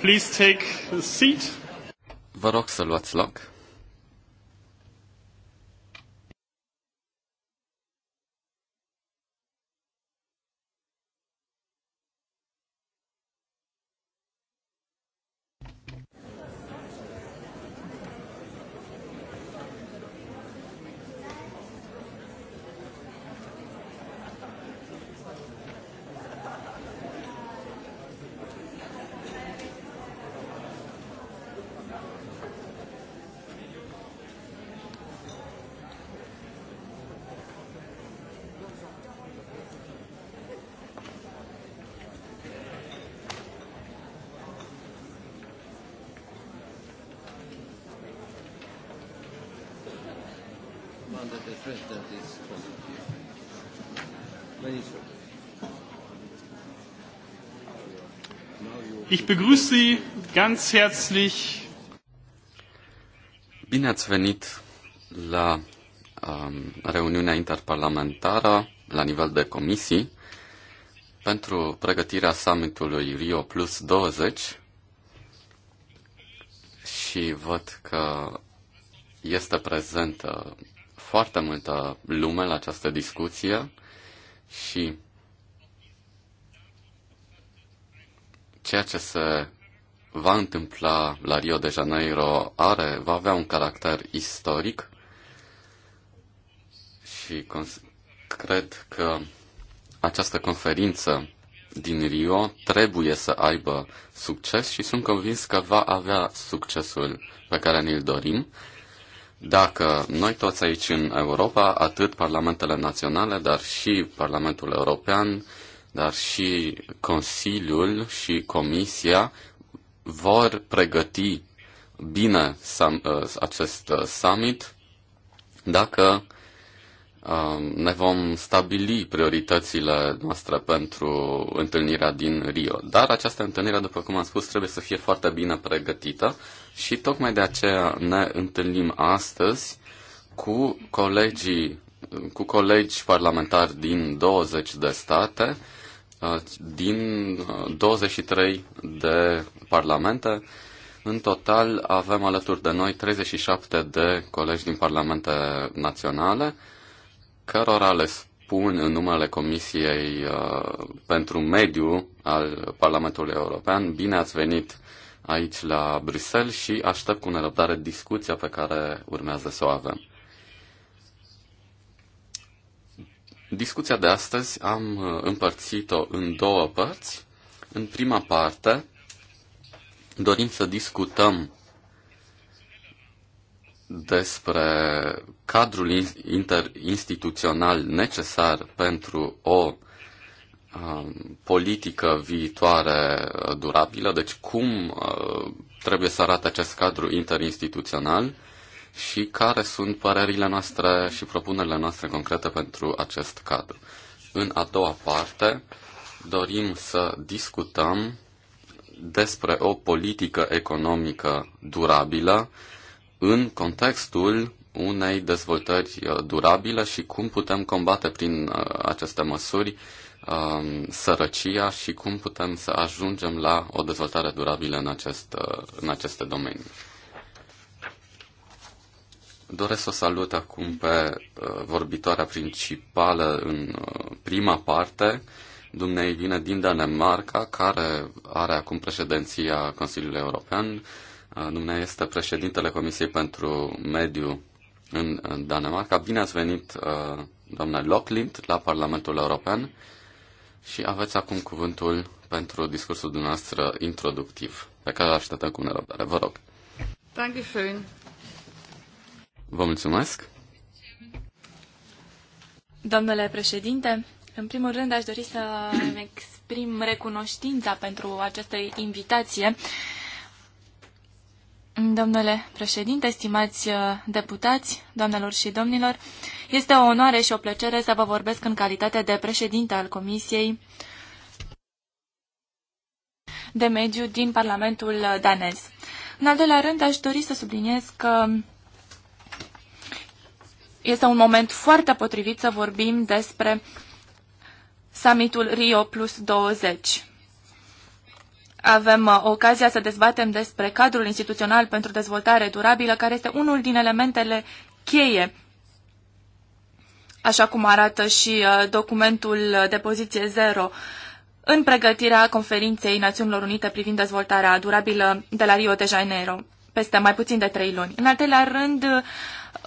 Please take a seat. Vă rog să luați loc. begrüße Sie ganz herzlich. Bine ați venit la um, reuniunea interparlamentară la nivel de comisii pentru pregătirea summitului Rio Plus 20 și văd că este prezentă foarte multă lume la această discuție și ceea ce se va întâmpla la Rio de Janeiro are, va avea un caracter istoric și cred că această conferință din Rio trebuie să aibă succes și sunt convins că va avea succesul pe care ne-l dorim. Dacă noi toți aici în Europa, atât parlamentele naționale, dar și Parlamentul European, dar și Consiliul și Comisia vor pregăti bine uh, acest uh, summit dacă um, ne vom stabili prioritățile noastre pentru întâlnirea din Rio. Dar această întâlnire, după cum am spus, trebuie să fie foarte bine pregătită și tocmai de aceea ne întâlnim astăzi cu colegii cu colegi parlamentari din 20 de state Uh, din 23 uh, de parlamente. În total avem alături de noi 37 de colegi din parlamente naționale, cărora le spun în numele Comisiei uh, pentru Mediu al Parlamentului European, bine ați venit aici la Bruxelles și aștept cu nerăbdare discuția pe care urmează să o avem. Discuția de astăzi am uh, împărțit-o în două părți. În prima parte dorim să discutăm despre cadrul interinstituțional necesar pentru o um, politică viitoare uh, durabilă, deci cum uh, trebuie să arate acest cadru interinstituțional și care sunt părerile noastre și propunerile noastre concrete pentru acest cadru. În a doua parte, dorim să discutăm despre o politică economică durabilă în contextul unei dezvoltări uh, durabile și cum putem combate prin uh, aceste măsuri um, sărăcia și cum putem să ajungem la o dezvoltare durabilă în, acest, uh, în aceste domenii. Doresc să salut acum pe uh, vorbitoarea principală în uh, prima parte, dumnei vine din Danemarca, care are acum președinția Consiliului European. Uh, Dumnea este președintele Comisiei pentru Mediu în Danemarca. Bine ați venit, doamna Locklint, la Parlamentul European și aveți acum cuvântul pentru discursul dumneavoastră introductiv, pe care îl așteptăm cu nerăbdare. Vă rog. Danke schön. Vă mulțumesc. Domnule președinte, în primul rând aș dori să îmi exprim recunoștința pentru această invitație. Domnule președinte, stimați uh, deputați, doamnelor și domnilor, este o onoare și o plăcere să vă vorbesc în calitate de președinte al Comisiei de Mediu din Parlamentul danez. În al doilea rând, aș dori să subliniez că este un moment foarte potrivit să vorbim despre summitul Rio plus 20. Avem uh, ocazia să dezbatem despre cadrul instituțional pentru dezvoltare durabilă, care este unul din elementele cheie, așa cum arată și uh, documentul de poziție zero în pregătirea conferinței Națiunilor Unite privind dezvoltarea durabilă de la Rio de Janeiro peste mai puțin de trei luni. În al treilea rând,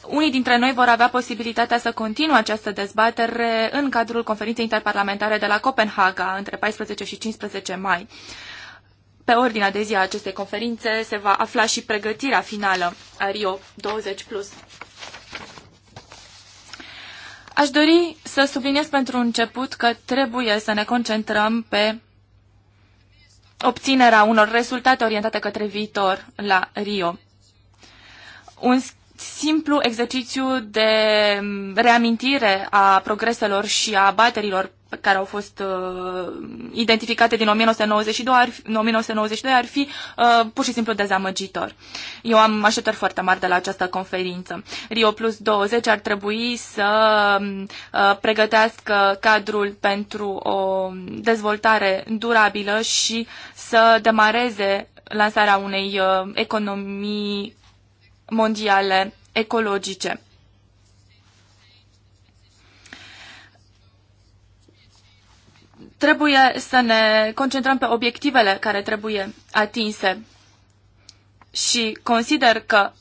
unii dintre noi vor avea posibilitatea să continue această dezbatere în cadrul conferinței interparlamentare de la Copenhaga între 14 și 15 mai. Pe ordinea de zi a acestei conferințe se va afla și pregătirea finală a Rio 20+. Aș dori să subliniez pentru început că trebuie să ne concentrăm pe obținerea unor rezultate orientate către viitor la Rio. Un simplu exercițiu de reamintire a progreselor și a abaterilor care au fost uh, identificate din 1992 ar fi, 1992 ar fi uh, pur și simplu dezamăgitor. Eu am așteptări foarte mari de la această conferință. Rio Plus 20 ar trebui să um, uh, pregătească cadrul pentru o dezvoltare durabilă și să demareze lansarea unei uh, economii mondiale ecologice. Trebuie să ne concentrăm pe obiectivele care trebuie atinse și consider că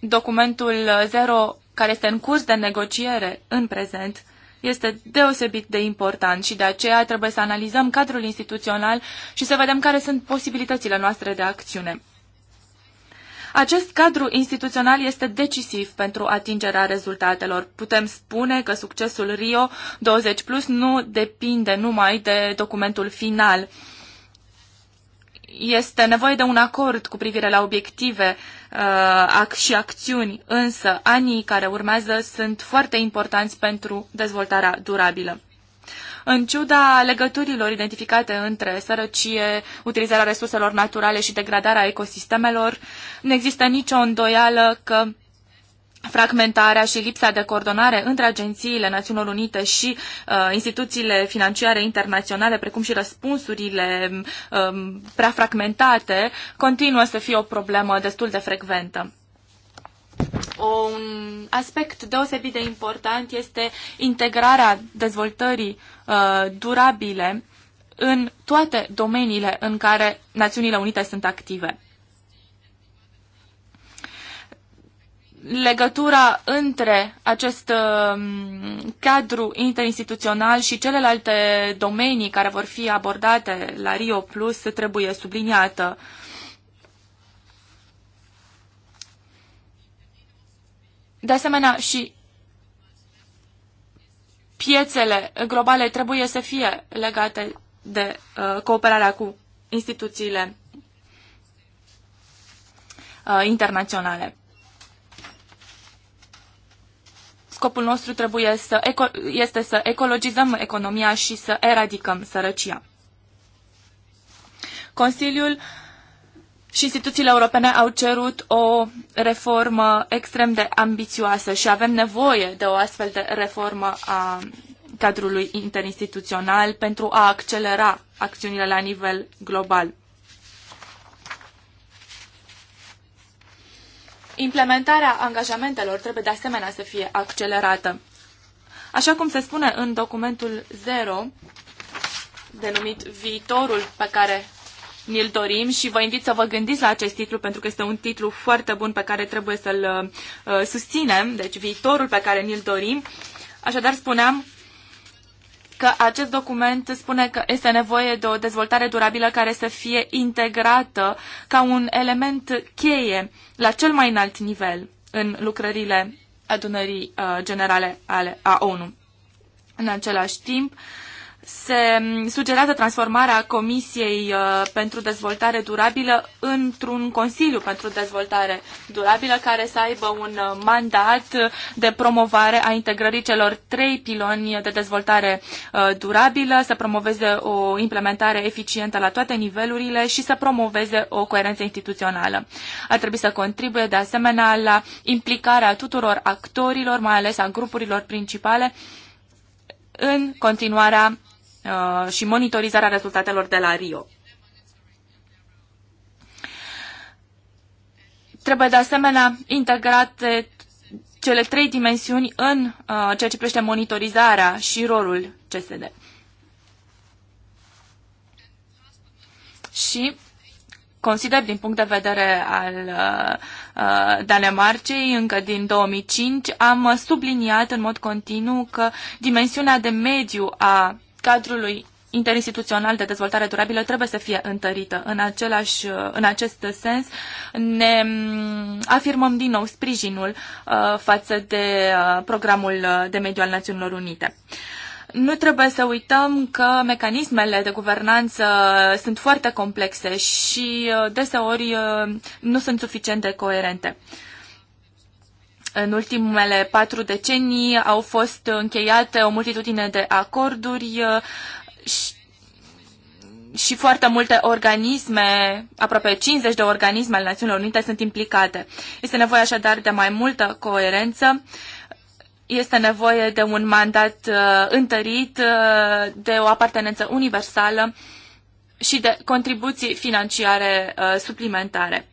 documentul zero care este în curs de negociere în prezent este deosebit de important și de aceea trebuie să analizăm cadrul instituțional și să vedem care sunt posibilitățile noastre de acțiune. Acest cadru instituțional este decisiv pentru atingerea rezultatelor. Putem spune că succesul Rio 20 Plus nu depinde numai de documentul final. Este nevoie de un acord cu privire la obiective uh, și acțiuni, însă anii care urmează sunt foarte importanți pentru dezvoltarea durabilă. În ciuda legăturilor identificate între sărăcie, utilizarea resurselor naturale și degradarea ecosistemelor, nu există nicio îndoială că fragmentarea și lipsa de coordonare între agențiile Națiunilor Unite și uh, instituțiile financiare internaționale, precum și răspunsurile um, prea fragmentate, continuă să fie o problemă destul de frecventă un aspect deosebit de important este integrarea dezvoltării uh, durabile în toate domeniile în care Națiunile Unite sunt active. legătura între acest um, cadru interinstituțional și celelalte domenii care vor fi abordate la Rio Plus trebuie subliniată. De asemenea, și piețele globale trebuie să fie legate de uh, cooperarea cu instituțiile uh, internaționale. Scopul nostru trebuie să este să ecologizăm economia și să eradicăm sărăcia. Consiliul uh, și instituțiile europene au cerut o reformă extrem de ambițioasă și avem nevoie de o astfel de reformă a cadrului interinstituțional pentru a accelera acțiunile la nivel global. Implementarea angajamentelor trebuie de asemenea să fie accelerată. Așa cum se spune în documentul 0, denumit viitorul pe care ni-l dorim și vă invit să vă gândiți la acest titlu pentru că este un titlu foarte bun pe care trebuie să-l uh, uh, susținem, deci viitorul pe care ni-l dorim. Așadar spuneam că acest document spune că este nevoie de o dezvoltare durabilă care să fie integrată ca un element cheie la cel mai înalt nivel în lucrările adunării uh, generale ale a ONU. În același timp, uh, se sugerează transformarea Comisiei uh, pentru Dezvoltare Durabilă într-un Consiliu pentru Dezvoltare Durabilă care să aibă un uh, mandat de promovare a integrării celor trei piloni de dezvoltare uh, durabilă, să promoveze o implementare eficientă la toate nivelurile și să promoveze o coerență instituțională. Ar trebui să contribuie de asemenea la implicarea tuturor actorilor, mai ales a grupurilor principale, în continuarea Uh, și monitorizarea rezultatelor de la Rio. Trebuie de asemenea integrate cele trei dimensiuni în uh, ceea ce privește monitorizarea și rolul CSD. Și consider din punct de vedere al uh, uh Danemarcei, încă din 2005, am subliniat în mod continuu că dimensiunea de mediu a cadrului interinstituțional de dezvoltare durabilă trebuie să fie întărită. În, același, în acest sens ne mm, afirmăm din nou sprijinul uh, față de uh, programul de mediu al Națiunilor Unite. Nu trebuie să uităm că mecanismele de guvernanță sunt foarte complexe și uh, deseori nu sunt suficient de coerente în ultimele patru decenii au fost încheiate o multitudine de acorduri uh, și, și foarte multe organisme, aproape 50 de organisme ale Națiunilor Unite sunt implicate. Este nevoie așadar de mai multă coerență este nevoie de un mandat uh, întărit, uh, de o apartenență universală și de contribuții financiare uh, suplimentare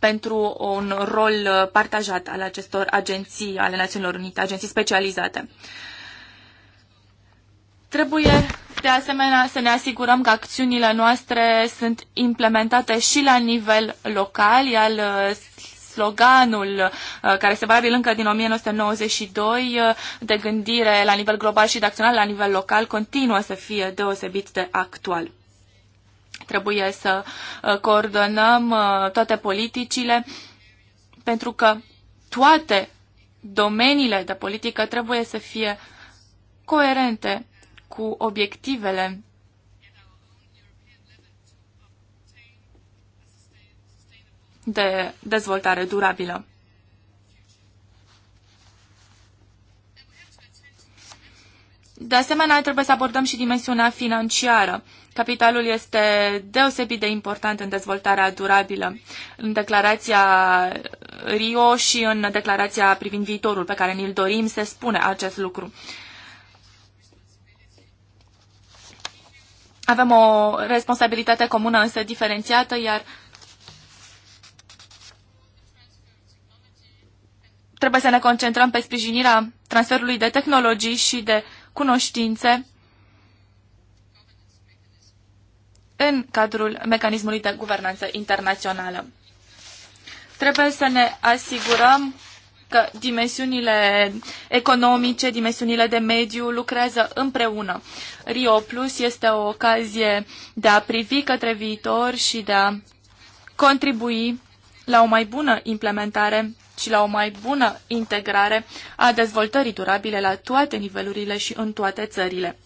pentru un rol uh, partajat al acestor agenții ale Națiunilor Unite, agenții specializate. Trebuie de asemenea să ne asigurăm că acțiunile noastre sunt implementate și la nivel local, iar uh, sloganul uh, care se valabil încă din 1992 de gândire la nivel global și de acționare la nivel local continuă să fie deosebit de actual trebuie să uh, coordonăm uh, toate politicile, pentru că toate domeniile de politică trebuie să fie coerente cu obiectivele de dezvoltare durabilă. De asemenea, trebuie să abordăm și dimensiunea financiară. Capitalul este deosebit de important în dezvoltarea durabilă. În declarația Rio și în declarația privind viitorul pe care ni-l dorim se spune acest lucru. Avem o responsabilitate comună însă diferențiată, iar trebuie să ne concentrăm pe sprijinirea transferului de tehnologii și de uh, cunoștințe în cadrul mecanismului de guvernanță internațională. Trebuie să ne asigurăm că dimensiunile economice, dimensiunile de mediu lucrează împreună. Rio Plus este o ocazie de a privi către viitor și de a contribui la o mai bună implementare și la o mai bună integrare a dezvoltării durabile la toate nivelurile și în toate țările.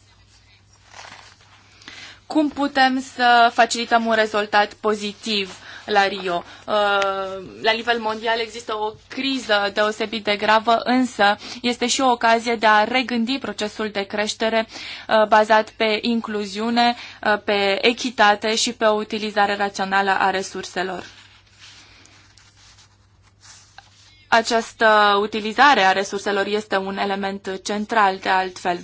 Cum putem să facilităm un rezultat pozitiv la Rio? Uh, la nivel mondial există o criză deosebit de gravă, însă este și o ocazie de a regândi procesul de creștere uh, bazat pe incluziune, uh, pe echitate și pe o utilizare rațională a resurselor. Această utilizare a resurselor este un element central de altfel.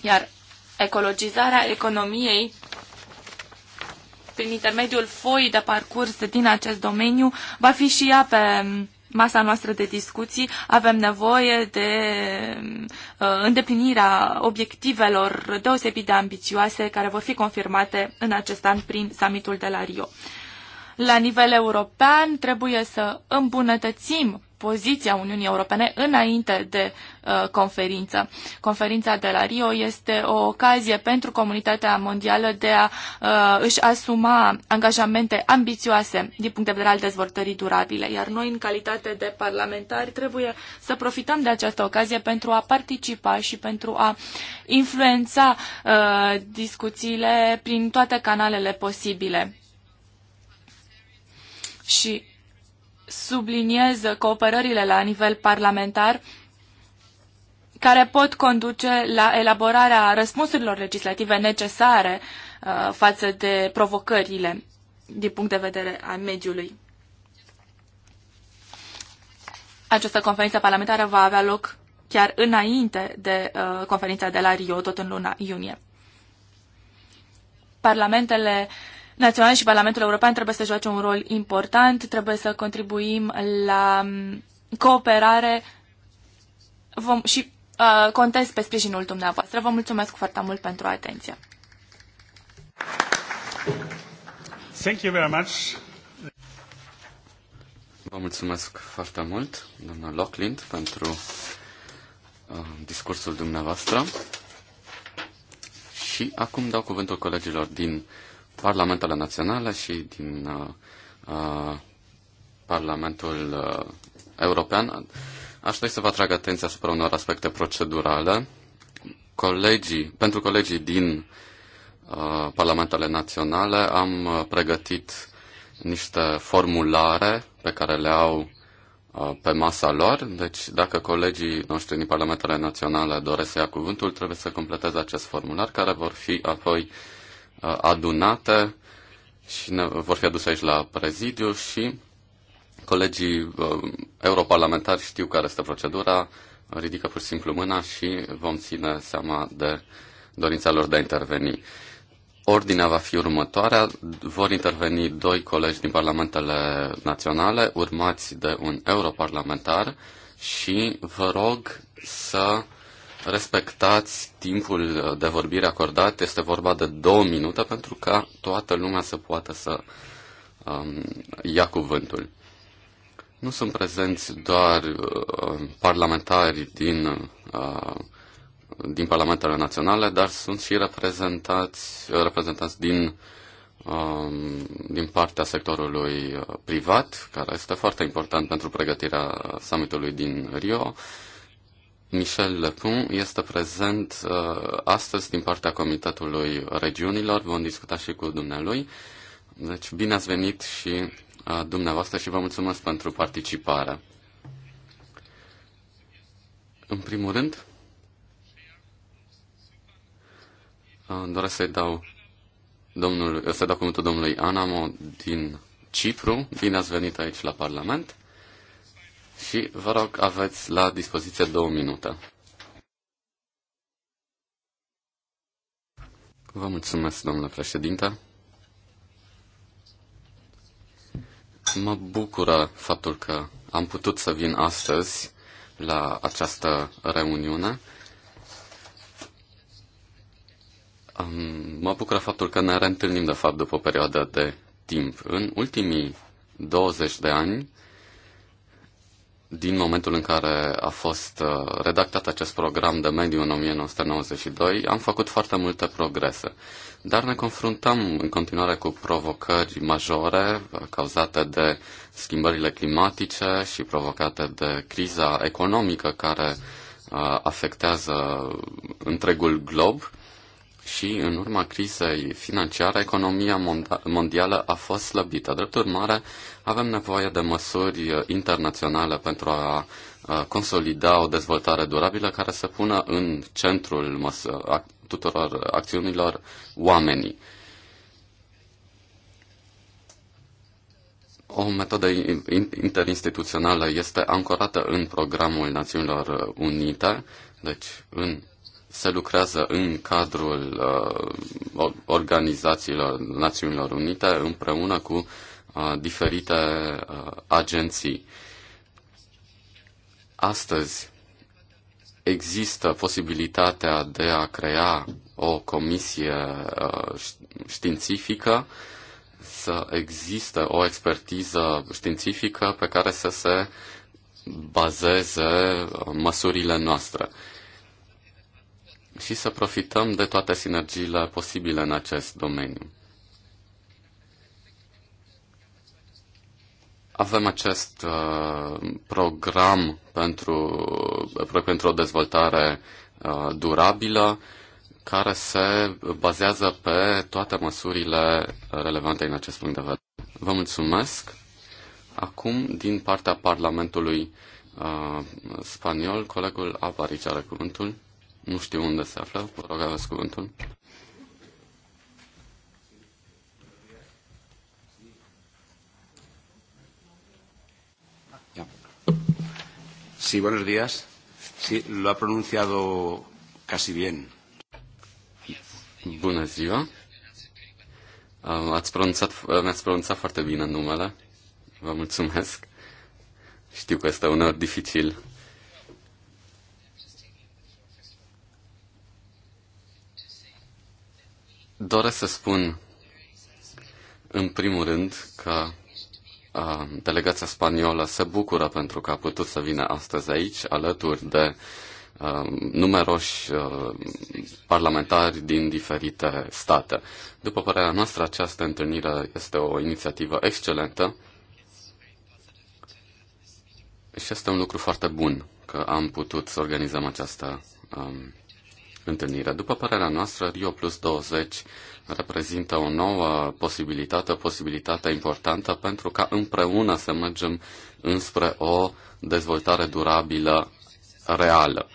Iar ecologizarea economiei prin intermediul foii de parcurs din acest domeniu va fi și ea pe masa noastră de discuții. Avem nevoie de uh, îndeplinirea obiectivelor deosebit de ambițioase care vor fi confirmate în acest an prin summitul de la Rio. La nivel european trebuie să îmbunătățim poziția Uniunii Europene înainte de uh, conferință. Conferința de la Rio este o ocazie pentru comunitatea mondială de a uh, își asuma angajamente ambițioase din punct de vedere al dezvoltării durabile, iar noi, în calitate de parlamentari, trebuie să profităm de această ocazie pentru a participa și pentru a influența uh, discuțiile prin toate canalele posibile și subliniez cooperările la nivel parlamentar care pot conduce la elaborarea răspunsurilor legislative necesare uh, față de provocările din punct de vedere al mediului. Această conferință parlamentară va avea loc chiar înainte de uh, conferința de la Rio, tot în luna iunie. Parlamentele uh, Național și Parlamentul European trebuie să joace un rol important, trebuie să contribuim la mm, cooperare vom, și uh, contez pe sprijinul dumneavoastră. Vă mulțumesc foarte mult pentru atenție. Thank you very much. Vă mulțumesc foarte mult, doamna Locklind, pentru uh, discursul dumneavoastră. Și acum dau cuvântul colegilor din Parlamentele Naționale și din uh, uh, Parlamentul uh, European. Aș dori să vă atrag atenția asupra unor aspecte procedurale. Colegii, pentru colegii din uh, Parlamentele Naționale am uh, pregătit niște formulare pe care le au uh, pe masa lor, deci dacă colegii noștri din Parlamentele Naționale doresc să ia cuvântul, trebuie să completeze acest formular, care vor fi apoi uh, adunate și ne, vor fi aduse aici la prezidiu și colegii uh, europarlamentari știu care este procedura, ridică pur și simplu mâna și vom ține seama de dorința lor de a interveni. Ordinea va fi următoarea. Vor interveni doi colegi din parlamentele naționale, urmați de un europarlamentar și vă rog să respectați timpul de vorbire acordat. Este vorba de două minute pentru ca toată lumea să poată să um, ia cuvântul. Nu sunt prezenți doar uh, parlamentari din, uh, din parlamentele naționale, dar sunt și reprezentați, reprezentați din, uh, din partea sectorului uh, privat, care este foarte important pentru pregătirea summitului din Rio. Uh, Michel Lepun este prezent uh, astăzi din partea Comitetului Regiunilor. Vom discuta și cu dumnealui. Deci, bine ați venit și uh, dumneavoastră și vă mulțumesc pentru participare. În primul rând, uh, doresc să-i dau, domnul, să dau cuvântul domnului Anamo din Cipru. Bine ați venit aici la Parlament și vă rog, aveți la dispoziție două minute. Vă mulțumesc, domnule președinte. Mă bucură faptul că am putut să vin astăzi la această reuniune. Mă bucură faptul că ne reîntâlnim, de fapt, după o perioadă de timp. În ultimii 20 de ani, din momentul în care a fost uh, redactat acest program de mediu în 1992, am făcut foarte multe progrese. Dar ne confruntăm în continuare cu provocări majore uh, cauzate de schimbările climatice și provocate de criza economică care uh, afectează întregul glob și în urma crizei financiare, economia mondială a fost slăbită. Drept urmare, avem nevoie de măsuri internaționale pentru a consolida o dezvoltare durabilă care să pună în centrul tuturor acțiunilor oamenii. O metodă interinstituțională este ancorată în programul Națiunilor Unite, deci în se lucrează în cadrul uh, organizațiilor Națiunilor Unite împreună cu uh, diferite uh, agenții. Astăzi există posibilitatea de a crea o comisie uh, științifică, să există o expertiză științifică pe care să se bazeze uh, măsurile noastre. Uh, și să profităm de toate sinergiile posibile în acest domeniu. Avem acest uh, program pentru, uh, pentru o dezvoltare uh, durabilă care se bazează pe toate măsurile relevante în acest punct de vedere. Vă mulțumesc. Acum, din partea Parlamentului uh, spaniol, colegul Avarici are cuvântul. Nu știu unde se află, vă rog aveți cuvântul. Sí, buenos días. Sí, lo ha pronunciado casi bien. Bună ziua. Ați pronunțat, mi-ați pronunțat foarte bine numele. Vă mulțumesc. Știu că este uneori dificil Doresc să spun, în primul rând, că a, delegația spaniolă se bucură pentru că a putut să vină astăzi aici, alături de a, numeroși a, parlamentari din diferite state. După părerea noastră, această întâlnire este o inițiativă excelentă și este un lucru foarte bun că am putut să organizăm această întâlnire. După părerea noastră, Rio Plus 20 reprezintă o nouă posibilitate, o posibilitate importantă pentru ca împreună să mergem înspre o dezvoltare durabilă reală.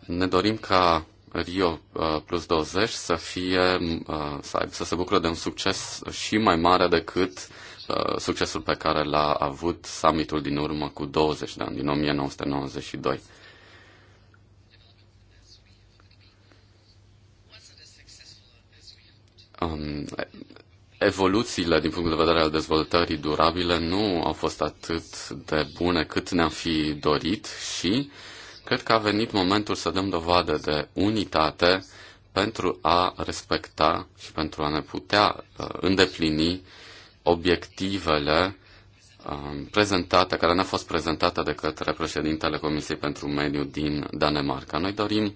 Ne dorim ca Rio uh, Plus 20 să fie, uh, să, să se bucure de un succes și mai mare decât uh, succesul pe care l-a avut summitul din urmă cu 20 de ani, din 1992. um, evoluțiile din punct de vedere al dezvoltării durabile nu au fost atât de bune cât ne-am fi dorit și cred că a venit momentul să dăm dovadă de unitate pentru a respecta și pentru a ne putea uh, îndeplini obiectivele um, prezentate, care ne-a fost prezentată de către președintele Comisiei pentru Mediu din Danemarca. Noi dorim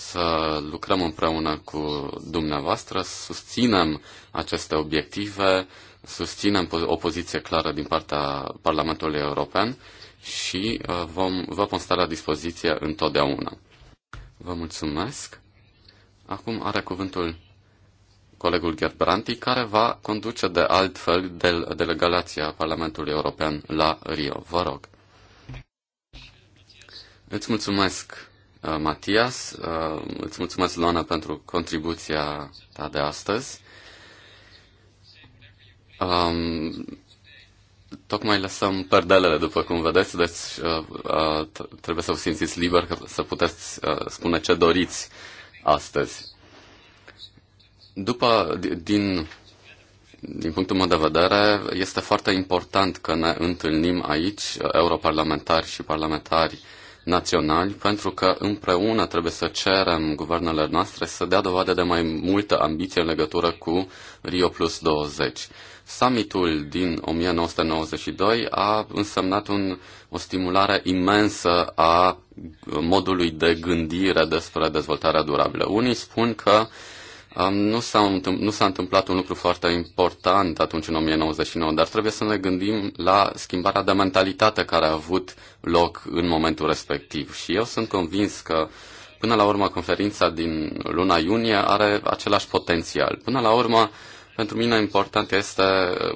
să lucrăm împreună cu dumneavoastră, Să susținem aceste obiective, susținem o poziție clară din partea Parlamentului European și uh, vom, vă vom sta la dispoziție întotdeauna. Vă mulțumesc. Acum are cuvântul colegul Branti, care va conduce de altfel de delegația Parlamentului European la Rio. Vă rog. Îți mulțumesc, Uh, Matias. Uh, îți mulțumesc, Luana, pentru contribuția ta de astăzi. Um, tocmai lăsăm perdelele, după cum vedeți, deci uh, uh trebuie să vă simțiți liber că să puteți uh, spune ce doriți astăzi. După, din, din punctul meu de vedere, este foarte important că ne întâlnim aici, europarlamentari și parlamentari uh, naționali, pentru că împreună trebuie să cerem guvernele noastre să dea dovadă de mai multă ambiție în legătură cu Rio Plus 20. Summitul din 1992 a însemnat un, o stimulare imensă a modului de gândire despre dezvoltarea durabilă. Unii spun că uh, nu s-a, nu s-a întâmplat un lucru foarte important atunci în 1999, dar trebuie să ne gândim la schimbarea de mentalitate care a avut loc în momentul respectiv. Și eu sunt convins că, până la urmă, conferința din luna iunie are același potențial. Până la urmă, pentru mine important este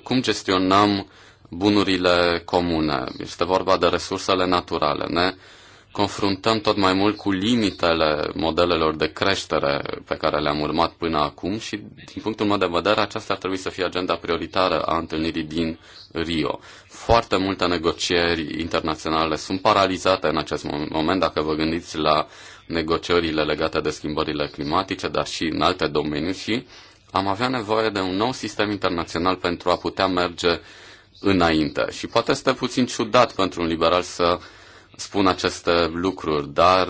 cum gestionăm bunurile comune. Este vorba de resursele naturale. Ne confruntăm tot mai mult cu limitele modelelor de creștere pe care le-am urmat până acum și, din punctul meu de vedere, aceasta ar trebui să fie agenda prioritară a întâlnirii din Rio. Foarte multe negocieri internaționale sunt paralizate în acest moment, dacă vă gândiți la negocierile legate de schimbările climatice, dar și în alte domenii și am avea nevoie de un nou sistem internațional pentru a putea merge înainte. Și poate este puțin ciudat pentru un liberal să uh, spun aceste lucruri, dar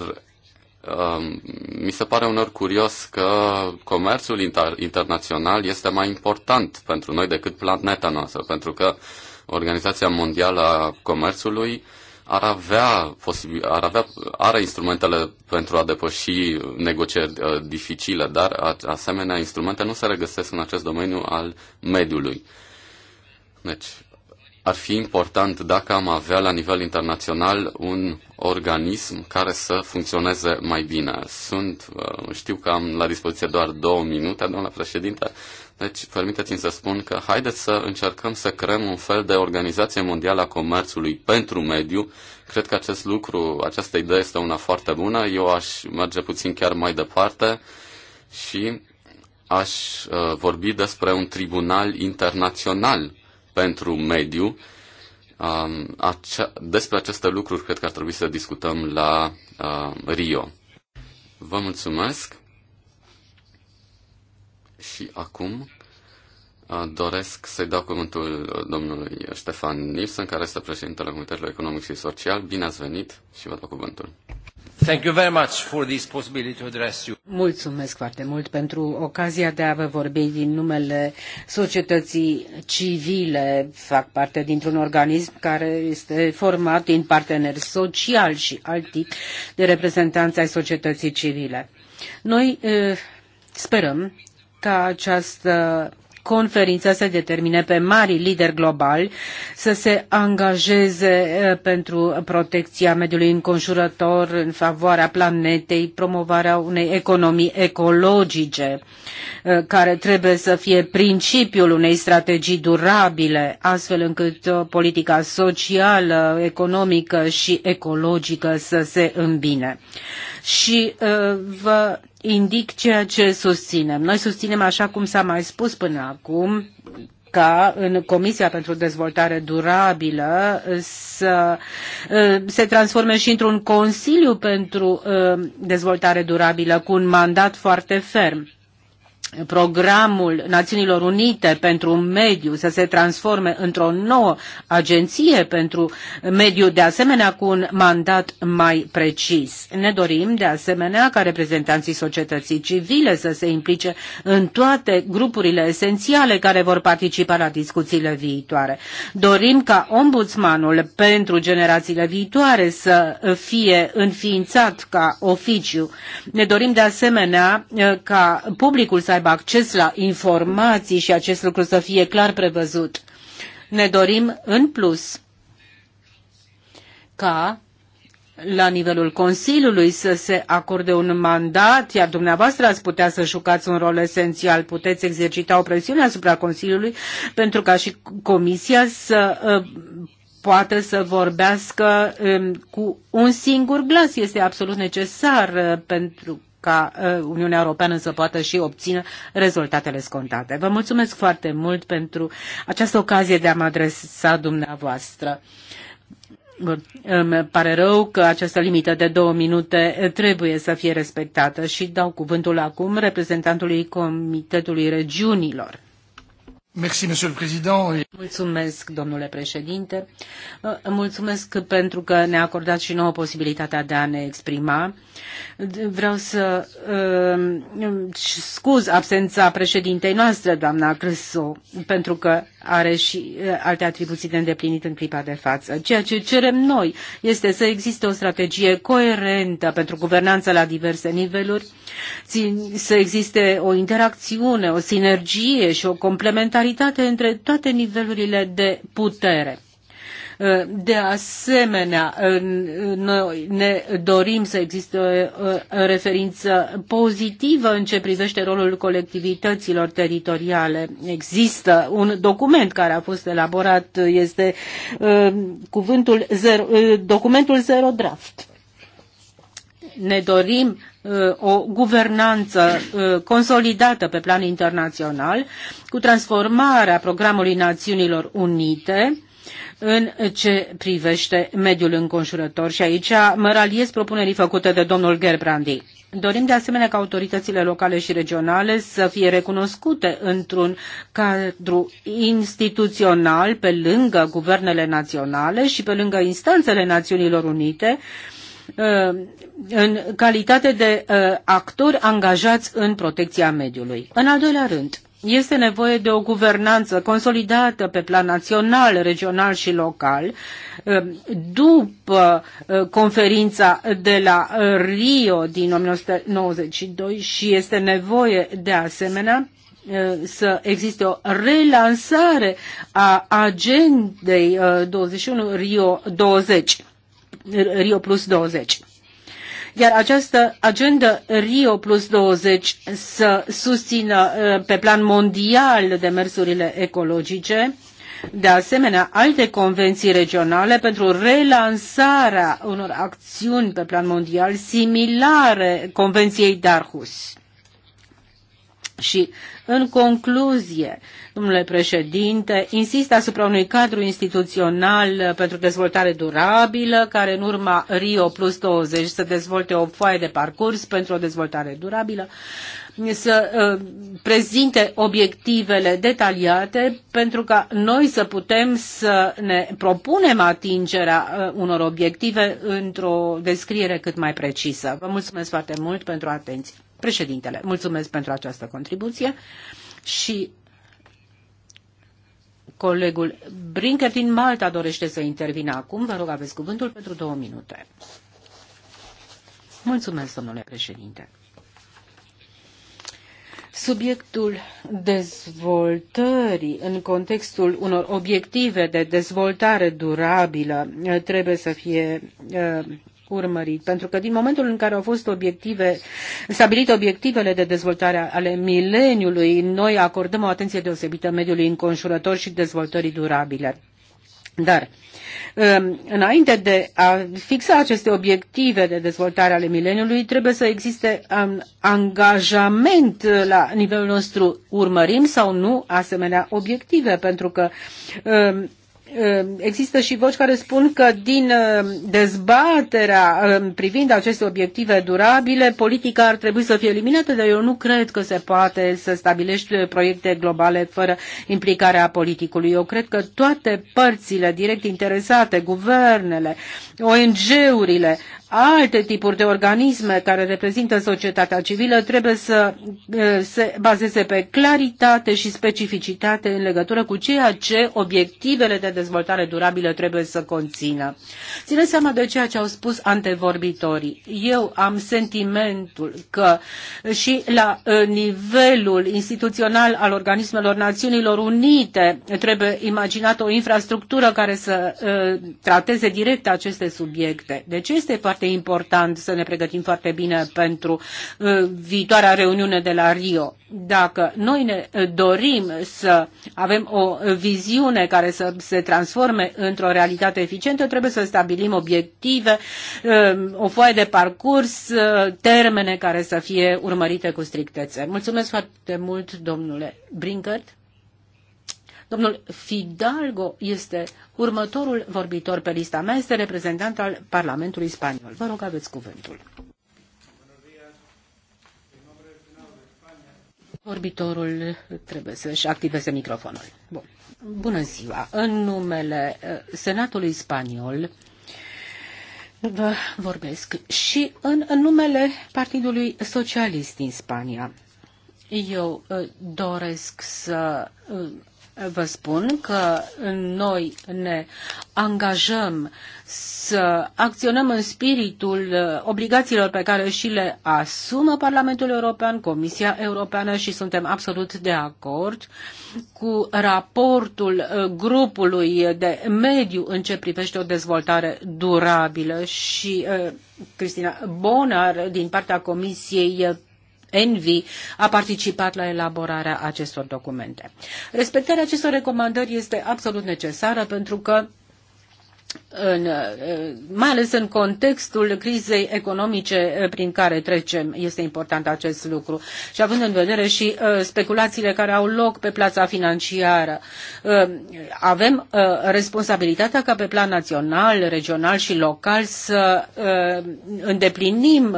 um, mi se pare unor curios că comerțul inter- internațional este mai important pentru noi decât planeta noastră, pentru că Organizația Mondială a Comerțului ar avea, posibil, ar avea are instrumentele pentru a depăși negocieri uh, dificile, dar a, asemenea instrumente nu se regăsesc în acest domeniu al mediului. Deci, ar fi important dacă am avea la nivel internațional un organism care să funcționeze mai bine. Sunt, uh, știu că am la dispoziție doar două minute, doamna președinte, deci permiteți-mi să spun că haideți să încercăm să creăm un fel de organizație mondială a comerțului pentru mediu. Cred că acest lucru, această idee este una foarte bună. Eu aș merge puțin chiar mai departe și aș uh, vorbi despre un tribunal internațional pentru mediu. Despre aceste lucruri cred că ar trebui să discutăm la Rio. Vă mulțumesc și acum Doresc să-i dau cuvântul domnului Ștefan Nilsson, care este președintele Comitetului Economic și Social. Bine ați venit și vă dau cuvântul. Thank you very much for this possibility to address you. Mulțumesc foarte mult pentru ocazia de a vă vorbi din numele societății civile. Fac parte dintr-un organism care este format din parteneri sociali și alt tip de reprezentanți ai societății civile. Noi eh, sperăm ca această conferința să determine pe mari lideri globali să se angajeze pentru protecția mediului înconjurător în favoarea planetei, promovarea unei economii ecologice, care trebuie să fie principiul unei strategii durabile, astfel încât politica socială, economică și ecologică să se îmbine. Și vă indic ceea ce susținem. Noi susținem, așa cum s-a mai spus până acum, ca în Comisia pentru Dezvoltare Durabilă să uh, se transforme și într-un Consiliu pentru uh, Dezvoltare Durabilă cu un mandat foarte ferm programul Națiunilor Unite pentru mediu să se transforme într-o nouă agenție pentru mediu, de asemenea cu un mandat mai precis. Ne dorim, de asemenea, ca reprezentanții societății civile să se implice în toate grupurile esențiale care vor participa la discuțiile viitoare. Dorim ca ombudsmanul pentru generațiile viitoare să fie înființat ca oficiu. Ne dorim, de asemenea, ca publicul să aibă aibă acces la informații și acest lucru să fie clar prevăzut. Ne dorim, în plus, ca la nivelul Consiliului să se acorde un mandat, iar dumneavoastră ați putea să jucați un rol esențial, puteți exercita o presiune asupra Consiliului pentru ca și Comisia să ă, poată să vorbească ă, cu un singur glas. Este absolut necesar ă, pentru ca ă, Uniunea Europeană să poată și obține rezultatele scontate. Vă mulțumesc foarte mult pentru această ocazie de a mă adresa dumneavoastră. Îmi pare rău că această limită de două minute trebuie să fie respectată și dau cuvântul acum reprezentantului Comitetului Regiunilor. Mulțumesc, domnule președinte. Mulțumesc pentru că ne-a acordat și nouă posibilitatea de a ne exprima. Vreau să uh, scuz absența președintei noastre, doamna Crâso, pentru că are și uh, alte atribuții de îndeplinit în clipa de față. Ceea ce cerem noi este să existe o strategie coerentă pentru guvernanță la diverse niveluri, să existe o interacțiune, o sinergie și o complementare egalitate între toate nivelurile de putere. Uh, de asemenea, uh, noi ne dorim să existe o uh, referință pozitivă în ce privește rolul colectivităților teritoriale. Există un document care a fost elaborat, este cuvântul zero, documentul zero draft. Ne dorim o guvernanță uh, consolidată pe plan internațional, cu transformarea programului Națiunilor Unite în ce privește mediul înconjurător. Și aici mă raliez propunerii făcute de domnul Gerbrandi. Dorim de asemenea ca autoritățile locale și regionale să fie recunoscute într-un cadru instituțional pe lângă guvernele naționale și pe lângă instanțele Națiunilor Unite, uh, Uh, în calitate de uh, actori angajați în protecția mediului. În al doilea rând, este nevoie de o guvernanță consolidată pe plan național, regional și local uh, după conferința de la Rio din 1992 și este nevoie de asemenea să existe o relansare a agendei 21 Rio 20 Rio Plus 20 iar această agendă Rio Plus 20 să susțină uh, pe plan mondial demersurile ecologice, de asemenea alte convenții regionale pentru relansarea unor acțiuni pe plan mondial similare convenției Darhus. Și, în concluzie, domnule președinte, insist asupra unui cadru instituțional uh, pentru dezvoltare durabilă, care în urma Rio plus 20 să dezvolte o foaie de parcurs pentru o dezvoltare durabilă, să uh, prezinte obiectivele detaliate pentru ca noi să putem să ne propunem atingerea uh, unor obiective într-o descriere cât mai precisă. Vă mulțumesc foarte mult pentru atenție. Președintele, mulțumesc pentru această contribuție și colegul Brinker din Malta dorește să intervină acum. Vă rog, aveți cuvântul pentru două minute. Mulțumesc, domnule președinte. Subiectul dezvoltării în contextul unor obiective de dezvoltare durabilă trebuie să fie uh, urmărit. Pentru că din momentul în care au fost obiective, stabilite obiectivele de dezvoltare ale mileniului, noi acordăm o atenție deosebită mediului înconjurător și dezvoltării durabile. Dar um, înainte de a fixa aceste obiective de dezvoltare ale mileniului, trebuie să existe un um, angajament la nivelul nostru. Urmărim sau nu asemenea obiective, pentru că um, Eh, există și voci care spun că din eh, dezbaterea eh, privind aceste obiective durabile, politica ar trebui să fie eliminată, dar eu nu cred că se poate să stabilești proiecte globale fără implicarea politicului. Eu cred că toate părțile direct interesate, guvernele, ONG-urile, alte tipuri de organisme care reprezintă societatea civilă trebuie să eh, se bazeze pe claritate și specificitate în legătură cu ceea ce obiectivele de dezvoltare durabilă trebuie să conțină. Țineți seama de ceea ce au spus antevorbitorii. Eu am sentimentul că și la eh, nivelul instituțional al organismelor Națiunilor Unite trebuie imaginată o infrastructură care să eh, trateze direct aceste subiecte. Deci este parte este important să ne pregătim foarte bine pentru uh, viitoarea reuniune de la Rio. Dacă noi ne uh, dorim să avem o viziune care să se transforme într-o realitate eficientă, trebuie să stabilim obiective, uh, o foaie de parcurs, termene care să fie urmărite cu strictețe. Mulțumesc foarte mult, domnule Brinkert. Domnul Fidalgo este următorul vorbitor pe lista mea, este reprezentant al Parlamentului Spaniol. Vă rog, aveți cuvântul. Vorbitorul trebuie să-și activeze microfonul. Bun. Bună ziua! În numele uh, Senatului Spaniol vă vorbesc și în numele Partidului Socialist din Spania. Eu uh, doresc să uh, vă spun că noi ne angajăm să acționăm în spiritul uh, obligațiilor pe care și le asumă Parlamentul European, Comisia Europeană și suntem absolut de acord cu raportul uh, grupului de mediu în ce privește o dezvoltare durabilă și uh, Cristina Bonar din partea Comisiei Envi a participat la elaborarea acestor documente. Respectarea acestor recomandări este absolut necesară pentru că în, eh, mai ales în contextul crizei economice eh, prin care trecem, este important acest lucru. Și având în vedere și uh, speculațiile care au loc pe piața financiară, uh, avem uh, responsabilitatea ca pe plan național, regional și local să îndeplinim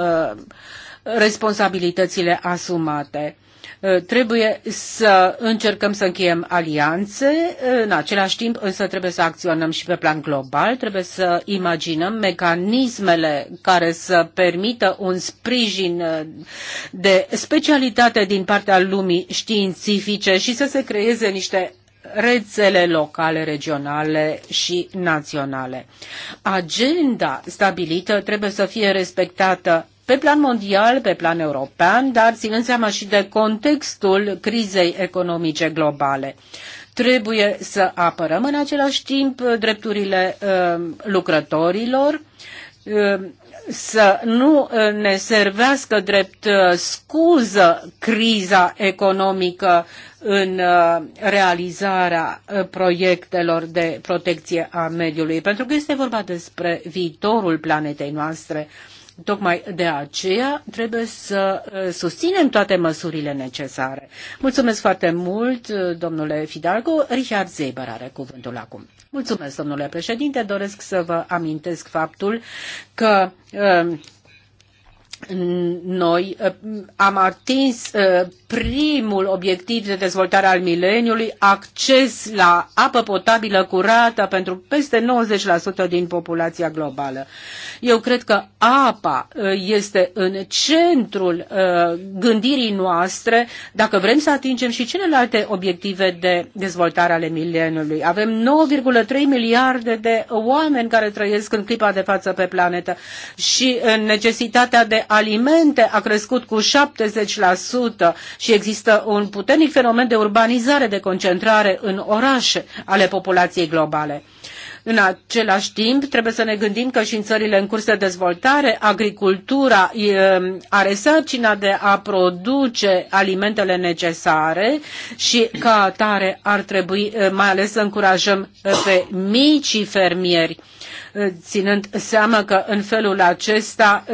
responsabilitățile asumate. Uh, trebuie să încercăm să încheiem alianțe, uh, în același timp însă trebuie să acționăm și pe plan global, trebuie să imaginăm mecanismele care să permită un sprijin uh, de specialitate din partea lumii științifice și să se creeze niște rețele locale, regionale și naționale. Agenda stabilită trebuie să fie respectată pe plan mondial, pe plan european, dar ținând seama și de contextul crizei economice globale. Trebuie să apărăm în același timp drepturile uh, lucrătorilor, uh, să nu uh, ne servească drept scuză criza economică în realizarea proiectelor de protecție a mediului, pentru că este vorba despre viitorul planetei noastre. Uh, Tocmai de aceea trebuie să uh, susținem toate măsurile necesare. Mulțumesc foarte mult, uh, domnule Fidalgo. Richard Zeber are cuvântul acum. Mulțumesc, domnule președinte. Doresc să vă amintesc faptul că uh, noi eh, am atins eh, primul obiectiv de dezvoltare al mileniului, acces la apă potabilă curată pentru peste 90% din populația globală. Eu cred că apa eh, este în centrul gândirii noastre dacă vrem să atingem și celelalte obiective de dezvoltare ale mileniului. Avem 9,3 miliarde de oameni care trăiesc în clipa de față pe planetă și necesitatea de alimente a crescut cu 70% și există un puternic fenomen de urbanizare, de concentrare în orașe ale populației globale. În același timp, trebuie să ne gândim că și în țările în curs de dezvoltare, agricultura are sarcina de a produce alimentele necesare și ca atare ar trebui mai ales să încurajăm pe micii fermieri ținând seama că în felul acesta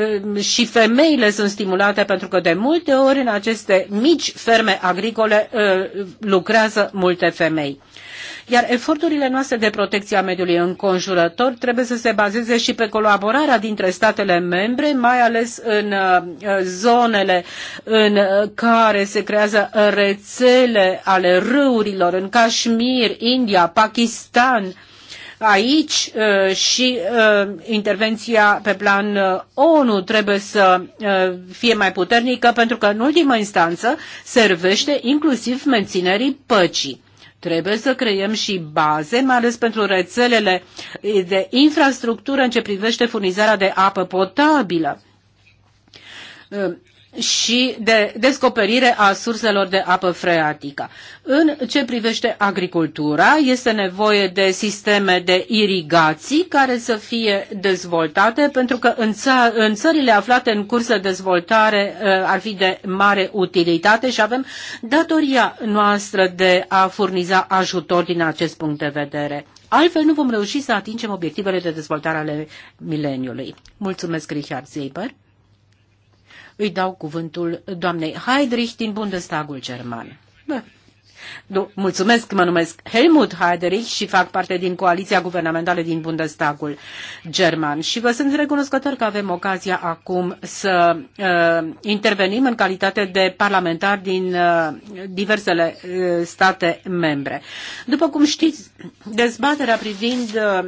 și femeile sunt stimulate pentru că de multe ori în aceste mici ferme agricole lucrează multe femei. Iar eforturile noastre de protecție a mediului înconjurător trebuie să se bazeze și pe colaborarea dintre statele membre, mai ales în uh, zonele în care se creează rețele ale râurilor, în Kashmir, India, Pakistan, aici uh, și uh, intervenția pe plan ONU trebuie să fie mai puternică pentru că în ultimă instanță servește inclusiv menținerii păcii. Trebuie să creăm și baze, mai ales pentru rețelele de infrastructură în ce privește furnizarea de apă potabilă și de descoperire a surselor de apă freatică. În ce privește agricultura, este nevoie de sisteme de irigații care să fie dezvoltate, pentru că în, ță- în țările aflate în curs de dezvoltare uh, ar fi de mare utilitate și avem datoria noastră de a furniza ajutor din acest punct de vedere. Altfel nu vom reuși să atingem obiectivele de dezvoltare ale mileniului. Mulțumesc, Richard Zeiber. Îi dau cuvântul doamnei Heidrich din Bundestagul German. Bă. Mulțumesc, mă numesc Helmut Heiderich și fac parte din coaliția guvernamentală din Bundestagul german și vă sunt recunoscător că avem ocazia acum să uh, intervenim în calitate de parlamentar din uh, diversele uh, state membre. După cum știți, dezbaterea privind uh,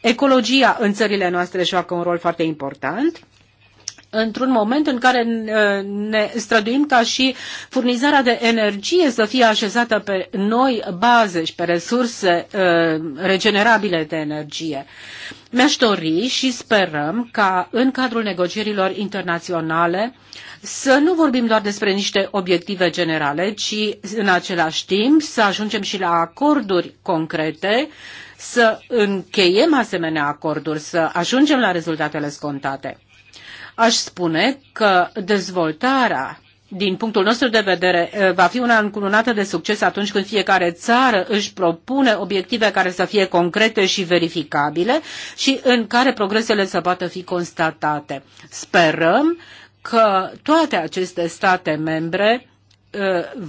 ecologia în țările noastre joacă un rol foarte important într-un moment în care uh, ne străduim ca și furnizarea de energie să fie așezată pe noi baze și pe resurse uh, regenerabile de energie. Mi-aș dori și sperăm ca în cadrul negocierilor internaționale să nu vorbim doar despre niște obiective generale, ci în același timp să ajungem și la acorduri concrete, să încheiem asemenea acorduri, să ajungem la rezultatele scontate. Aș spune că dezvoltarea din punctul nostru de vedere, eh, va fi una încununată de succes atunci când fiecare țară își propune obiective care să fie concrete și verificabile și în care progresele să poată fi constatate. Sperăm că toate aceste state membre Uh,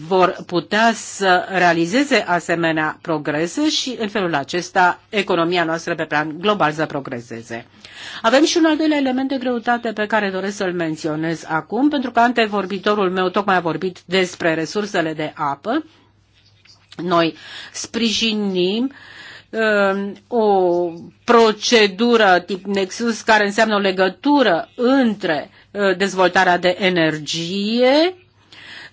vor putea să realizeze asemenea progrese și în felul acesta economia noastră pe plan global să progreseze. Avem și un al doilea element de greutate pe care doresc să-l menționez acum, pentru că antevorbitorul meu tocmai a vorbit despre resursele de apă. Noi sprijinim um, o procedură tip Nexus care înseamnă o legătură între uh, dezvoltarea de energie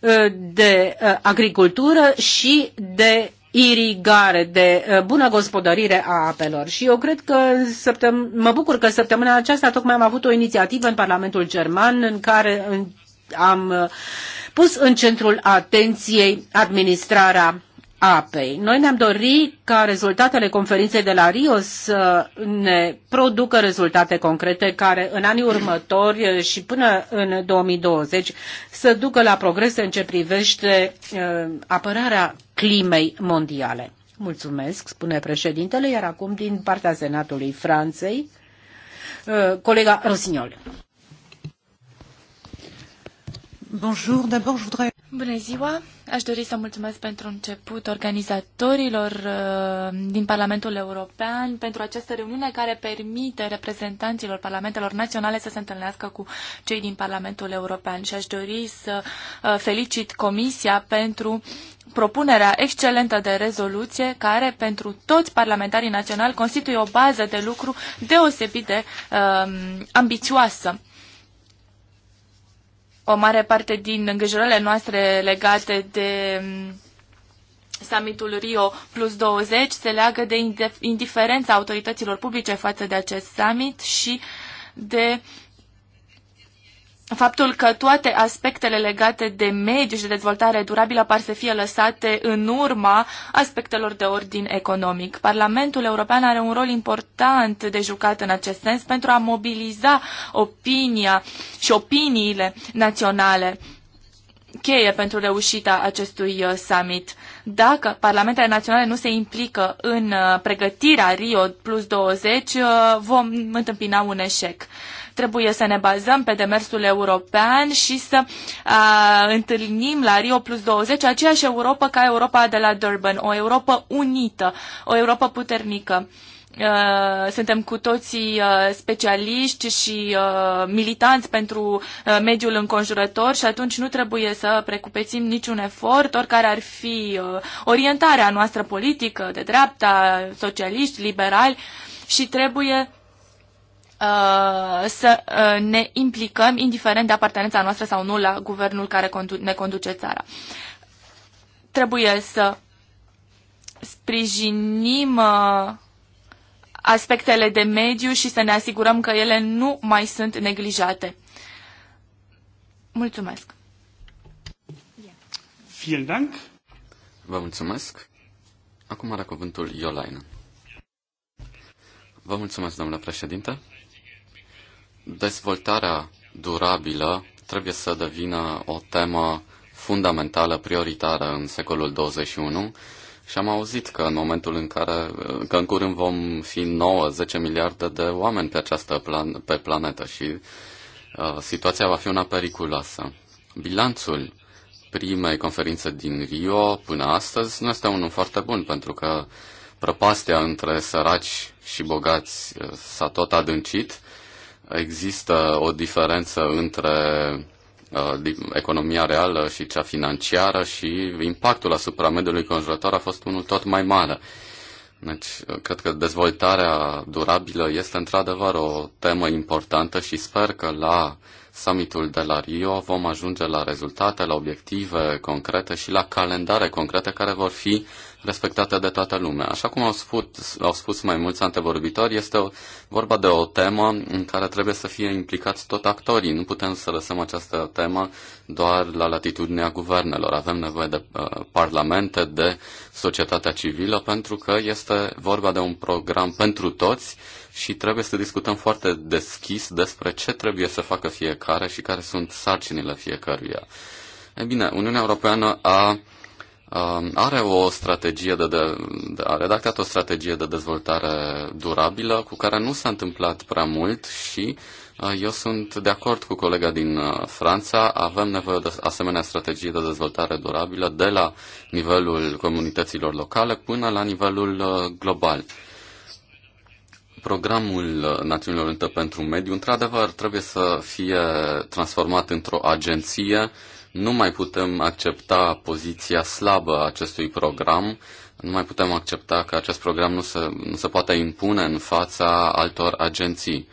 Uh, de uh, agricultură și de irigare, de uh, bună gospodărire a apelor. Și eu cred că săptăm- mă bucur că săptămâna aceasta tocmai am avut o inițiativă în Parlamentul German în care am pus în centrul atenției administrarea apei. Noi ne-am dorit ca rezultatele conferinței de la Rio să ne producă rezultate concrete care în anii următori și până în 2020 să ducă la progrese în ce privește uh, apărarea climei mondiale. Mulțumesc, spune președintele, iar acum din partea Senatului Franței, uh, colega Rosignol. Bonjour, d'abord je voudrais... Bună ziua! Aș dori să mulțumesc pentru început organizatorilor uh, din Parlamentul European pentru această reuniune care permite reprezentanților parlamentelor naționale să se întâlnească cu cei din Parlamentul European și aș dori să uh, felicit Comisia pentru propunerea excelentă de rezoluție care pentru toți parlamentarii naționali constituie o bază de lucru deosebit de um, ambițioasă o mare parte din îngrijorările noastre legate de mm, summitul Rio plus 20 se leagă de indiferența autorităților publice față de acest summit și de faptul că toate aspectele legate de mediu și de dezvoltare durabilă par să fie lăsate în urma aspectelor de ordin economic. Parlamentul European are un rol important de jucat în acest sens pentru a mobiliza opinia și opiniile naționale cheie pentru reușita acestui uh, summit. Dacă parlamentele naționale nu se implică în uh, pregătirea Rio plus 20, uh, vom întâmpina un eșec. Trebuie să ne bazăm pe demersul european și să a, întâlnim la Rio Plus 20 aceeași Europa ca Europa de la Durban, o Europa unită, o Europa puternică suntem cu toții specialiști și militanți pentru mediul înconjurător și atunci nu trebuie să precupețim niciun efort, oricare ar fi orientarea noastră politică, de dreapta, socialiști, liberali și trebuie Uh, să uh, ne implicăm, indiferent de apartenența noastră sau nu, la guvernul care ne conduce țara. Trebuie să sprijinim uh, aspectele de mediu și să ne asigurăm că ele nu mai sunt neglijate. Mulțumesc! Vielen Dank! Vă mulțumesc! Acum are cuvântul Iolaina. Vă mulțumesc, domnule președinte. Dezvoltarea durabilă trebuie să devină o temă fundamentală, prioritară în secolul 21 și am auzit că în momentul în care, că în curând vom fi 9-10 miliarde de oameni pe această plan, pe planetă și uh, situația va fi una periculoasă. Bilanțul primei conferințe din Rio până astăzi nu este unul foarte bun pentru că prăpastia între săraci și bogați uh, s-a tot adâncit Există o diferență între uh, economia reală și cea financiară și impactul asupra mediului conjurător a fost unul tot mai mare. Deci, uh, cred că dezvoltarea durabilă este într-adevăr o temă importantă și sper că la summitul de la Rio vom ajunge la rezultate, la obiective concrete și la calendare concrete care vor fi respectată de toată lumea. Așa cum au spus, au spus mai mulți antevorbitori, este o, vorba de o temă în care trebuie să fie implicați tot actorii. Nu putem să lăsăm această temă doar la latitudinea guvernelor. Avem nevoie de uh, parlamente, de societatea civilă, pentru că este vorba de un program pentru toți și trebuie să discutăm foarte deschis despre ce trebuie să facă fiecare și care sunt sarcinile fiecăruia. E bine, Uniunea Europeană a Um, are o strategie de, de, de a redactat o strategie de dezvoltare durabilă cu care nu s-a întâmplat prea mult și uh, eu sunt de acord cu colega din uh, Franța, avem nevoie de asemenea strategii de dezvoltare durabilă de la nivelul comunităților locale până la nivelul uh, global. Programul Națiunilor Unite pentru Mediu, într-adevăr, trebuie să fie transformat într-o agenție nu mai putem accepta poziția slabă a acestui program, nu mai putem accepta că acest program nu se, nu se poate impune în fața altor agenții.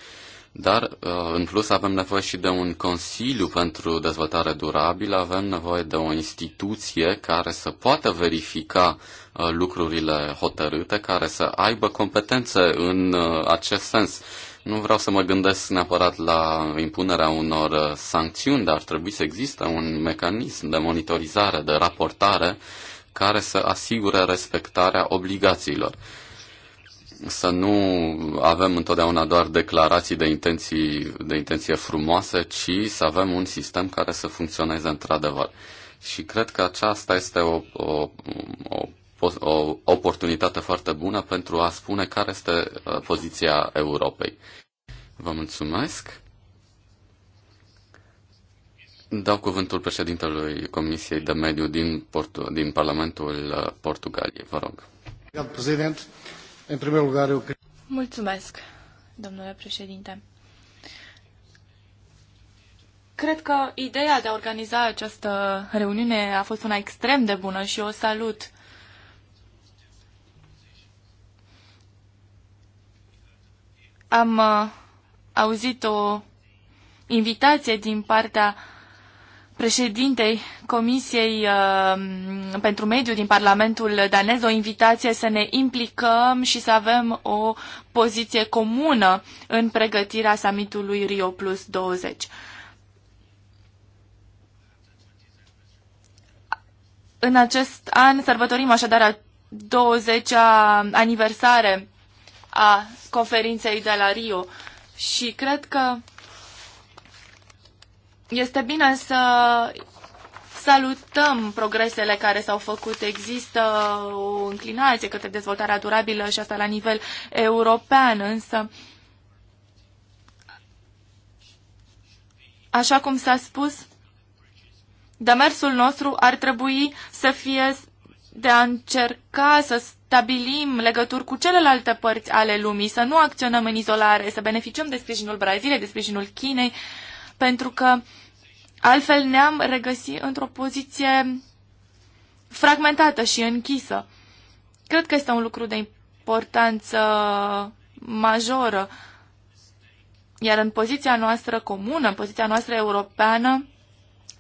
Dar, uh, în plus, avem nevoie și de un Consiliu pentru Dezvoltare Durabilă, avem nevoie de o instituție care să poată verifica uh, lucrurile hotărâte, care să aibă competențe în uh, acest sens. Nu vreau să mă gândesc neapărat la impunerea unor uh, sancțiuni, dar ar trebui să existe un mecanism de monitorizare, de raportare, care să asigure respectarea obligațiilor să nu avem întotdeauna doar declarații de, intenții, de intenție frumoase, ci să avem un sistem care să funcționeze într-adevăr. Și cred că aceasta este o, o, o o oportunitate foarte bună pentru a spune care este uh, poziția Europei. Vă mulțumesc. Dau cuvântul președintelui Comisiei de Mediu din, Portu- din Parlamentul uh, Portugaliei. Vă rog. Mulțumesc, domnule președinte. Cred că ideea de a organiza această reuniune a fost una extrem de bună și o salut. am uh, auzit o invitație din partea președintei Comisiei uh, pentru Mediu din Parlamentul danez, o invitație să ne implicăm și să avem o poziție comună în pregătirea summitului Rio Plus 20. În acest an sărbătorim așadar a 20-a aniversare a conferinței de la Rio și cred că este bine să salutăm progresele care s-au făcut. Există o înclinație către dezvoltarea durabilă și asta la nivel european, însă așa cum s-a spus, demersul nostru ar trebui să fie de a încerca să stabilim legături cu celelalte părți ale lumii, să nu acționăm în izolare, să beneficiem de sprijinul Braziliei, de sprijinul Chinei, pentru că altfel ne-am regăsi într-o poziție fragmentată și închisă. Cred că este un lucru de importanță majoră. Iar în poziția noastră comună, în poziția noastră europeană,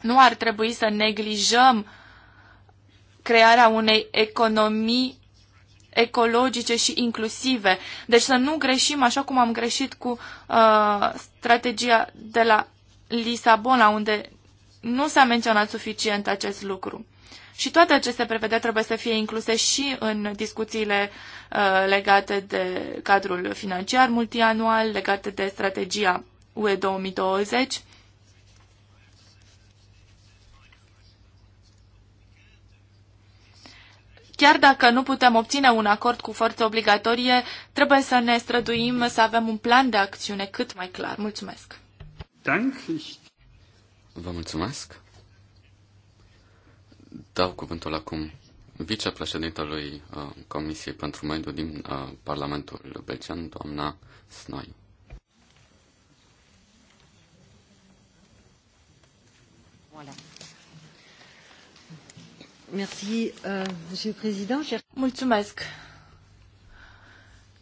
nu ar trebui să neglijăm crearea unei economii ecologice și inclusive. Deci să nu greșim așa cum am greșit cu uh, strategia de la Lisabona, unde nu s-a menționat suficient acest lucru. Și toate aceste prevederi trebuie să fie incluse și în discuțiile uh, legate de cadrul financiar multianual, legate de strategia UE 2020 Chiar dacă nu putem obține un acord cu forță obligatorie, trebuie să ne străduim să avem un plan de acțiune cât mai clar. Mulțumesc! Vă mulțumesc! Dau cuvântul acum vicepreședintelui uh, Comisiei pentru Mediu din uh, Parlamentul Belgian, doamna Snoi. Euh,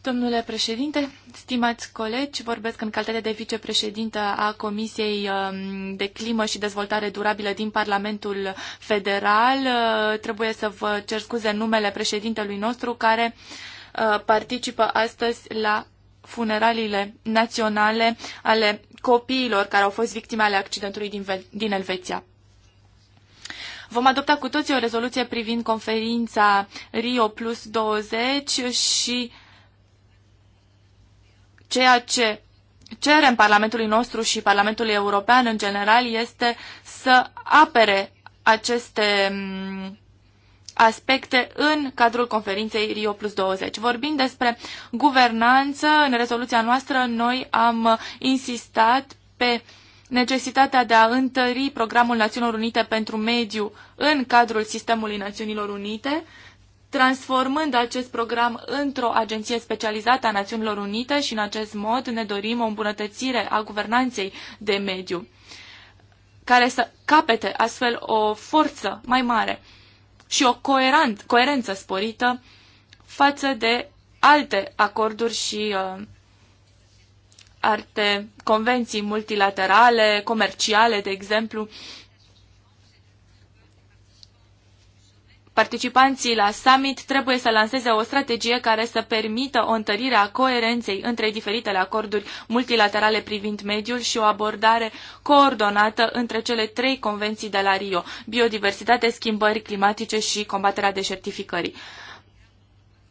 Domnule președinte, stimați colegi, vorbesc în calitate de vicepreședintă a Comisiei um, de Climă și Dezvoltare Durabilă din Parlamentul Federal. Uh, trebuie să vă cer scuze în numele președintelui nostru care uh, participă astăzi la funeraliile naționale ale copiilor care au fost victime ale accidentului din Elveția. Vom adopta cu toții o rezoluție privind conferința Rio Plus 20 și ceea ce cerem Parlamentului nostru și Parlamentului European în general este să apere aceste mm, aspecte în cadrul conferinței Rio Plus 20. Vorbind despre guvernanță, în rezoluția noastră noi am insistat pe uh, necesitatea de a întări programul Națiunilor Unite pentru mediu în cadrul sistemului Națiunilor Unite, transformând acest program într-o agenție specializată a Națiunilor Unite și în acest mod ne dorim o îmbunătățire a guvernanței de mediu, care să capete astfel o forță mai mare și o coerent, coerență sporită față de alte acorduri și uh, alte convenții multilaterale, comerciale, de exemplu. Participanții la summit trebuie să lanseze o strategie care să permită o întărire a coerenței între diferitele acorduri multilaterale privind mediul și o abordare coordonată între cele trei convenții de la Rio, biodiversitate, schimbări climatice și combaterea deșertificării.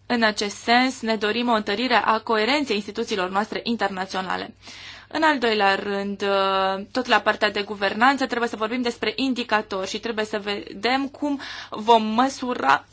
În acest sens, ne dorim o întărire a coerenței instituțiilor noastre internaționale. În al doilea rând, uh, tot la partea de guvernanță, trebuie să vorbim despre indicatori și trebuie să vedem cum vom măsura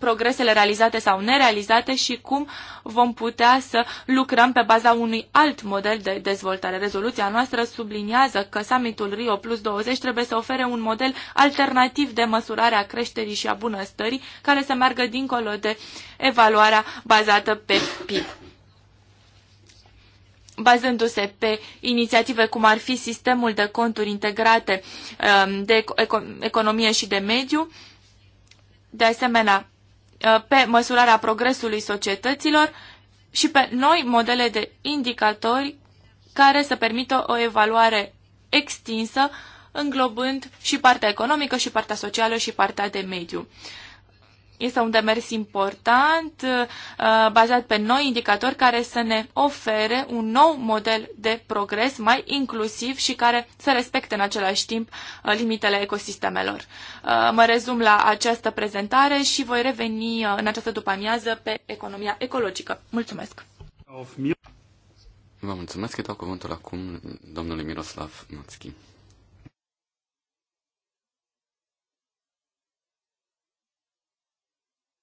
progresele realizate sau nerealizate și cum vom putea să lucrăm pe baza unui alt model de dezvoltare. Rezoluția noastră subliniază că summitul Rio Plus 20 trebuie să ofere un model alternativ de măsurare a creșterii și a bunăstării care să meargă dincolo de evaluarea bazată pe PIB bazându-se pe inițiative cum ar fi sistemul de conturi integrate um, de economie și de mediu, de asemenea Uh, pe măsurarea progresului societăților și pe noi modele de indicatori care să permită o evaluare extinsă, înglobând și partea economică, și partea socială, și partea de mediu. Este un demers important, uh, uh, bazat pe noi indicatori care să ne ofere un nou model de progres mai inclusiv și care să respecte în același timp uh, limitele ecosistemelor. Mă rezum la această prezentare și voi reveni în această după-amiază pe economia ecologică. Mulțumesc! Vă mulțumesc, că dau cuvântul acum domnului Miroslav Mațchi.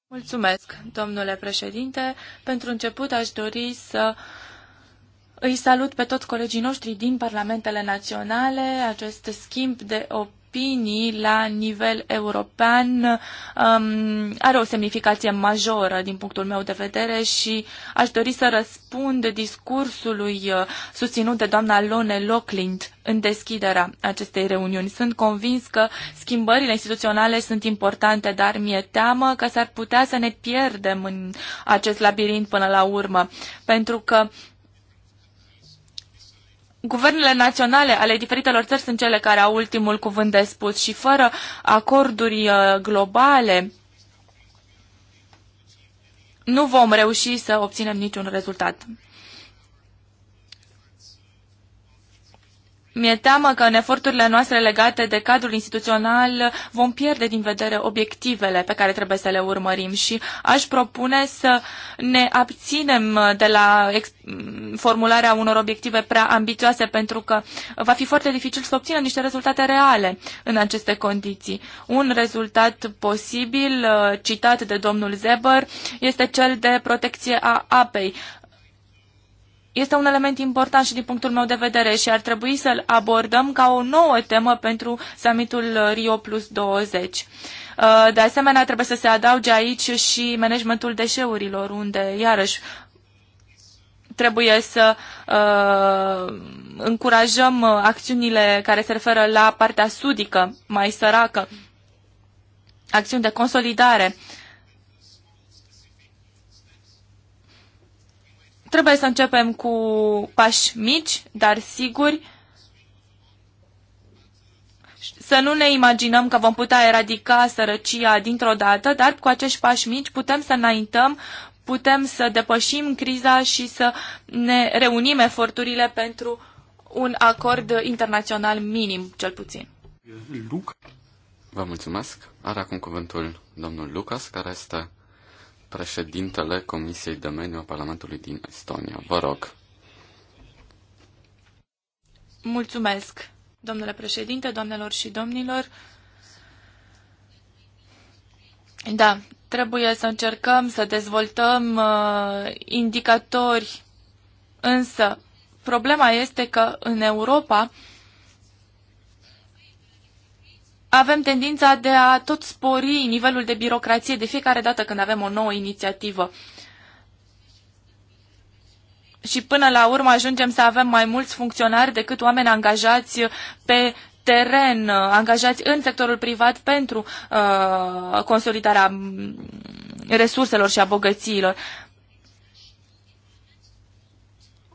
Mulțumesc, domnule președinte. Pentru început aș dori să îi salut pe toți colegii noștri din Parlamentele Naționale. Acest schimb de opinie opinii la nivel european um, are o semnificație majoră din punctul meu de vedere și aș dori să răspund discursului uh, susținut de doamna Lone Locklind în deschiderea acestei reuniuni. Sunt convins că schimbările instituționale sunt importante, dar mi-e teamă că s-ar putea să ne pierdem în acest labirint până la urmă, pentru că guvernele naționale ale diferitelor țări sunt cele care au ultimul cuvânt de spus și fără acorduri uh, globale nu vom reuși să obținem niciun rezultat. Mi-e teamă că în eforturile noastre legate de cadrul instituțional vom pierde din vedere obiectivele pe care trebuie să le urmărim și aș propune să ne abținem de la formularea unor obiective prea ambițioase pentru că va fi foarte dificil să obținem niște rezultate reale în aceste condiții. Un rezultat posibil, uh, citat de domnul Zeber, este cel de protecție a apei este un element important și din punctul meu de vedere și ar trebui să-l abordăm ca o nouă temă pentru summitul Rio Plus 20. Uh, de asemenea, trebuie să se adauge aici și managementul deșeurilor, unde, iarăși, trebuie să uh, încurajăm acțiunile care se referă la partea sudică, mai săracă, acțiuni de consolidare uh, Trebuie să începem cu pași mici, dar siguri, să nu ne imaginăm că vom putea eradica sărăcia dintr-o dată, dar cu acești pași mici putem să înaintăm, putem să depășim criza și să ne reunim eforturile pentru un acord internațional minim, cel puțin. Luc. Vă mulțumesc. Are acum cuvântul domnul Lucas, care este președintele Comisiei de Mediu a Parlamentului din Estonia. Vă rog. Mulțumesc, domnule președinte, doamnelor și domnilor. Da, trebuie să încercăm să dezvoltăm uh, indicatori, însă problema este că în Europa uh, avem tendința de a tot spori nivelul de birocrație de fiecare dată când avem o nouă inițiativă. Și până la urmă ajungem să avem mai mulți funcționari decât oameni angajați pe teren, angajați în sectorul privat pentru uh, consolidarea mm, resurselor și a bogățiilor.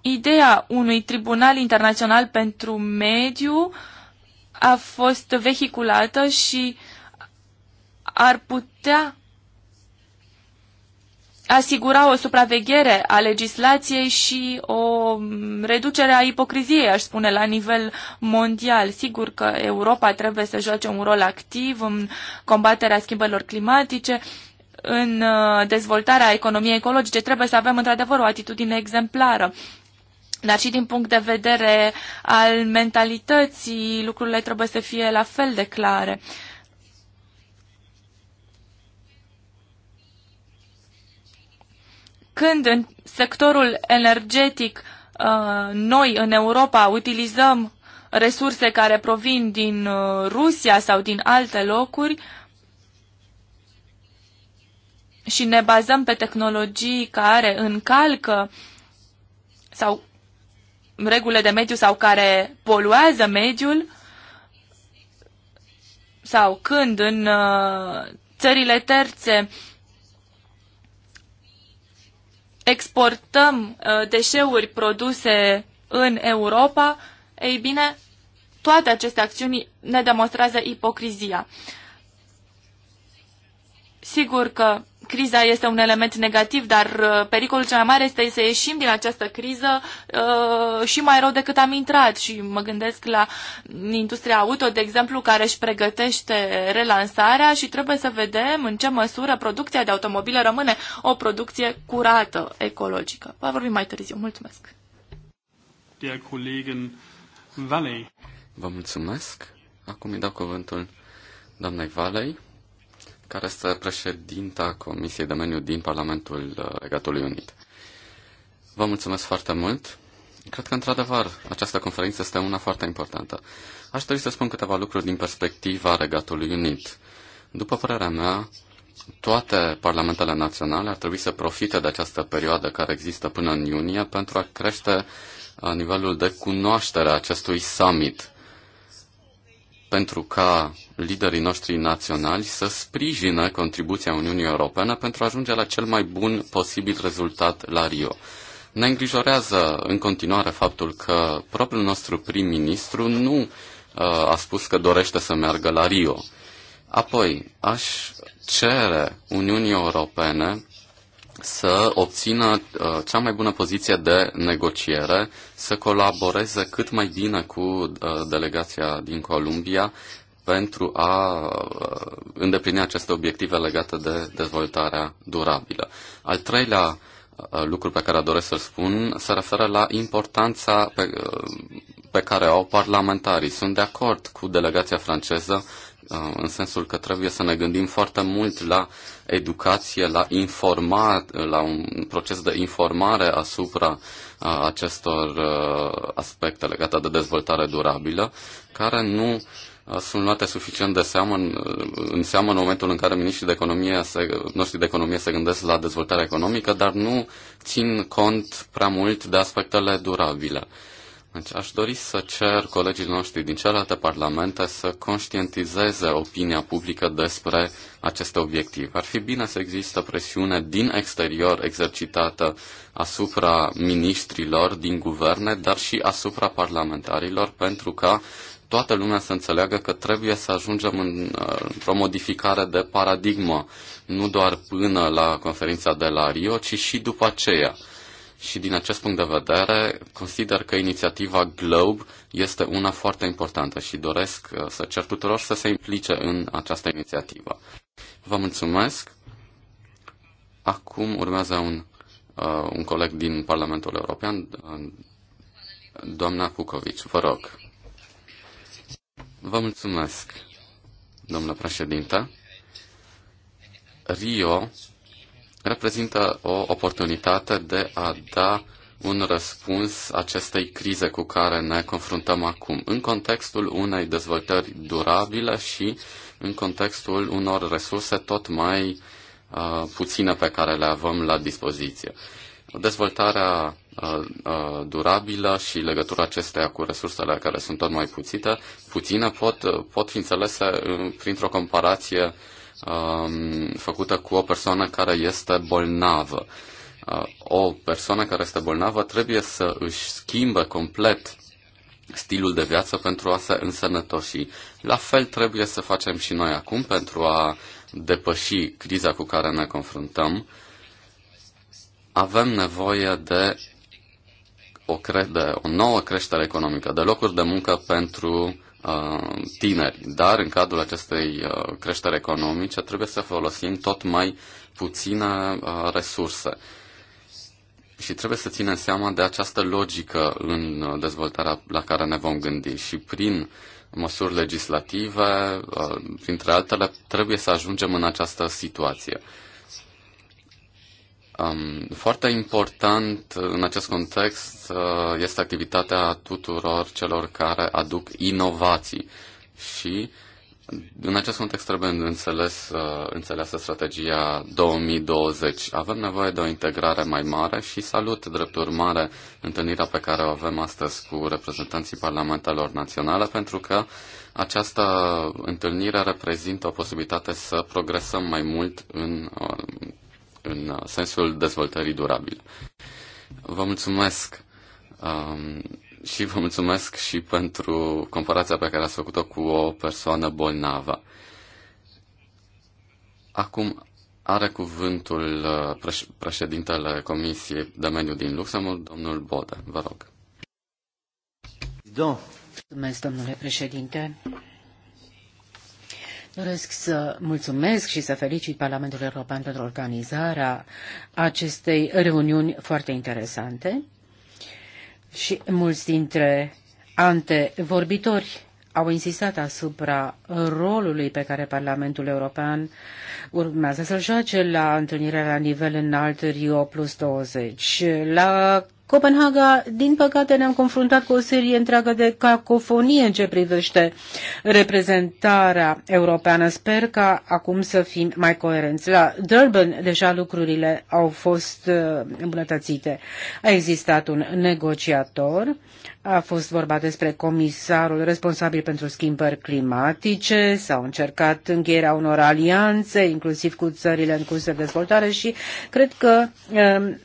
Ideea unui tribunal internațional pentru mediu uh, a fost vehiculată și ar putea asigura o supraveghere a legislației și o reducere a ipocriziei, aș spune, la nivel mondial. Sigur că Europa trebuie să joace un rol activ în combaterea schimbărilor climatice, în uh, dezvoltarea economiei ecologice. Trebuie să avem, într-adevăr, o atitudine exemplară dar și din punct de vedere al mentalității, lucrurile trebuie să fie la fel de clare. Când în sectorul energetic uh, noi în Europa utilizăm resurse care provin din uh, Rusia sau din alte locuri și ne bazăm pe tehnologii care încalcă sau regulile de mediu sau care poluează mediul sau când în uh, țările terțe exportăm uh, deșeuri produse în Europa, ei bine, toate aceste acțiuni ne demonstrează ipocrizia. Sigur că criza este un element negativ, dar uh, pericolul cel mai mare este să ieșim din această criză uh, și mai rău decât am intrat. Și mă gândesc la industria auto, de exemplu, care își pregătește relansarea și trebuie să vedem în ce măsură producția de automobile rămâne o producție curată, ecologică. Va vorbi mai târziu. Mulțumesc. Der Kollegin Valley. Vă mulțumesc. Acum îi dau cuvântul doamnei Valei care este președinta Comisiei de Meniu din Parlamentul uh, Regatului Unit. Vă mulțumesc foarte mult. Cred că, într-adevăr, această conferință este una foarte importantă. Aș dori să spun câteva lucruri din perspectiva Regatului Unit. După părerea mea, toate parlamentele naționale ar trebui să profite de această perioadă care există până în iunie pentru a crește uh, nivelul de cunoaștere a acestui summit pentru ca liderii noștri naționali să sprijine contribuția Uniunii Europene pentru a ajunge la cel mai bun posibil rezultat la Rio. Ne îngrijorează în continuare faptul că propriul nostru prim-ministru nu uh, a spus că dorește să meargă la Rio. Apoi, aș cere Uniunii Europene să obțină uh, cea mai bună poziție de negociere, să colaboreze cât mai bine cu uh, delegația din Columbia pentru a uh, îndeplini aceste obiective legate de dezvoltarea durabilă. Al treilea lucru pe care doresc să-l spun se referă la importanța pe, pe care au parlamentarii. Sunt de acord cu delegația franceză Uh, în sensul că trebuie să ne gândim foarte mult la educație, la, informa, la un proces de informare asupra uh, acestor uh, aspecte legate de dezvoltare durabilă, care nu sunt luate suficient de seamă în, în seamă în momentul în care miniștrii de economie se, noștri de economie se gândesc la dezvoltarea economică, dar nu țin cont prea mult de aspectele durabile. Deci aș dori să cer colegii noștri din celelalte parlamente să conștientizeze opinia publică despre aceste obiective. Ar fi bine să există presiune din exterior exercitată asupra ministrilor din guverne, dar și asupra parlamentarilor, pentru ca toată lumea să înțeleagă că trebuie să ajungem în, uh, într-o modificare de paradigmă, nu doar până la conferința de la Rio, ci și după aceea și din acest punct de vedere consider că inițiativa Globe este una foarte importantă și doresc uh, să cer tuturor să se implice în această inițiativă. Vă mulțumesc. Acum urmează un, uh, un coleg din Parlamentul European, uh, doamna Cucovici. Vă rog. Vă mulțumesc, domnule președinte. Rio reprezintă o oportunitate de a da un răspuns acestei crize cu care ne confruntăm acum, în contextul unei dezvoltări durabile și în contextul unor resurse tot mai uh, puține pe care le avem la dispoziție. Dezvoltarea uh, uh durabilă și legătura acesteia cu resursele care sunt tot mai puțite, puține pot, uh, pot fi înțelese uh, printr-o comparație uh, um, făcută cu o persoană care este bolnavă. Uh, o persoană care este bolnavă trebuie să își schimbe complet stilul de viață pentru a se însănătoși. La fel trebuie să facem și noi acum pentru a depăși criza cu care ne confruntăm. Avem nevoie de o, crede, de o nouă creștere economică, de locuri de muncă pentru Uh, tineri, dar în cadrul acestei uh, creșteri economice trebuie să folosim tot mai puține uh, resurse. Și trebuie să ținem seama de această logică în dezvoltarea la care ne vom gândi și prin măsuri legislative, printre altele, trebuie să ajungem în această situație. Um, foarte important în acest context uh, este activitatea tuturor celor care aduc inovații și în acest context trebuie înțeles, uh, înțeleasă strategia 2020. Avem nevoie de o integrare mai mare și salut drept urmare întâlnirea pe care o avem astăzi cu reprezentanții parlamentelor naționale pentru că această întâlnire reprezintă o posibilitate să progresăm mai mult în uh, în uh, sensul dezvoltării durabile. Vă mulțumesc um, și vă mulțumesc și pentru comparația pe care ați făcut-o cu o persoană bolnavă. Acum are cuvântul uh, președintele Comisiei de Mediu din Luxemburg, domnul Bode. Vă rog. Mulțumesc, domnule președinte. Doresc să mulțumesc și să felicit Parlamentul European pentru organizarea acestei reuniuni foarte interesante și mulți dintre antevorbitori au insistat asupra rolului pe care Parlamentul European urmează să-l joace la întâlnirea la nivel înalt Rio plus 20, la Copenhaga, din păcate, ne-am confruntat cu o serie întreagă de cacofonie în ce privește reprezentarea europeană. Sper ca acum să fim mai coerenți. La Durban deja lucrurile au fost uh, îmbunătățite. A existat un negociator, a fost vorba despre comisarul responsabil pentru schimbări climatice, s-au încercat încheierea unor alianțe, inclusiv cu țările în curs de dezvoltare și cred că um,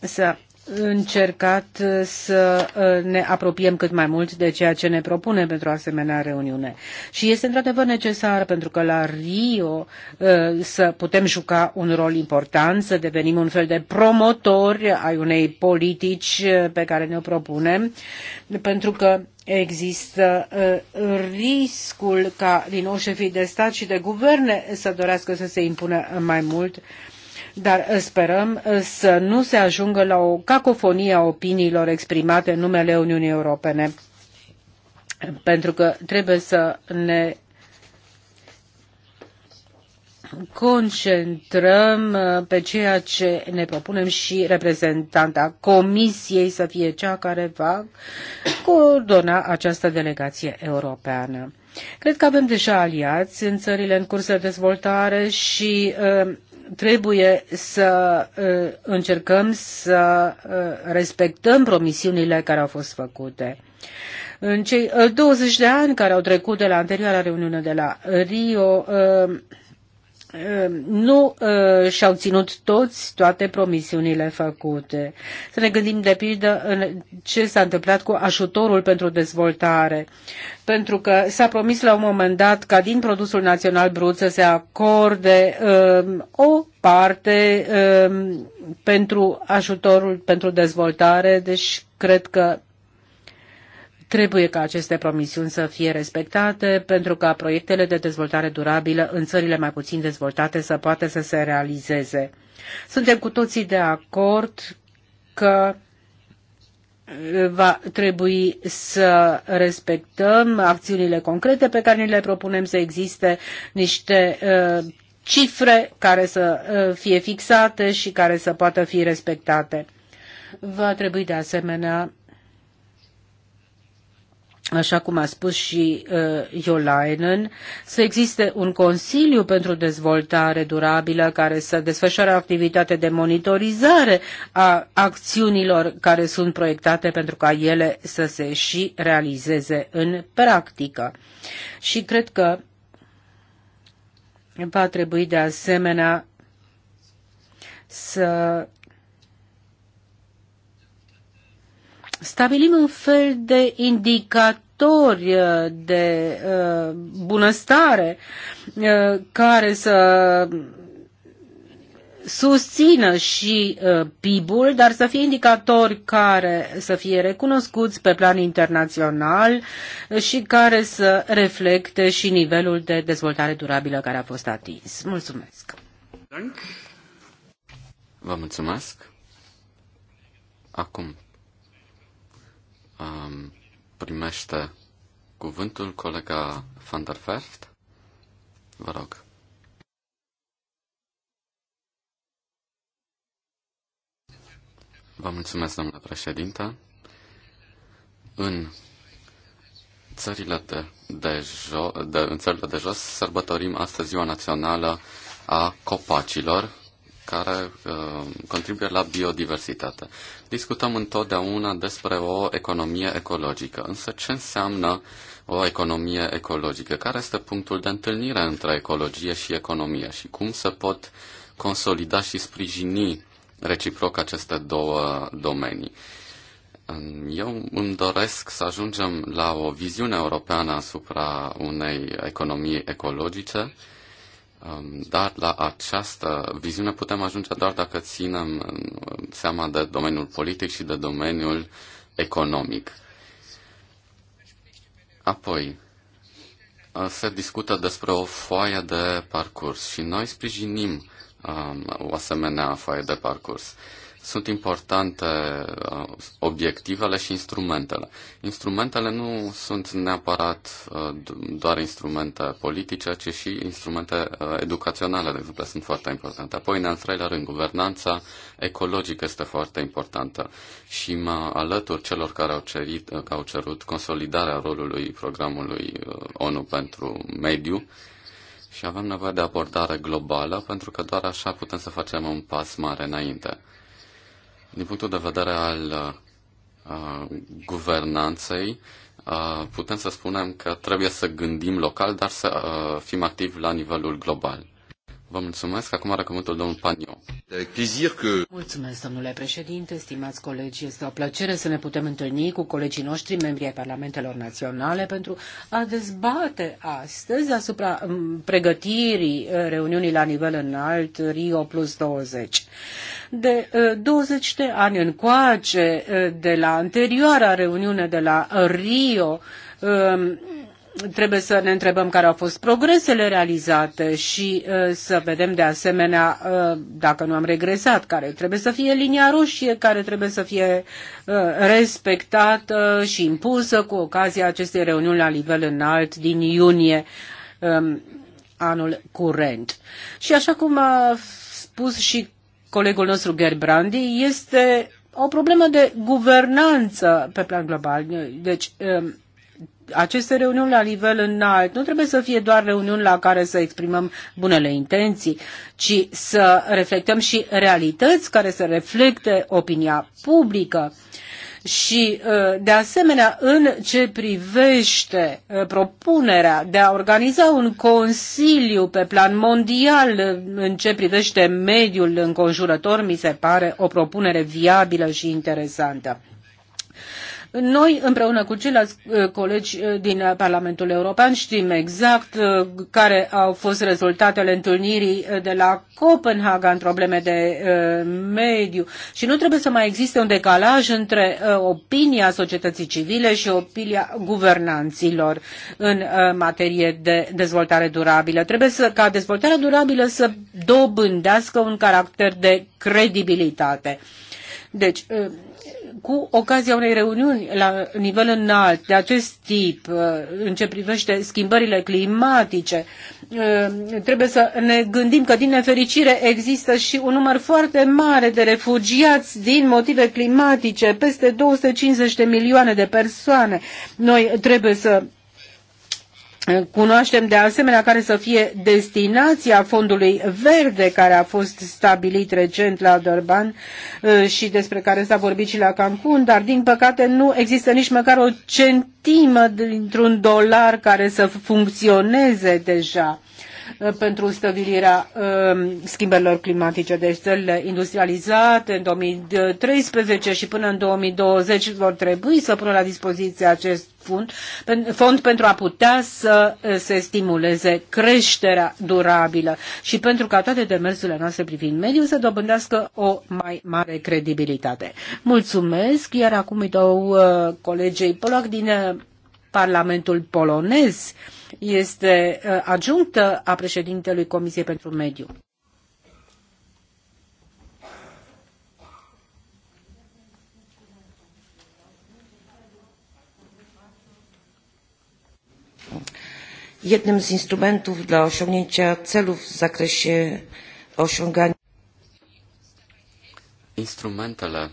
să încercat uh, să uh, ne apropiem cât mai mult de ceea ce ne propune pentru asemenea reuniune. Și este într-adevăr necesar pentru că la Rio uh, să putem juca un rol important, să devenim un fel de promotori ai unei politici pe care ne-o propunem, pentru că există riscul ca din nou șefii de stat și de guverne să dorească să se impună mai mult dar sperăm uh, să nu se ajungă la o cacofonie a opiniilor exprimate în numele Uniunii Europene, pentru că trebuie să ne concentrăm uh, pe ceea ce ne propunem și reprezentanta Comisiei să fie cea care va coordona această delegație europeană. Cred că avem deja aliați în țările în curs de dezvoltare și uh, trebuie să uh, încercăm să uh, respectăm promisiunile care au fost făcute. În cei 20 uh, de ani care au trecut de la anterioara reuniune de la Rio, Ehm, nu ehm, și-au ținut toți toate promisiunile făcute. Să ne gândim de pildă în ce s-a întâmplat cu ajutorul pentru dezvoltare, pentru că s-a promis la un moment dat ca din produsul național brut să se acorde um, o parte um, pentru ajutorul pentru dezvoltare, deci cred că Trebuie ca aceste promisiuni să fie respectate pentru ca proiectele de dezvoltare durabilă în țările mai puțin dezvoltate să poată să se realizeze. Suntem cu toții de acord că va trebui să respectăm acțiunile concrete pe care ni le propunem să existe niște uh, cifre care să uh, fie fixate și care să poată fi respectate. Va trebui de asemenea așa cum a spus și uh, Iolainen, să existe un Consiliu pentru Dezvoltare Durabilă care să desfășoare activitate de monitorizare a acțiunilor care sunt proiectate pentru ca ele să se și realizeze în practică. Și cred că va trebui de asemenea să stabilim un fel de indicatori uh, de uh, bunăstare uh, care să susțină și uh, PIB-ul, dar să fie indicatori care să fie recunoscuți pe plan internațional uh, și care să reflecte și nivelul de dezvoltare durabilă care a fost atins. Mulțumesc! Vă mulțumesc! Acum um, primește cuvântul colega van der Verft. Vă rog. Vă mulțumesc, domnule președinte. În țările de, de, jo- de, în țările de jos sărbătorim astăzi Ziua Națională a Copacilor, care uh, contribuie la biodiversitate. Discutăm întotdeauna despre o economie ecologică, însă ce înseamnă o economie ecologică? Care este punctul de întâlnire între ecologie și economie și cum se pot consolida și sprijini reciproc aceste două domenii? Eu îmi doresc să ajungem la o viziune europeană asupra unei economii ecologice, Um, dar la această viziune putem ajunge doar dacă ținem um, seama de domeniul politic și de domeniul economic. Apoi, uh, se discută despre o foaie de parcurs și noi sprijinim um, o asemenea foaie de parcurs. Uh, sunt importante uh, obiectivele și instrumentele. Instrumentele nu sunt neapărat uh, doar instrumente politice, ci și instrumente uh, educaționale, de exemplu, sunt foarte importante. Apoi, în al treilea rând, guvernanța ecologică este foarte importantă și mă alătur celor care au, cerit, că au cerut consolidarea rolului programului ONU pentru mediu, și avem nevoie de abordare globală pentru că doar așa putem să facem un pas mare înainte. Din punctul de vedere al uh, guvernanței, uh, putem să spunem că trebuie să gândim local, dar să uh, fim activi la nivelul global. Vă mulțumesc. Acum are cuvântul domnul Panio. Mulțumesc, domnule președinte, stimați colegi. Este o plăcere să ne putem întâlni cu colegii noștri, membrii ai Parlamentelor Naționale, pentru a dezbate astăzi asupra mm, pregătirii uh, reuniunii la nivel înalt Rio plus 20. De 20 uh, de ani încoace, uh, de la anterioara reuniune de la Rio, um, trebuie să ne întrebăm care au fost progresele realizate și uh, să vedem de asemenea uh, dacă nu am regresat, care trebuie să fie linia roșie, care trebuie să fie uh, respectată și impusă cu ocazia acestei reuniuni la nivel înalt din iunie um, anul curent. Și așa cum a spus și colegul nostru Gerbrandi, este o problemă de guvernanță pe plan global. Deci, um, aceste reuniuni la nivel înalt nu trebuie să fie doar reuniuni la care să exprimăm bunele intenții, ci să reflectăm și realități care să reflecte opinia publică. Și, uh, de asemenea, în ce privește uh, propunerea de a organiza un consiliu pe plan mondial uh, în ce privește mediul înconjurător, mi se pare o propunere viabilă și interesantă. Noi, împreună cu ceilalți uh, colegi uh, din Parlamentul European, știm exact uh, care au fost rezultatele întâlnirii de la Copenhaga în probleme de mediu și nu trebuie să mai existe un decalaj între opinia societății civile și opinia guvernanților în materie de dezvoltare durabilă. Trebuie să, ca dezvoltarea durabilă să dobândească un caracter de credibilitate. Deci, cu ocazia unei reuniuni la nivel înalt de acest tip, uh, în ce privește schimbările climatice, uh, trebuie să ne gândim că, din nefericire, există și un număr foarte mare de refugiați din motive climatice, peste 250 de milioane de persoane. Noi trebuie să Cunoaștem de asemenea care să fie destinația fondului verde care a fost stabilit recent la Durban uh, și despre care s-a vorbit și la Cancun, dar din păcate nu există nici măcar o centimă dintr-un dolar care să funcționeze deja. Uh, pentru stabilirea um, schimbărilor climatice. Deci țările industrializate în 2013 și până în 2020 vor trebui să pună la dispoziție acest fond, fond pentru a putea să uh, se stimuleze creșterea durabilă și pentru ca toate demersurile noastre privind mediul să dobândească o mai mare credibilitate. Mulțumesc, iar acum îi dau uh, colegei Poloc din Parlamentul polonez este uh, adjunctă a președintelui Comisiei pentru Mediu. Jednym z instrumentów dla osiągnięcia celów w zakresie osiągania instrumentele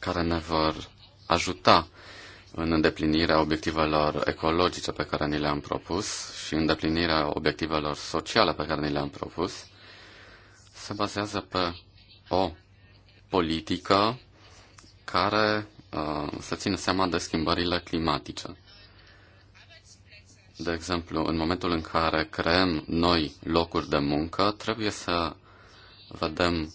care ne vor ajuta în îndeplinirea obiectivelor ecologice pe care ni le-am propus și îndeplinirea obiectivelor sociale pe care ni le-am propus, se bazează pe o politică care uh, să țină seama de schimbările climatice. De exemplu, în momentul în care creăm noi locuri de muncă, trebuie să vedem,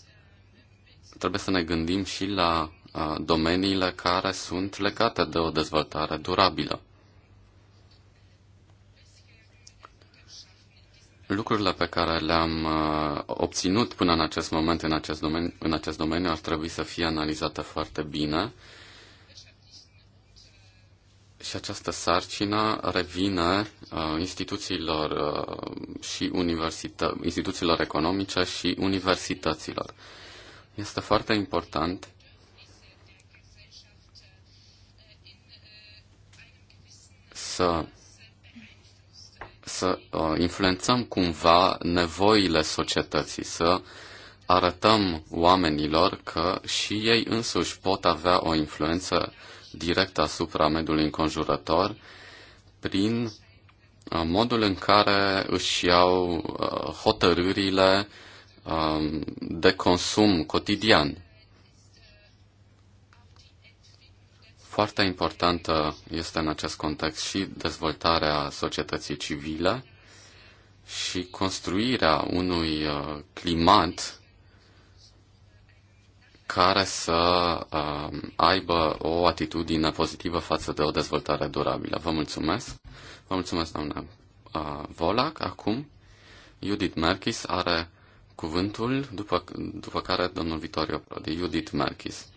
trebuie să ne gândim și la Uh, domeniile care sunt legate de o dezvoltare durabilă. Lucrurile pe care le-am uh, obținut până în acest moment în acest, domeniu, în acest domeniu ar trebui să fie analizate foarte bine și această sarcină revine uh, instituțiilor și instituțiilor economice și universităților. Este foarte important să, să uh, influențăm cumva nevoile societății, să arătăm oamenilor că și ei însuși pot avea o influență directă asupra mediului înconjurător prin uh, modul în care își iau uh, hotărârile um, de consum cotidian. Foarte importantă este în acest context și dezvoltarea societății civile și construirea unui uh, climat care să uh, aibă o atitudine pozitivă față de o dezvoltare durabilă. Vă mulțumesc. Vă mulțumesc, doamna uh, Volac. Acum, Judith Merkis are cuvântul, după, după care domnul Vitorio Prodi. Judith Merkis.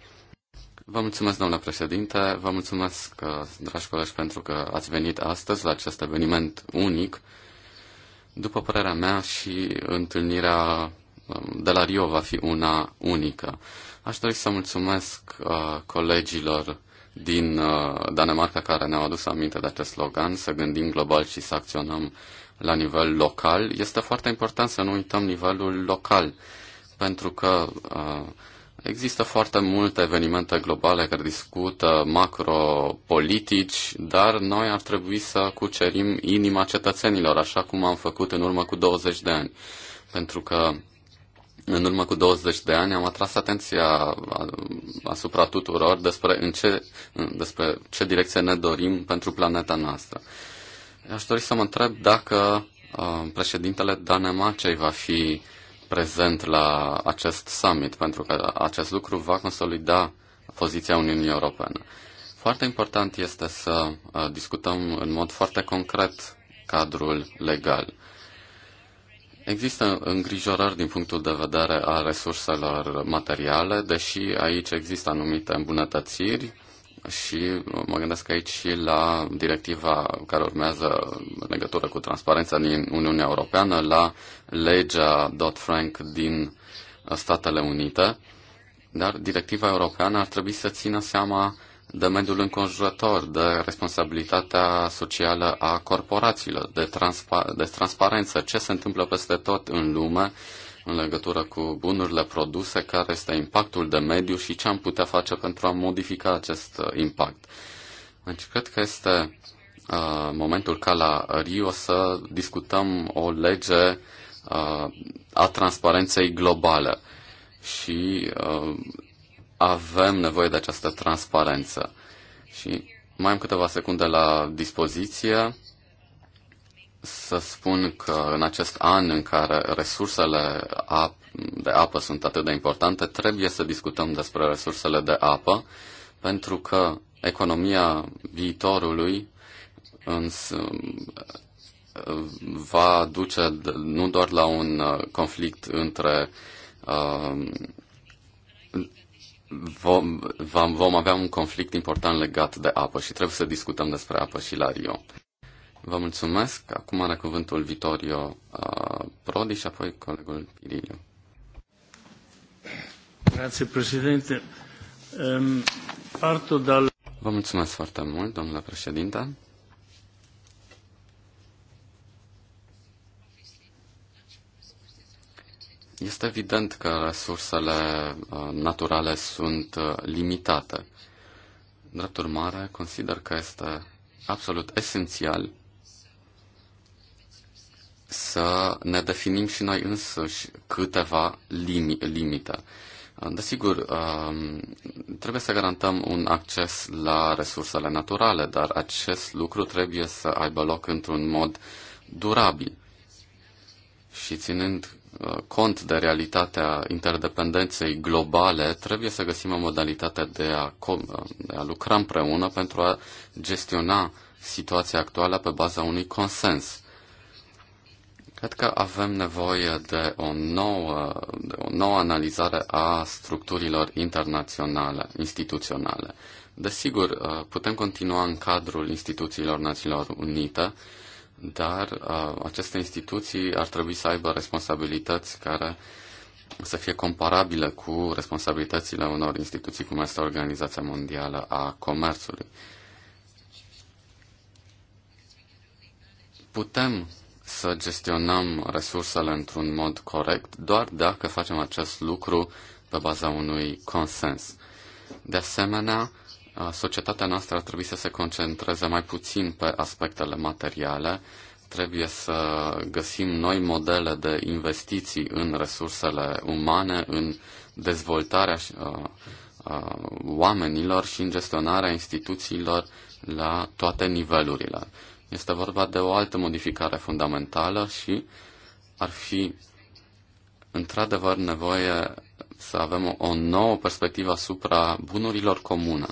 Vă mulțumesc, doamna președinte, vă mulțumesc, uh, dragi colegi, pentru că ați venit astăzi la acest eveniment unic. După părerea mea și întâlnirea um, de la Rio va fi una unică. Aș dori să mulțumesc uh, colegilor din uh, Danemarca care ne-au adus aminte de acest slogan, să gândim global și să acționăm la nivel local. Este foarte important să nu uităm nivelul local, pentru că uh, Există foarte multe evenimente globale care discută macropolitici, dar noi ar trebui să cucerim inima cetățenilor, așa cum am făcut în urmă cu 20 de ani. Pentru că în urmă cu 20 de ani am atras atenția asupra tuturor despre, în ce, despre ce direcție ne dorim pentru planeta noastră. Aș dori să mă întreb dacă președintele Danemarcei va fi uh, prezent la acest summit, pentru că acest lucru va consolida poziția Uniunii Europene. Foarte important este să uh, discutăm în mod foarte concret cadrul legal. Există îngrijorări din punctul de vedere a resurselor materiale, deși aici există anumite îmbunătățiri, și mă gândesc aici și la directiva care urmează în legătură cu transparența din Uniunea Europeană, la legea Dodd-Frank din Statele Unite, dar directiva europeană ar trebui să țină seama de mediul înconjurător, de responsabilitatea socială a corporațiilor, de, transpa- de transparență, ce se întâmplă peste tot în lume, uh, în legătură cu bunurile produse, care este impactul de mediu și ce am putea face pentru a modifica acest uh, impact. Deci cred că este uh, momentul ca la Rio să discutăm o lege uh, a transparenței globale și uh, avem nevoie de această transparență. Și mai am câteva secunde la dispoziție să spun că în acest an în care resursele de apă sunt atât de importante, trebuie să discutăm despre resursele de apă, pentru că economia viitorului însă va duce nu doar la un uh, conflict între uh, vom, vom avea un conflict important legat de apă și trebuie să discutăm despre apă și la Rio. Vă mulțumesc. Acum are cuvântul Vitorio uh, Prodi și apoi colegul Pirilio. Grazie, președinte. Um, parto dal... Vă mulțumesc foarte mult, domnule președinte. Este evident că resursele uh, naturale sunt uh, limitate. Drept urmare, consider că este absolut esențial să ne definim și noi însăși câteva lim- limite. Desigur, um, trebuie să garantăm un acces la resursele naturale, dar acest lucru trebuie să aibă loc într-un mod durabil și ținând uh, cont de realitatea interdependenței globale, trebuie să găsim o modalitate de a, uh, de a lucra împreună pentru a gestiona situația actuală pe baza unui consens. Cred că avem nevoie de o nouă, de o nouă analizare a structurilor internaționale, instituționale. Desigur, uh, putem continua în cadrul instituțiilor Națiunilor Unite, dar uh, aceste instituții ar trebui să aibă responsabilități care să fie comparabile cu responsabilitățile unor instituții cum este Organizația Mondială a Comerțului. Putem să gestionăm resursele într-un mod corect doar dacă facem acest lucru pe baza unui consens. De asemenea, societatea noastră ar trebui să se concentreze mai puțin pe aspectele materiale, trebuie să găsim noi modele de investiții în resursele umane, în dezvoltarea uh, uh, oamenilor și în gestionarea instituțiilor la toate nivelurile. Este vorba de o altă modificare fundamentală și ar fi într-adevăr nevoie să avem o, o nouă perspectivă asupra bunurilor comune,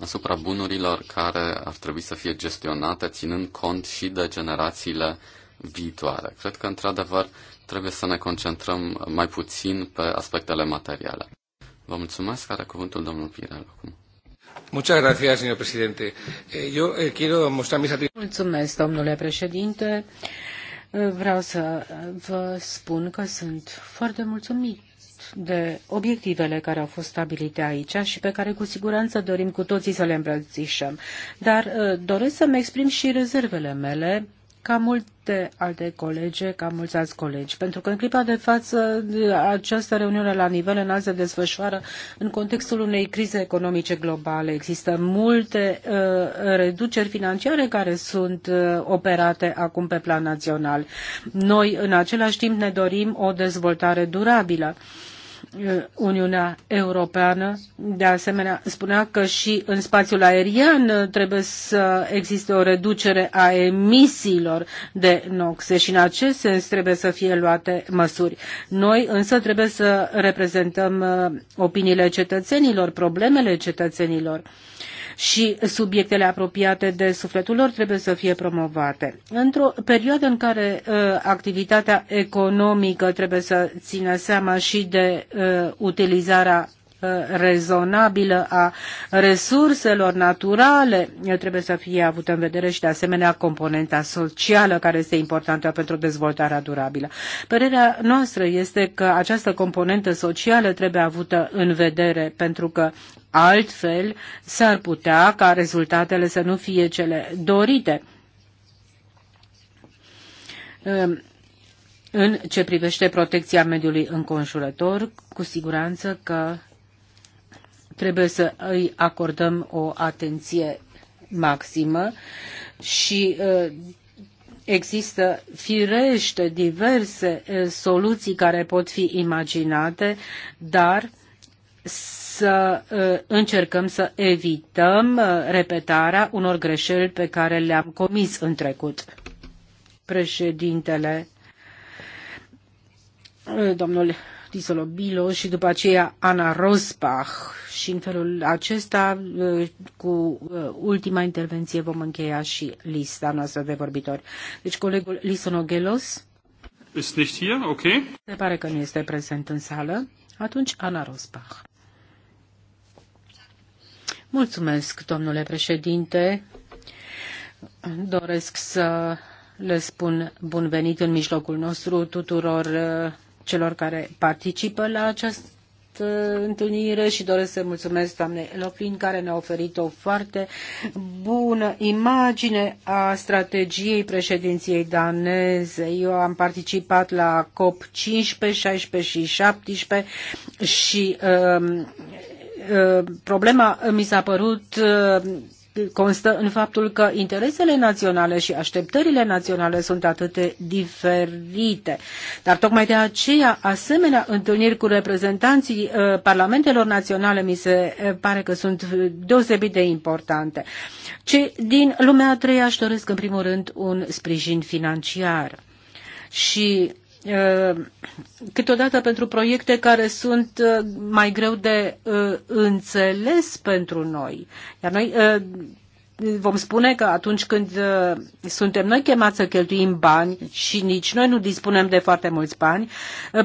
asupra bunurilor care ar trebui să fie gestionate ținând cont și de generațiile viitoare. Cred că, într-adevăr, trebuie să ne concentrăm mai puțin pe aspectele materiale. Vă mulțumesc, are cuvântul domnul Pirel acum. Muchas gracias, señor presidente. Eh, yo eh, quiero mostrar mi satisfacción. Mulțumesc, domnule președinte. Vreau să vă spun că sunt foarte mulțumit de obiectivele care au fost stabilite aici și pe care cu siguranță dorim cu toții să le îmbrățișăm. Dar eh, doresc să-mi exprim și rezervele mele ca multe alte colege, ca mulți alți colegi, pentru că în clipa de față această reuniune la nivel înalt se desfășoară în contextul unei crize economice globale. Există multe uh, reduceri financiare care sunt uh, operate acum pe plan național. Noi, în același timp, ne dorim o dezvoltare durabilă. Uh, Uh, Uniunea Europeană. De asemenea, spunea că și în spațiul aerian uh, trebuie să existe o reducere a emisiilor de noxe și în acest sens trebuie să fie luate măsuri. Noi însă trebuie să reprezentăm uh, opiniile cetățenilor, problemele cetățenilor și subiectele apropiate de sufletul lor trebuie să fie promovate. Într-o perioadă în care uh, activitatea economică trebuie să țină seama și de uh, utilizarea Uh, rezonabilă a resurselor naturale trebuie să fie avută în vedere și de asemenea componenta socială care este importantă pentru dezvoltarea durabilă. Părerea noastră este că această componentă socială trebuie avută în vedere pentru că altfel s-ar putea ca rezultatele să nu fie cele dorite um, în ce privește protecția mediului înconjurător, cu siguranță că trebuie să îi acordăm o atenție maximă și uh, există firește diverse uh, soluții care pot fi imaginate, dar să uh, încercăm să evităm repetarea unor greșeli pe care le-am comis în trecut. Președintele, domnul Pisolo-Bilo și după aceea Ana Rosbach. Și în felul acesta, uh, cu uh, ultima intervenție, vom încheia și lista noastră de vorbitori. Deci colegul Lisonoghelos. Ist nicht hier, okay. Se pare că nu este prezent în sală. Atunci Ana Rosbach. Mulțumesc, domnule președinte. Doresc să le spun bun venit în mijlocul nostru tuturor uh, celor care participă la această întâlnire și doresc să mulțumesc doamnei Loflin care ne-a oferit o foarte bună imagine a strategiei președinției daneze. Eu am participat la COP 15, 16 și 17 și um, uh, problema mi s-a părut uh, constă în faptul că interesele naționale și așteptările naționale sunt atât de diferite. Dar tocmai de aceea, asemenea întâlniri cu reprezentanții uh, parlamentelor naționale mi se uh, pare că sunt deosebit de importante. Ce din lumea a treia își doresc în primul rând un sprijin financiar. Și Uh, câteodată pentru proiecte care sunt uh, mai greu de uh, înțeles pentru noi. Iar noi vom spune că atunci când suntem noi chemați să cheltuim bani și nici noi nu dispunem de foarte mulți bani,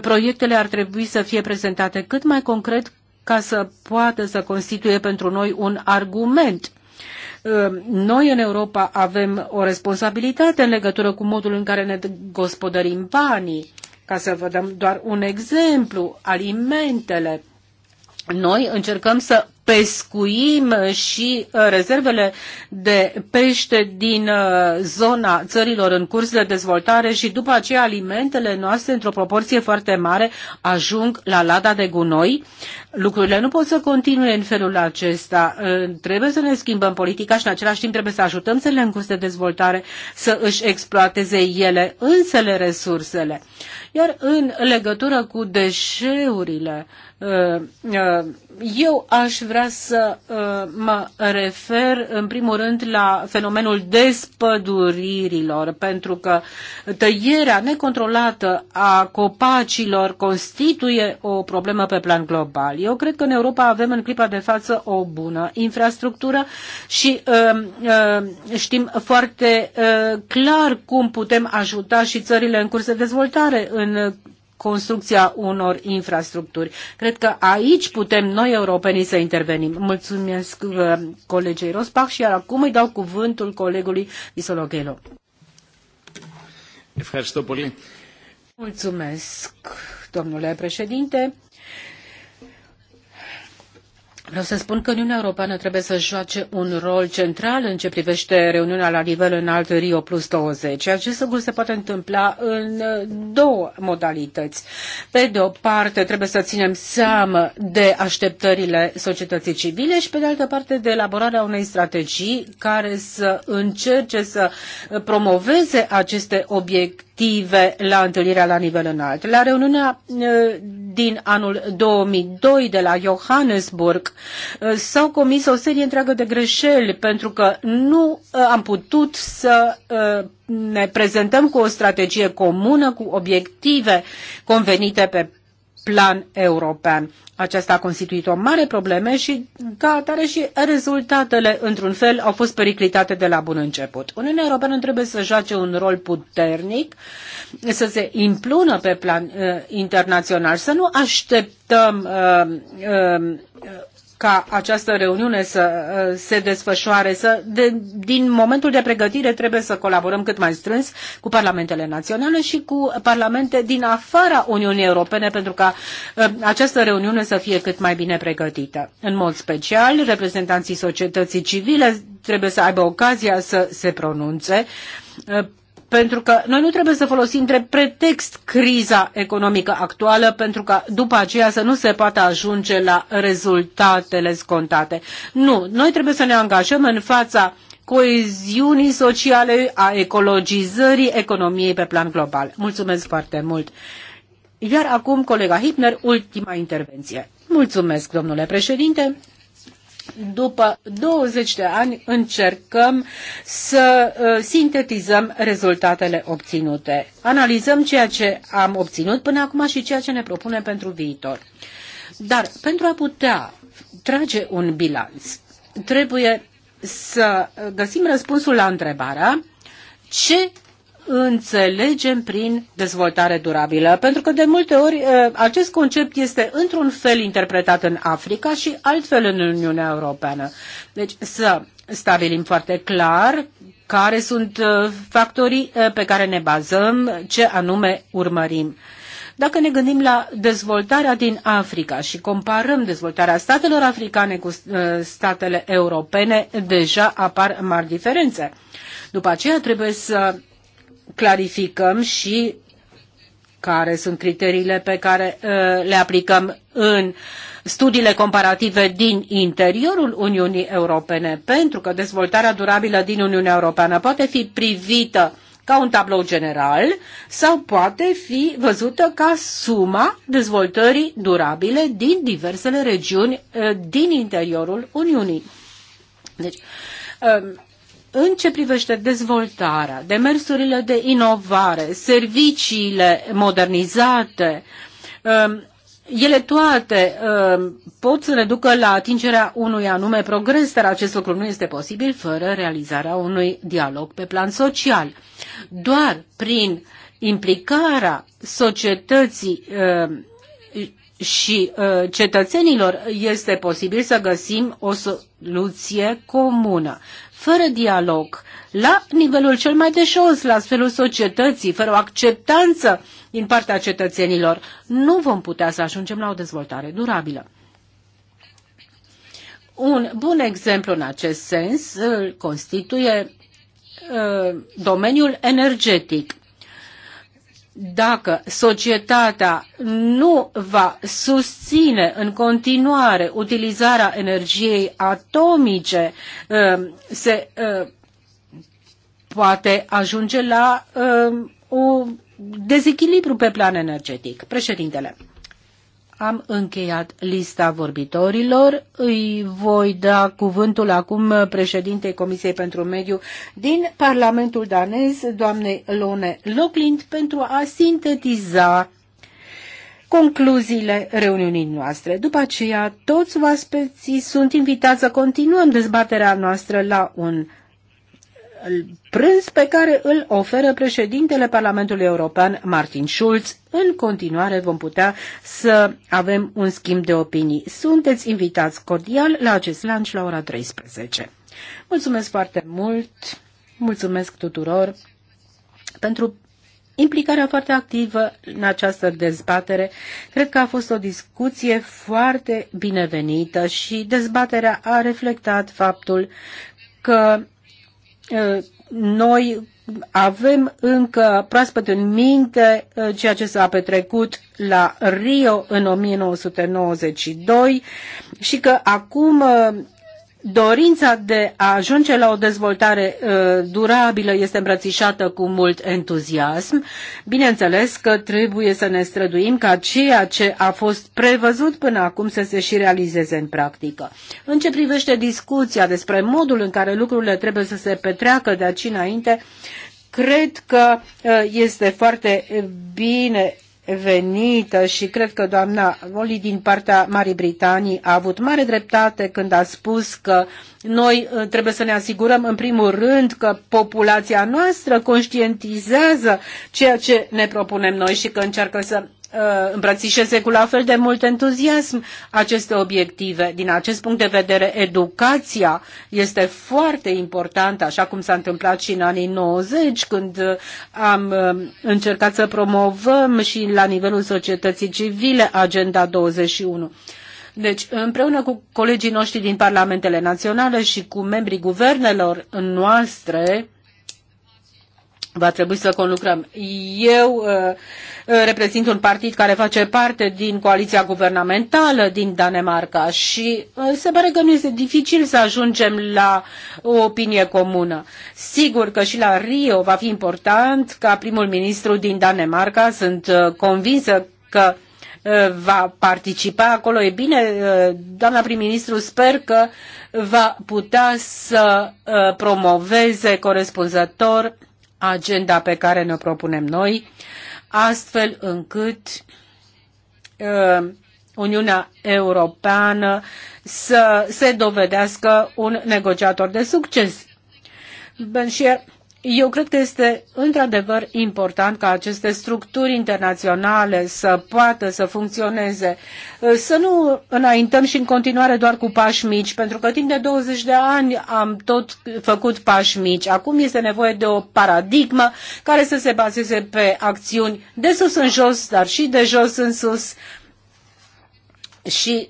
proiectele ar trebui să fie prezentate cât mai concret ca să poată să constituie pentru noi un argument Ehm, noi în Europa avem o responsabilitate în legătură cu modul în care ne gospodărim banii. Ca să vă dăm doar un exemplu, alimentele. Noi încercăm să pescuim și uh, rezervele de pește din uh, zona țărilor în curs de dezvoltare și după aceea alimentele noastre într-o proporție foarte mare ajung la lada de gunoi. Lucrurile nu pot să continue în felul acesta. Uh, trebuie să ne schimbăm politica și în același timp trebuie să ajutăm țările în curs de dezvoltare să își exploateze ele însele resursele. Iar în legătură cu deșeurile, eu aș vrea să uh, mă refer în primul rând la fenomenul despăduririlor, pentru că tăierea necontrolată a copacilor constituie o problemă pe plan global. Eu cred că în Europa avem în clipa de față o bună infrastructură și uh, uh, știm foarte clar cum putem ajuta și țările în curs de dezvoltare în construcția unor infrastructuri. Cred că aici putem noi, europenii, să intervenim. Mulțumesc uh, colegei Rosbach și iar acum îi dau cuvântul colegului Visologhelo. Mulțumesc, domnule președinte. Vreau să spun că Uniunea Europeană trebuie să joace un rol central în ce privește reuniunea la nivel înalt Rio plus 20. Acest lucru se poate întâmpla în două modalități. Pe de o parte, trebuie să ținem seamă de așteptările societății civile și pe de altă parte de elaborarea unei strategii care să încerce să promoveze aceste obiective active la întâlnirea la nivel înalt. La reuniunea uh, din anul 2002 de la Johannesburg uh, s-au comis o serie întreagă de greșeli pentru că nu uh, am putut să ne prezentăm cu o strategie comună, cu obiective convenite pe plan european. Aceasta a constituit o mare probleme și, ca atare, și rezultatele, într-un fel, au fost periclitate de la bun început. Uniunea Europeană trebuie să joace un rol puternic, să se implună pe plan uh, internațional, să nu așteptăm uh, uh, ca această reuniune să uh, se desfășoare, să, de, din momentul de pregătire trebuie să colaborăm cât mai strâns cu parlamentele naționale și cu parlamente din afara Uniunii Europene pentru ca uh, această reuniune să fie cât mai bine pregătită. În mod special, reprezentanții societății civile trebuie să aibă ocazia să se pronunțe uh, pentru că noi nu trebuie să folosim drept pretext criza economică actuală pentru că după aceea să nu se poată ajunge la rezultatele scontate. Nu, noi trebuie să ne angajăm în fața coeziunii sociale, a ecologizării economiei pe plan global. Mulțumesc foarte mult! Iar acum, colega Hipner, ultima intervenție. Mulțumesc, domnule președinte după 20 de ani încercăm să uh, sintetizăm rezultatele obținute. Analizăm ceea ce am obținut până acum și ceea ce ne propunem pentru viitor. Dar pentru a putea trage un bilanț, trebuie să găsim răspunsul la întrebarea ce înțelegem prin dezvoltare durabilă. Pentru că de multe ori eh, acest concept este într-un fel interpretat în Africa și altfel în Uniunea Europeană. Deci să stabilim foarte clar care sunt eh, factorii eh, pe care ne bazăm, ce anume urmărim. Dacă ne gândim la dezvoltarea din Africa și comparăm dezvoltarea statelor africane cu statele europene, deja apar mari diferențe. După aceea trebuie să clarificăm și care sunt criteriile pe care uh, le aplicăm în studiile comparative din interiorul Uniunii Europene, pentru că dezvoltarea durabilă din Uniunea Europeană poate fi privită ca un tablou general sau poate fi văzută ca suma dezvoltării durabile din diversele regiuni uh, din interiorul Uniunii. Deci, uh, în ce privește dezvoltarea, demersurile de inovare, serviciile modernizate, um, ele toate um, pot să ne ducă la atingerea unui anume progres, dar acest lucru nu este posibil fără realizarea unui dialog pe plan social. Doar prin implicarea societății um, și uh, cetățenilor este posibil să găsim o soluție comună fără dialog, la nivelul cel mai de jos, la sfelul societății, fără o acceptanță din partea cetățenilor, nu vom putea să ajungem la o dezvoltare durabilă. Un bun exemplu în acest sens îl constituie uh, domeniul energetic dacă societatea nu va susține în continuare utilizarea energiei atomice, uh, se uh, poate ajunge la uh, un dezechilibru pe plan energetic. Președintele. Am încheiat lista vorbitorilor. Îi voi da cuvântul acum președintei Comisiei pentru Mediu din Parlamentul danez, doamnei Lone Locklind, pentru a sintetiza concluziile reuniunii noastre. După aceea, toți oaspeții sunt invitați să continuăm dezbaterea noastră la un prânz pe care îl oferă președintele Parlamentului European, Martin Schulz. În continuare vom putea să avem un schimb de opinii. Sunteți invitați cordial la acest lunch la ora 13. Mulțumesc foarte mult, mulțumesc tuturor pentru implicarea foarte activă în această dezbatere. Cred că a fost o discuție foarte binevenită și dezbaterea a reflectat faptul că noi avem încă proaspăt în minte uh, ceea ce s-a petrecut la Rio în 1992 și că acum uh, dorința de a ajunge la o dezvoltare uh, durabilă este îmbrățișată cu mult entuziasm. Bineînțeles că trebuie să ne străduim ca ceea ce a fost prevăzut până acum să se și realizeze în practică. În ce privește discuția despre modul în care lucrurile trebuie să se petreacă de aici înainte, cred că uh, este foarte bine venită și cred că doamna Voli din partea Marii Britanii a avut mare dreptate când a spus că noi uh, trebuie să ne asigurăm în primul rând că populația noastră conștientizează ceea ce ne propunem noi și că încearcă să Uh, îmbrățișeze cu la fel de mult entuziasm aceste obiective. Din acest punct de vedere, educația este foarte importantă, așa cum s-a întâmplat și în anii 90, când uh, am uh, încercat să promovăm și la nivelul societății civile Agenda 21. Deci, împreună cu colegii noștri din parlamentele naționale și cu membrii guvernelor noastre, va trebui să conlucrăm. Eu uh, uh, reprezint un partid care face parte din coaliția guvernamentală din Danemarca și uh, se pare că nu este dificil să ajungem la o opinie comună. Sigur că și la Rio va fi important ca primul ministru din Danemarca, sunt uh, convinsă că uh, va participa acolo. E bine, uh, doamna prim-ministru, sper că va putea să promoveze corespunzător agenda pe care ne-o propunem noi, astfel încât uh, Uniunea Europeană să se dovedească un negociator de succes. Benșier eu cred că este într-adevăr important ca aceste structuri internaționale să poată să funcționeze, să nu înaintăm și în continuare doar cu pași mici, pentru că timp de 20 de ani am tot făcut pași mici. Acum este nevoie de o paradigmă care să se bazeze pe acțiuni de sus în jos, dar și de jos în sus. Și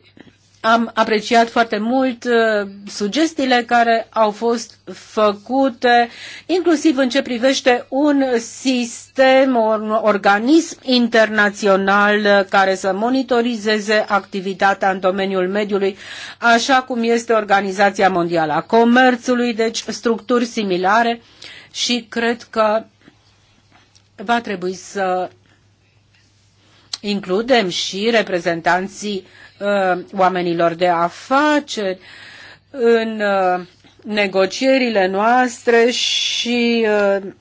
am apreciat foarte mult uh, sugestiile care au fost făcute, inclusiv în ce privește un sistem, un organism internațional uh, care să monitorizeze activitatea în domeniul mediului, așa cum este Organizația Mondială a Comerțului, deci structuri similare și cred că va trebui să includem și reprezentanții Uh, oamenilor de afaceri în uh, negocierile noastre și uh,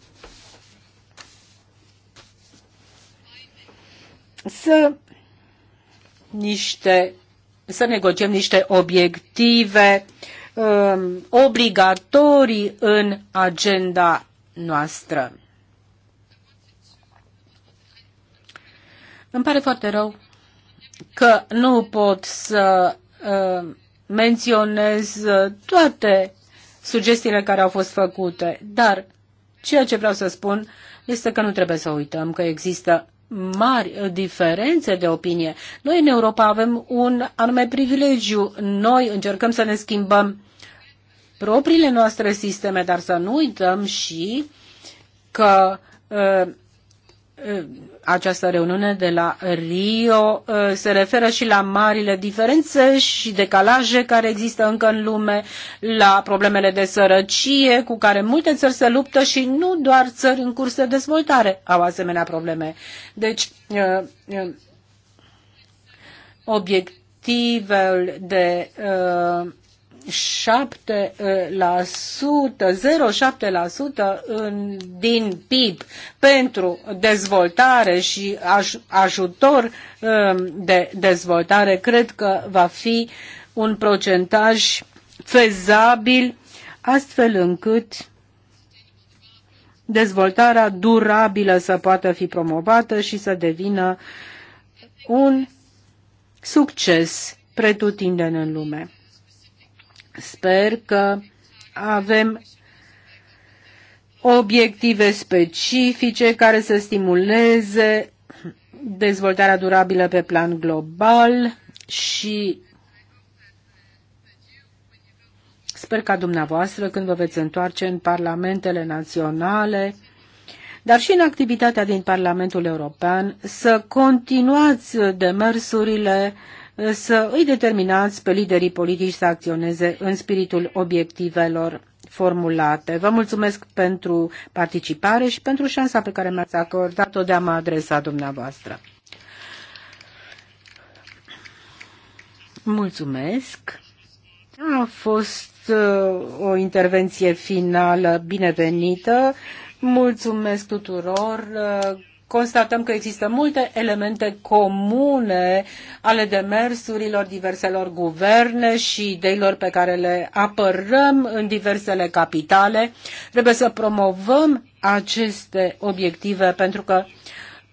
să niște să negociem niște obiective um, obligatorii în agenda noastră. Îmi pare foarte rău că nu pot să uh, menționez uh, toate sugestiile care au fost făcute, dar ceea ce vreau să spun este că nu trebuie să uităm că există mari diferențe de opinie. Noi în Europa avem un anume privilegiu. Noi încercăm să ne schimbăm propriile noastre sisteme, dar să nu uităm și că uh, uh, această reuniune de la Rio uh, se referă și la marile diferențe și decalaje care există încă în lume, la problemele de sărăcie cu care multe țări se luptă și nu doar țări în curs de dezvoltare au asemenea probleme. Deci, uh, uh, obiectivul de 0,7% uh, din PIB pentru dezvoltare și aj, ajutor um, de dezvoltare, cred că va fi un procentaj fezabil, astfel încât dezvoltarea durabilă să poată fi promovată și să devină un succes pretutindeni în lume. Sper că avem obiective specifice care să stimuleze dezvoltarea durabilă pe plan global și sper ca dumneavoastră când vă veți întoarce în parlamentele naționale, dar și în activitatea din Parlamentul European, să continuați demersurile uh, să îi determinați pe liderii politici să acționeze în spiritul obiectivelor formulate. Vă mulțumesc pentru participare și pentru șansa pe care mi-ați acordat-o de a mă adresa dumneavoastră. Mulțumesc. A fost uh, o intervenție finală binevenită. Mulțumesc tuturor uh, constatăm că există multe elemente comune ale demersurilor diverselor guverne și ideilor pe care le apărăm în diversele capitale. Trebuie să promovăm aceste obiective pentru că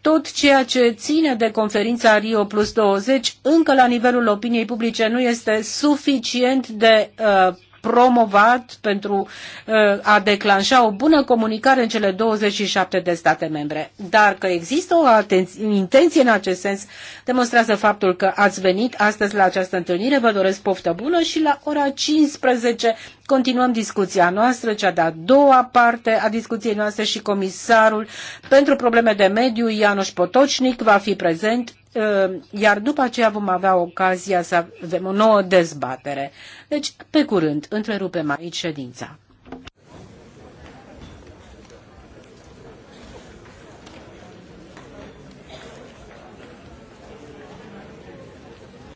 tot ceea ce ține de conferința Rio Plus 20 încă la nivelul opiniei publice nu este suficient de uh, promovat pentru uh, a declanșa o bună comunicare în cele 27 de state membre. Dar că există o atenție, intenție în acest sens demonstrează faptul că ați venit astăzi la această întâlnire. Vă doresc poftă bună și la ora 15 Continuăm discuția noastră, cea de-a doua parte a discuției noastre și comisarul pentru probleme de mediu, Ianoș Potocnic, va fi prezent, ă, iar după aceea vom avea ocazia să avem o nouă dezbatere. Deci, pe curând, întrerupem aici ședința.